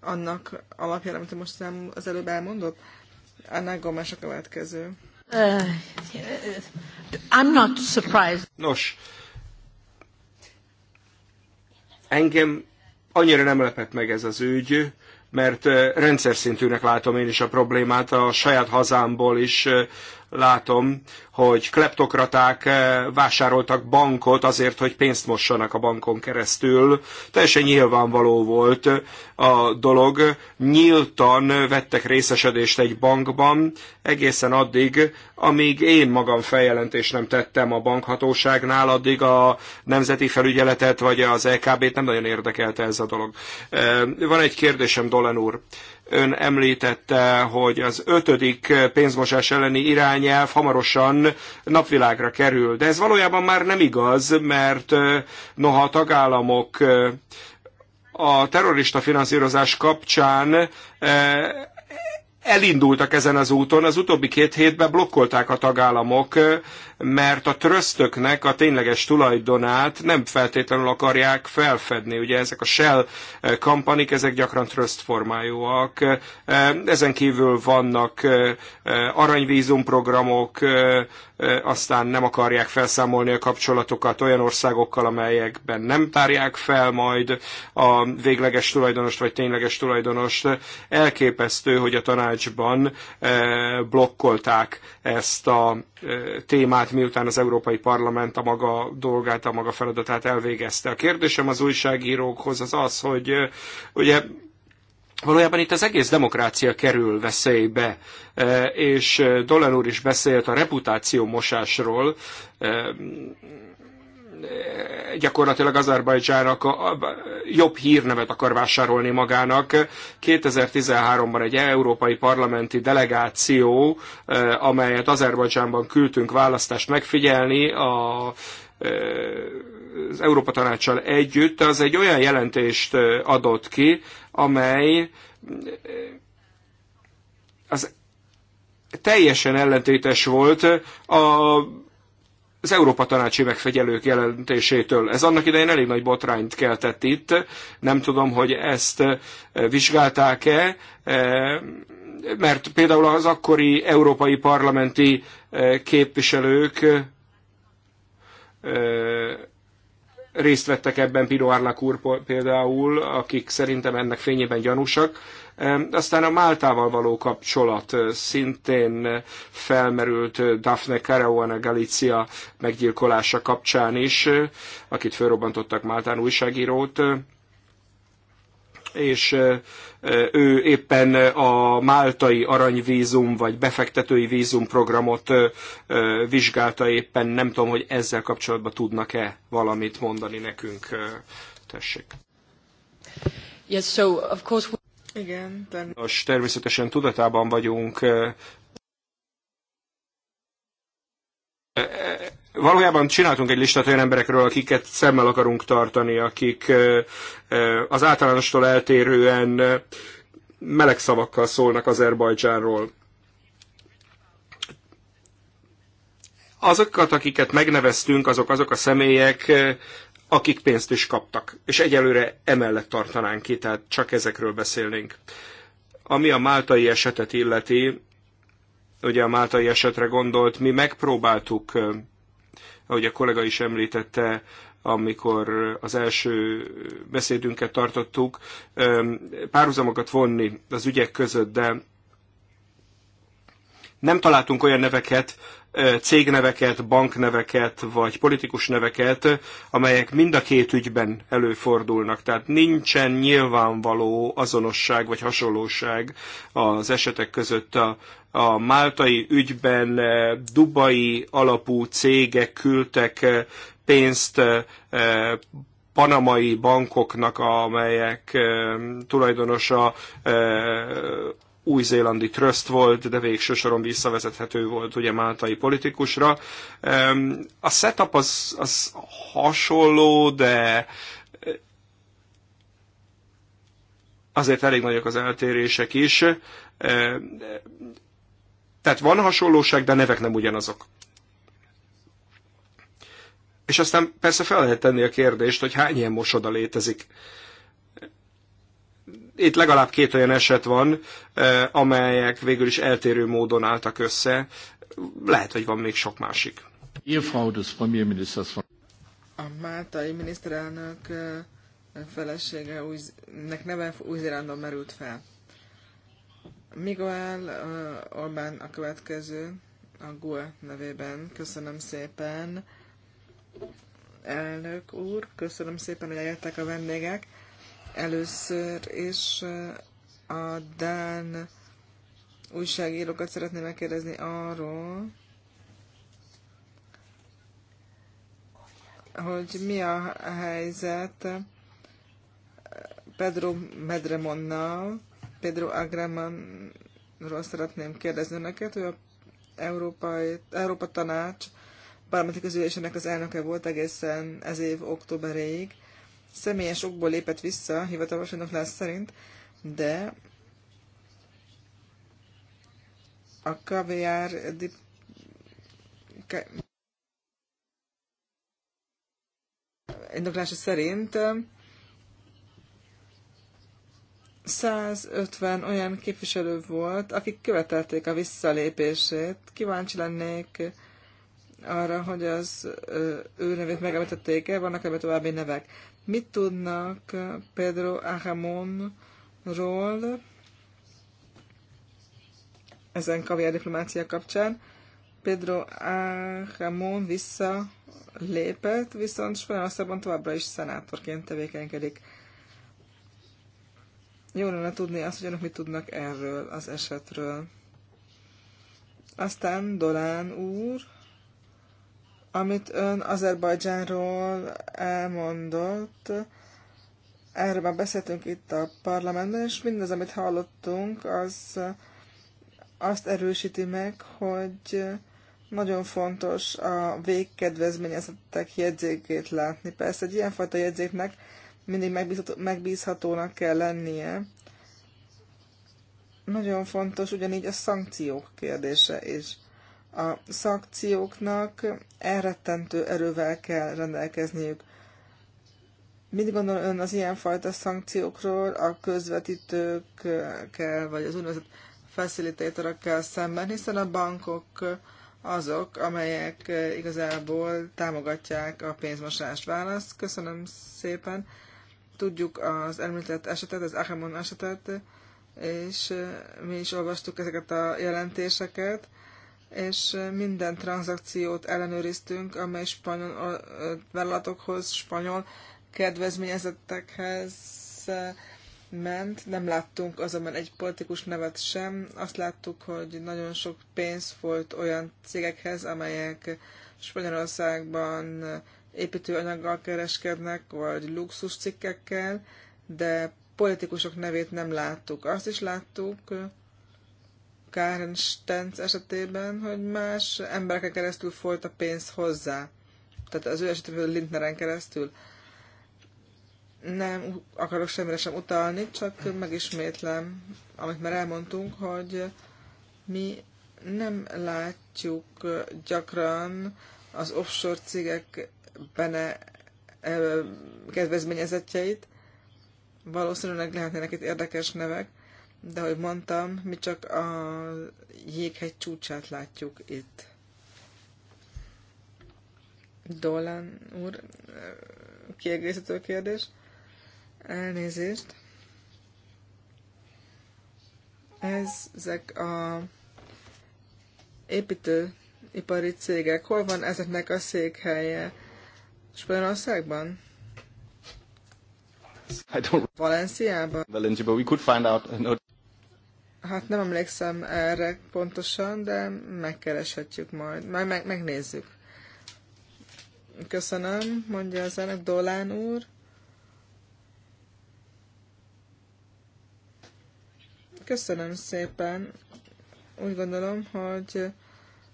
Annak alapján, amit most az előbb elmondott? annak gomás a következő. Uh, I'm not surprised. Nos, engem annyira nem lepett meg ez az ügy, mert uh, rendszer szintűnek látom én is a problémát, a saját hazámból is uh, látom, hogy kleptokraták eh, vásároltak bankot azért, hogy pénzt mossanak a bankon keresztül. Teljesen nyilvánvaló volt eh, a dolog. Nyíltan vettek részesedést egy bankban, egészen addig, amíg én magam feljelentést nem tettem a bankhatóságnál, addig a nemzeti felügyeletet vagy az LKB-t e nem nagyon érdekelte ez a dolog. Eh, van egy kérdésem, Dolan úr. Ön említette, hogy az ötödik pénzmosás elleni irányelv hamarosan napvilágra kerül. De ez valójában már nem igaz, mert noha a tagállamok a terrorista finanszírozás kapcsán elindultak ezen az úton. Az utóbbi két hétben blokkolták a tagállamok mert a trösztöknek a tényleges tulajdonát nem feltétlenül akarják felfedni. Ugye ezek a shell eh, kampanik, ezek gyakran tröszt formájúak. Eh, ezen kívül vannak eh, aranyvízumprogramok, aztán nem akarják felszámolni a kapcsolatokat olyan országokkal, amelyekben nem tárják fel majd a végleges tulajdonost vagy tényleges tulajdonost. Elképesztő, hogy a tanácsban blokkolták ezt a témát, miután az Európai Parlament a maga dolgát, a maga feladatát elvégezte. A kérdésem az újságírókhoz az az, hogy ugye Valójában itt az egész demokrácia kerül veszélybe, és Dolan úr is beszélt a reputáció mosásról, gyakorlatilag Azerbajdzsának jobb hírnevet akar vásárolni magának. 2013-ban egy európai parlamenti delegáció, e, amelyet Azerbajdzsánban küldtünk választást megfigyelni, a e, az Európa Tanácssal együtt, az egy olyan jelentést e, adott ki, amely az teljesen ellentétes volt a az Európa Tanácsi megfigyelők jelentésétől. Ez annak idején elég nagy botrányt keltett itt. Nem tudom, hogy ezt eh, vizsgálták-e, eh, mert például az akkori európai parlamenti eh, képviselők részt vettek ebben Pino Arnak úr például, akik szerintem ennek fényében gyanúsak. Aztán a Máltával való kapcsolat szintén felmerült Daphne Caruana Galizia meggyilkolása kapcsán is, akit felrobbantottak Máltán újságírót és ő éppen a máltai aranyvízum vagy befektetői vízumprogramot vizsgálta éppen. Nem tudom, hogy ezzel kapcsolatban tudnak-e valamit mondani nekünk. Tessék. Yes, so of course we... Igen, természetesen. természetesen tudatában vagyunk valójában csináltunk egy listát olyan emberekről, akiket szemmel akarunk tartani, akik az általánostól eltérően meleg szavakkal szólnak Azerbajdzsánról. Azokat, akiket megneveztünk, azok azok a személyek, akik pénzt is kaptak. És egyelőre emellett tartanánk ki, tehát csak ezekről beszélnénk. Ami a máltai esetet illeti, ugye a máltai esetre gondolt, mi megpróbáltuk ahogy a kollega is említette, amikor az első beszédünket tartottuk, párhuzamokat vonni az ügyek között, de nem találtunk olyan neveket, cégneveket, bankneveket vagy politikus neveket, amelyek mind a két ügyben előfordulnak. Tehát nincsen nyilvánvaló azonosság vagy hasonlóság az esetek között. A, a máltai ügyben dubai alapú cégek küldtek pénzt panamai bankoknak, amelyek tulajdonosa új-zélandi tröszt volt, de végső soron visszavezethető volt ugye máltai politikusra. A setup az, az hasonló, de eh, azért elég nagyok az eltérések is. Tehát van hasonlóság, de a nevek nem ugyanazok. És aztán persze fel lehet tenni a kérdést, hogy hány ilyen mosoda létezik itt legalább két olyan eset van, amelyek végül is eltérő módon álltak össze. Lehet, hogy van még sok másik. A máltai miniszterelnök felesége új, nek neve Új-Zélandon merült fel. Miguel Orbán a következő, a GUE nevében. Köszönöm szépen, elnök úr, köszönöm szépen, hogy eljöttek a vendégek. Először is a Dán újságírókat szeretném megkérdezni arról, hogy mi a helyzet Pedro Medremonnal, Pedro Agramanról szeretném kérdezni neked, hogy a Európai, Európa Tanács parlamenti közülésének az elnöke volt egészen ez év októberéig, személyes okból lépett vissza hivatalos indoklás szerint, de a kaviár dip... indoklása szerint 150 olyan képviselő volt, akik követelték a visszalépését. Kíváncsi lennék arra, hogy az ő nevét megemlítették-e, vannak ebben további nevek. Mit tudnak Pedro Aramonról ezen kaviár diplomácia kapcsán? Pedro Aramon vissza lépett, viszont Spanyolországban továbbra is szenátorként tevékenykedik. Jó lenne tudni azt, hogy önök mit tudnak erről az esetről. Aztán Dolán úr, amit ön Azerbajdzsánról elmondott, erről már beszéltünk itt a parlamentben, és mindaz, amit hallottunk, az azt erősíti meg, hogy nagyon fontos a végkedvezményezettek jegyzékét látni. Persze egy ilyenfajta jegyzéknek mindig megbízható, megbízhatónak kell lennie. Nagyon fontos ugyanígy a szankciók kérdése is. A szankcióknak elrettentő erővel kell rendelkezniük. Mit gondol ön az ilyenfajta szankciókról a közvetítőkkel, vagy az úgynevezett facilitatorokkal szemben, hiszen a bankok azok, amelyek igazából támogatják a pénzmosást. választ. köszönöm szépen. Tudjuk az említett esetet, az Achemon esetet, és mi is olvastuk ezeket a jelentéseket és minden tranzakciót ellenőriztünk, amely spanyol vállalatokhoz, spanyol kedvezményezettekhez ment. Nem láttunk azonban egy politikus nevet sem. Azt láttuk, hogy nagyon sok pénz folyt olyan cégekhez, amelyek Spanyolországban építőanyaggal kereskednek, vagy luxuscikkekkel, de politikusok nevét nem láttuk. Azt is láttuk, Karen Stenz esetében, hogy más embereken keresztül folyt a pénz hozzá. Tehát az ő esetében Lindneren keresztül. Nem akarok semmire sem utalni, csak megismétlem, amit már elmondtunk, hogy mi nem látjuk gyakran az offshore cégek benne eh, kedvezményezetjeit. Valószínűleg lehetnének itt érdekes nevek, de ahogy mondtam, mi csak a jéghegy csúcsát látjuk itt. Dolan úr, kiegészítő kérdés. Elnézést. Ez, ezek a építőipari cégek, hol van ezeknek a székhelye? Spanyolországban? Valenciában? Valenciában? Valencia, we could find out. Hát nem emlékszem erre pontosan, de megkereshetjük majd. Majd meg, megnézzük. Köszönöm, mondja az ennek Dolán úr. Köszönöm szépen. Úgy gondolom, hogy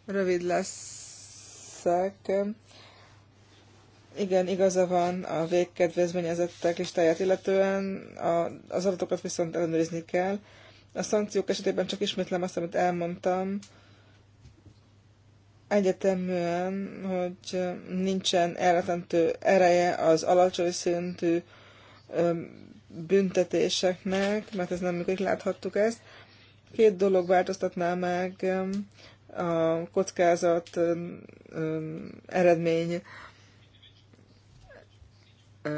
rövid leszek. Igen, igaza van a végkedvezményezettek listáját illetően, a, az adatokat viszont ellenőrizni kell. A szankciók esetében csak ismétlem azt, amit elmondtam, egyeteműen, hogy nincsen elletentő ereje az alacsony szintű büntetéseknek, mert ez nem működik, láthattuk ezt. Két dolog változtatná meg a kockázat eredmény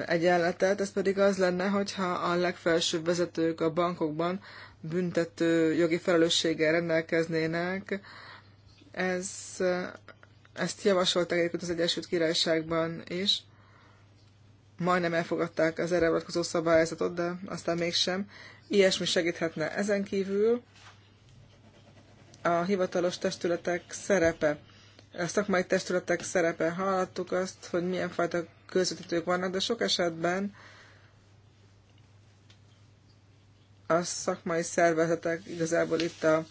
egyenletet, ez pedig az lenne, hogyha a legfelsőbb vezetők a bankokban büntető jogi felelősséggel rendelkeznének. Ez, ezt javasolták egyébként az Egyesült Királyságban is. Majdnem elfogadták az erre vonatkozó szabályzatot, de aztán mégsem. Ilyesmi segíthetne ezen kívül a hivatalos testületek szerepe, a szakmai testületek szerepe. Hallottuk azt, hogy milyen fajta közvetítők vannak, de sok esetben a szakmai szervezetek igazából itt a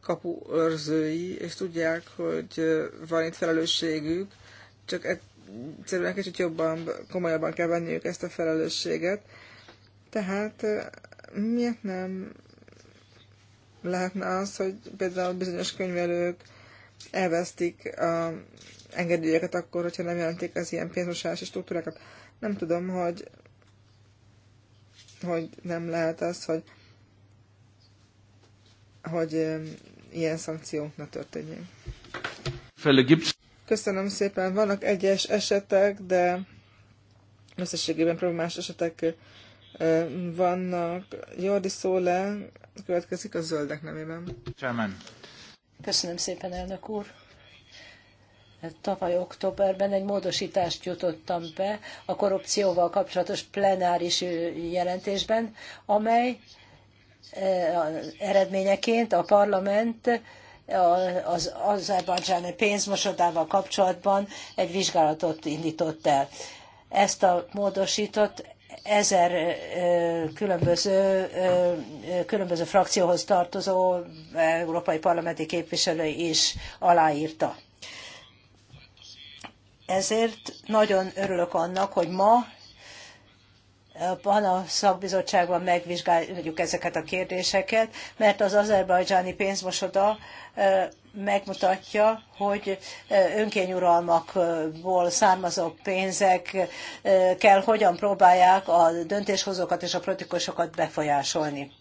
kapu őrzői, és tudják, hogy van itt felelősségük, csak egyszerűen kicsit jobban, komolyabban kell venniük ezt a felelősséget. Tehát miért nem lehetne az, hogy például bizonyos könyvelők elvesztik a engedélyeket akkor, hogyha nem jelentik az ilyen pénzmosási struktúrákat. Nem tudom, hogy hogy nem lehet az, hogy, hogy ilyen szankciók ne történjen. Köszönöm szépen. Vannak egyes esetek, de összességében problémás esetek vannak. Jordi Szóle következik a zöldek nevében. Köszönöm szépen, elnök úr. Tavaly októberben egy módosítást jutottam be a korrupcióval kapcsolatos plenáris jelentésben, amely e, eredményeként a parlament az azerbajdzsáni pénzmosodával kapcsolatban egy vizsgálatot indított el. Ezt a módosított ezer e, különböző, e, különböző frakcióhoz tartozó európai parlamenti képviselő is aláírta. Ezért nagyon örülök annak, hogy ma van eh, a szakbizottságban megvizsgáljuk ezeket a kérdéseket, mert az azerbajdzsáni pénzmosoda eh, megmutatja, hogy eh, önkényuralmakból származó pénzekkel hogyan próbálják a döntéshozókat és a politikusokat befolyásolni.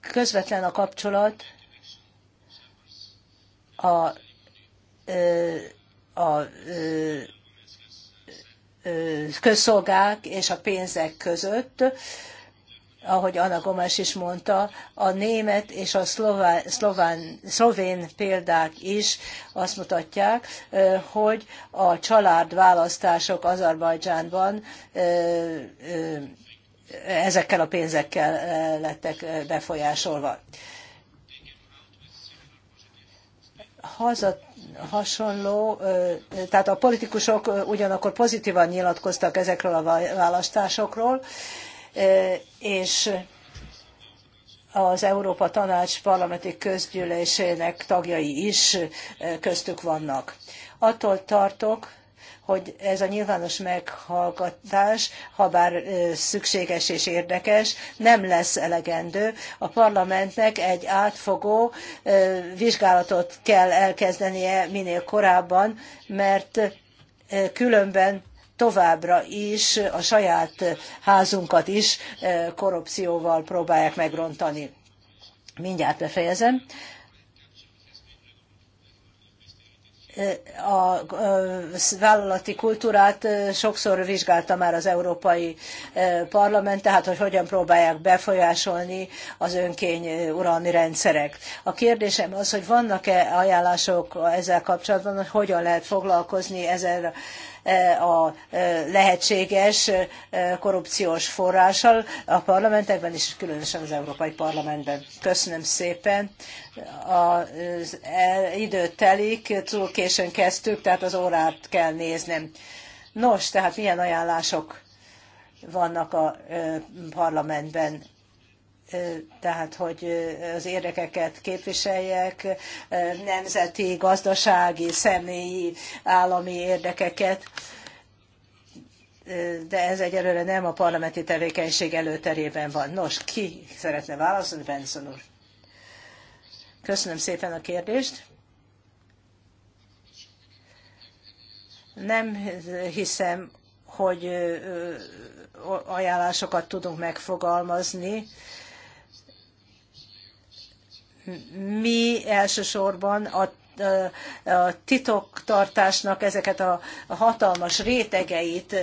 Közvetlen a kapcsolat a a közszolgák és a pénzek között, ahogy Anna Gomes is mondta, a német és a szlován, szlován, szlovén példák is azt mutatják, hogy a családválasztások Azerbajdzsánban ezekkel a pénzekkel lettek befolyásolva. Hazat hasonló, tehát a politikusok ugyanakkor pozitívan nyilatkoztak ezekről a választásokról, és az Európa Tanács parlamenti közgyűlésének tagjai is köztük vannak. Attól tartok, hogy ez a nyilvános meghallgatás, ha bár szükséges és érdekes, nem lesz elegendő. A parlamentnek egy átfogó vizsgálatot kell elkezdenie minél korábban, mert különben továbbra is a saját házunkat is korrupcióval próbálják megrontani. Mindjárt befejezem. a vállalati kultúrát sokszor vizsgálta már az Európai Parlament, tehát hogy hogyan próbálják befolyásolni az önkény uralmi rendszerek. A kérdésem az, hogy vannak-e ajánlások ezzel kapcsolatban, hogy hogyan lehet foglalkozni ezzel Eh, a eh, lehetséges eh, korrupciós forrással a parlamentekben és különösen az Európai Parlamentben. Köszönöm szépen. Az idő telik, túl későn kezdtük, tehát az órát kell néznem. Nos, tehát milyen ajánlások vannak a parlamentben tehát hogy az érdekeket képviseljek, nemzeti, gazdasági, személyi, állami érdekeket, de ez egyelőre nem a parlamenti tevékenység előterében van. Nos, ki szeretne válaszolni, Benson úr? Köszönöm szépen a kérdést. Nem hiszem, hogy ajánlásokat tudunk megfogalmazni mi elsősorban a a titoktartásnak ezeket a hatalmas rétegeit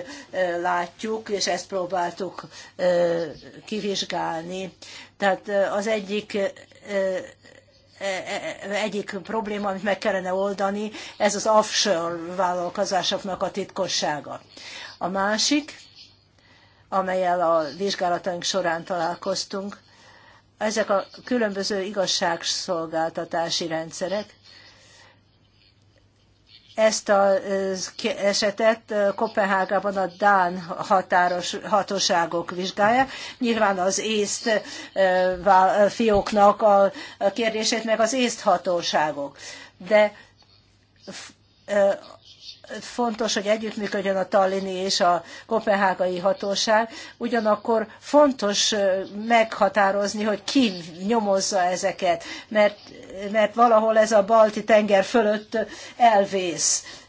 látjuk, és ezt próbáltuk kivizsgálni. Tehát az egyik e, e, e, egyik probléma, amit meg kellene oldani, ez az offshore vállalkozásoknak a titkossága. A másik, amelyel a vizsgálataink során találkoztunk, ezek a különböző igazságszolgáltatási rendszerek ezt az esetet Kopenhágában a Dán határos, hatóságok vizsgálja Nyilván az észt fióknak a kérdését meg az észt hatóságok. De fontos, hogy együttműködjön a Tallini és a kopenhágai hatóság, ugyanakkor fontos meghatározni, hogy ki nyomozza ezeket, mert, mert valahol ez a balti tenger fölött elvész.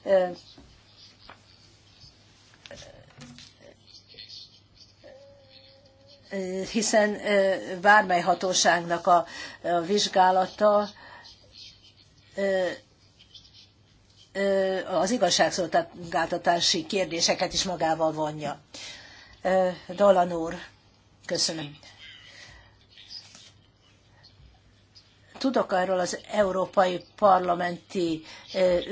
hiszen bármely hatóságnak a vizsgálata az igazságszolgáltatási kérdéseket is magával vonja. Dalan úr, köszönöm. Tudok arról az európai parlamenti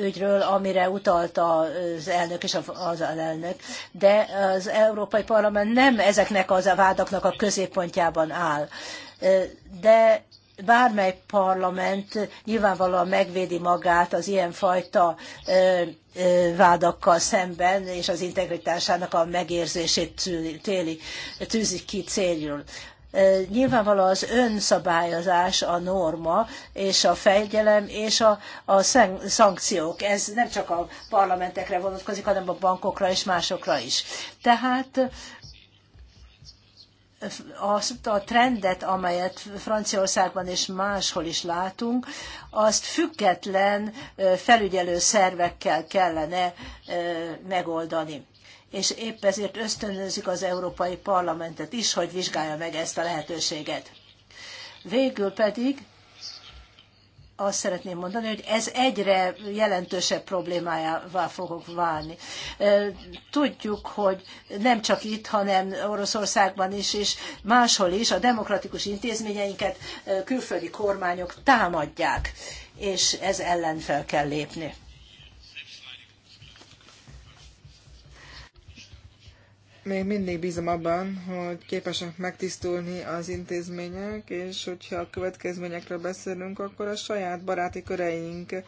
ügyről, amire utalt az elnök és az elnök, de az európai parlament nem ezeknek az a vádaknak a középpontjában áll. De bármely parlament nyilvánvalóan megvédi magát az ilyenfajta ö, ö, vádakkal szemben, és az integritásának a megérzését téli, tűzi ki célul. Nyilvánvaló az önszabályozás a norma, és a fegyelem, és a, a szankciók. Ez nem csak a parlamentekre vonatkozik, hanem a bankokra és másokra is. Tehát azt a trendet, amelyet Franciaországban és máshol is látunk, azt független felügyelő szervekkel kellene megoldani. És épp ezért ösztönözik az Európai Parlamentet is, hogy vizsgálja meg ezt a lehetőséget. Végül pedig azt szeretném mondani, hogy ez egyre jelentősebb problémájává fogok válni. Tudjuk, hogy nem csak itt, hanem Oroszországban is, és máshol is a demokratikus intézményeinket külföldi kormányok támadják, és ez ellen fel kell lépni. még mindig bízom abban, hogy képesek megtisztulni az intézmények, és hogyha a következményekről beszélünk, akkor a saját baráti köreinket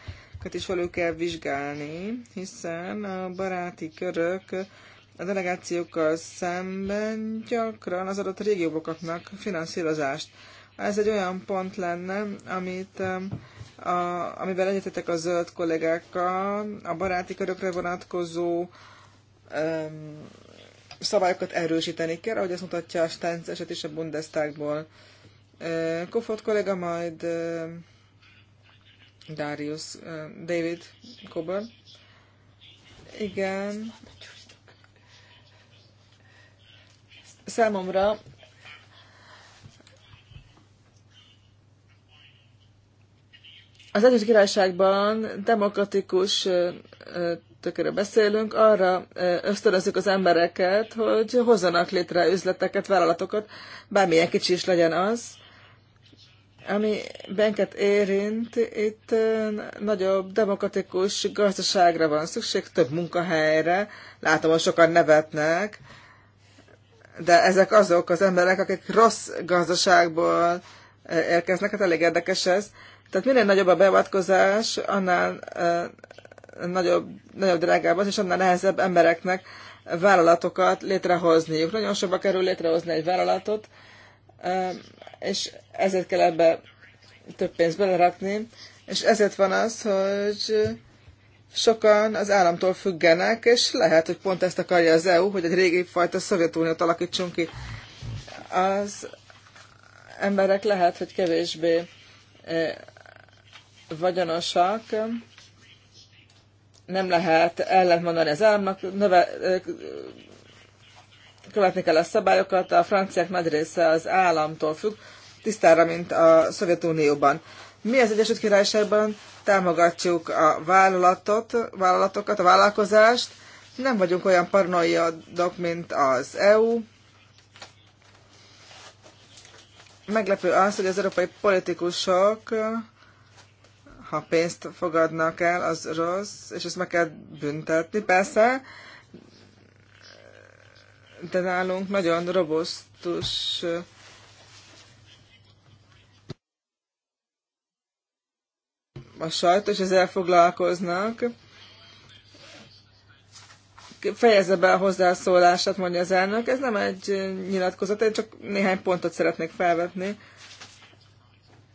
is felül kell vizsgálni, hiszen a baráti körök a delegációkkal szemben gyakran az adott régióba kapnak finanszírozást. Ez egy olyan pont lenne, amit, a, amivel egyetetek a zöld kollégákkal, a baráti körökre vonatkozó um, szabályokat erősíteni kell, ahogy azt mutatja a Stánc eset is a Bundestagból. Kofot kollega, majd Darius David Coburn. Igen. Számomra az Egyesült Királyságban demokratikus Tökére beszélünk, arra ösztönözzük az embereket, hogy hozzanak létre üzleteket, vállalatokat, bármilyen kicsi is legyen az, ami benket érint, itt nagyobb demokratikus gazdaságra van szükség, több munkahelyre. Látom, hogy sokan nevetnek, de ezek azok az emberek, akik rossz gazdaságból érkeznek, hát elég érdekes ez. Tehát minél nagyobb a beavatkozás, annál nagyobb, nagyobb drágább az, és annál nehezebb embereknek vállalatokat létrehozniuk. Nagyon sokba kerül létrehozni egy vállalatot, és ezért kell ebbe több pénzt belerakni, és ezért van az, hogy sokan az államtól függenek, és lehet, hogy pont ezt akarja az EU, hogy egy régi fajta Szovjetuniót alakítsunk ki. Az emberek lehet, hogy kevésbé vagyonosak, nem lehet ellentmondani az államnak, növe, követni kell a szabályokat, a franciák nagy része az államtól függ, tisztára, mint a Szovjetunióban. Mi az Egyesült Királyságban támogatjuk a vállalatot, vállalatokat, a vállalkozást, nem vagyunk olyan paranoiadok, mint az EU. Meglepő az, hogy az európai politikusok ha pénzt fogadnak el, az rossz, és ezt meg kell büntetni, persze, de nálunk nagyon robosztus a sajt, és ezzel foglalkoznak. Fejezze be a hozzászólását, mondja az elnök. Ez nem egy nyilatkozat, én csak néhány pontot szeretnék felvetni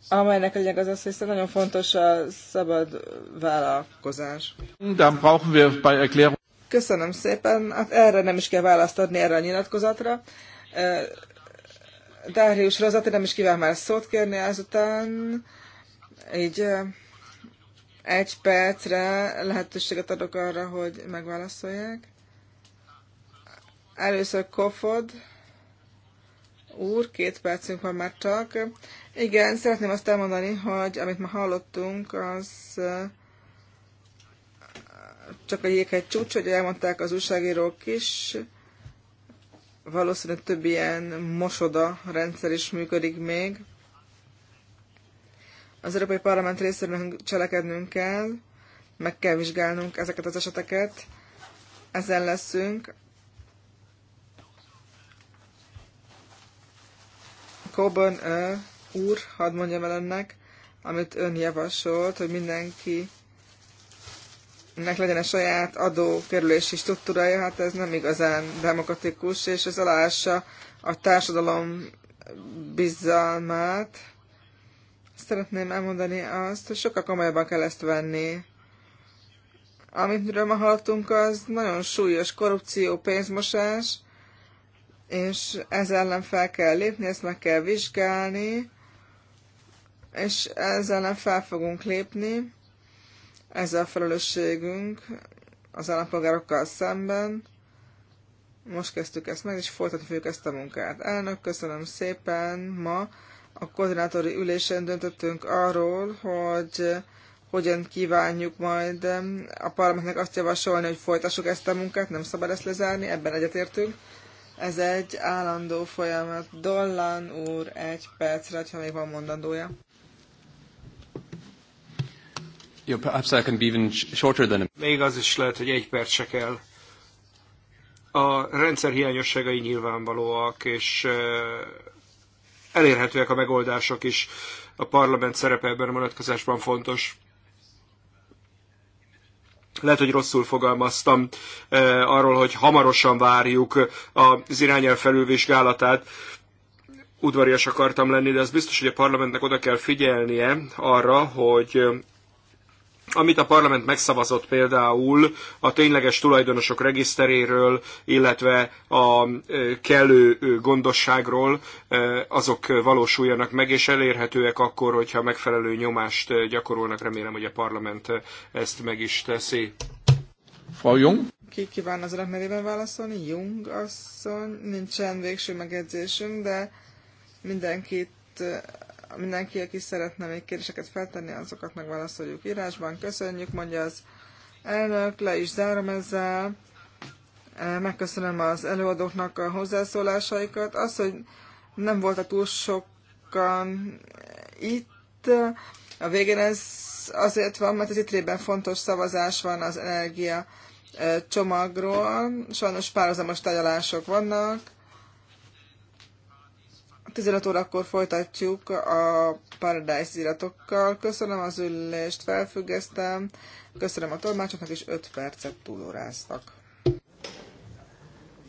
amelynek a lényeg az az, hogy nagyon fontos a szabad vállalkozás. Dann brauchen wir bei Erklärung. Köszönöm szépen, hát erre nem is kell választ adni erre a nyilatkozatra. Dárius Rozati nem is kíván már szót kérni ezután. Így egy percre lehetőséget adok arra, hogy megválaszolják. Először Kofod úr, két percünk van már csak. Igen, szeretném azt elmondani, hogy amit ma hallottunk, az eh, csak a egy csúcs, hogy elmondták az újságírók is. Valószínűleg több ilyen mosoda rendszer is működik még. Az Európai Parlament részéről cselekednünk kell, meg kell vizsgálnunk ezeket az eseteket, ezen leszünk. Coburn uh, úr, hadd mondjam el önnek, amit ön javasolt, hogy mindenki ennek legyen a saját adókerülési struktúrája, hát ez nem igazán demokratikus, és ez aláássa a társadalom bizalmát. Szeretném elmondani azt, hogy sokkal komolyabban kell ezt venni. Amit miről ma hallottunk, az nagyon súlyos korrupció, pénzmosás, és ez ellen fel kell lépni, ezt meg kell vizsgálni, és ez ellen fel fogunk lépni, ez a felelősségünk az állampolgárokkal szemben. Most kezdtük ezt meg, és folytatni fogjuk ezt a munkát. Elnök, köszönöm szépen. Ma a koordinátori ülésen döntöttünk arról, hogy hogyan kívánjuk majd a parlamentnek azt javasolni, hogy folytassuk ezt a munkát, nem szabad ezt lezárni, ebben egyetértünk. Ez egy állandó folyamat. Dollan úr, egy percre, ha még van mondandója. Yeah, perhaps I can be even shorter than... Még az is lehet, hogy egy perc se kell. A rendszer hiányosságai nyilvánvalóak, és eh, elérhetőek a megoldások is. A parlament szerepe ebben a vonatkozásban fontos lehet, hogy rosszul fogalmaztam eh, arról, hogy hamarosan várjuk az irányelv felülvizsgálatát udvarias akartam lenni, de az biztos, hogy a parlamentnek oda kell figyelnie arra, hogy amit a parlament megszavazott például a tényleges tulajdonosok regiszteréről, illetve a kellő gondosságról, azok valósuljanak meg, és elérhetőek akkor, hogyha megfelelő nyomást gyakorolnak. Remélem, hogy a parlament ezt meg is teszi. Frau Jung? Ki kíván az önök nevében válaszolni? Jung asszony, nincsen végső megjegyzésünk, de mindenkit mindenki, aki szeretne még kérdéseket feltenni, azokat megválaszoljuk írásban. Köszönjük, mondja az elnök, le is zárom ezzel. E, megköszönöm az előadóknak a hozzászólásaikat. Az, hogy nem voltak túl sokan itt, a végén ez azért van, mert az itrében fontos szavazás van az energia e, csomagról. Sajnos párhuzamos tagyalások vannak, 15 órakor folytatjuk a Paradise iratokkal. Köszönöm az ülést, felfüggesztem. Köszönöm a tolmácsoknak, és 5 percet túlóráztak.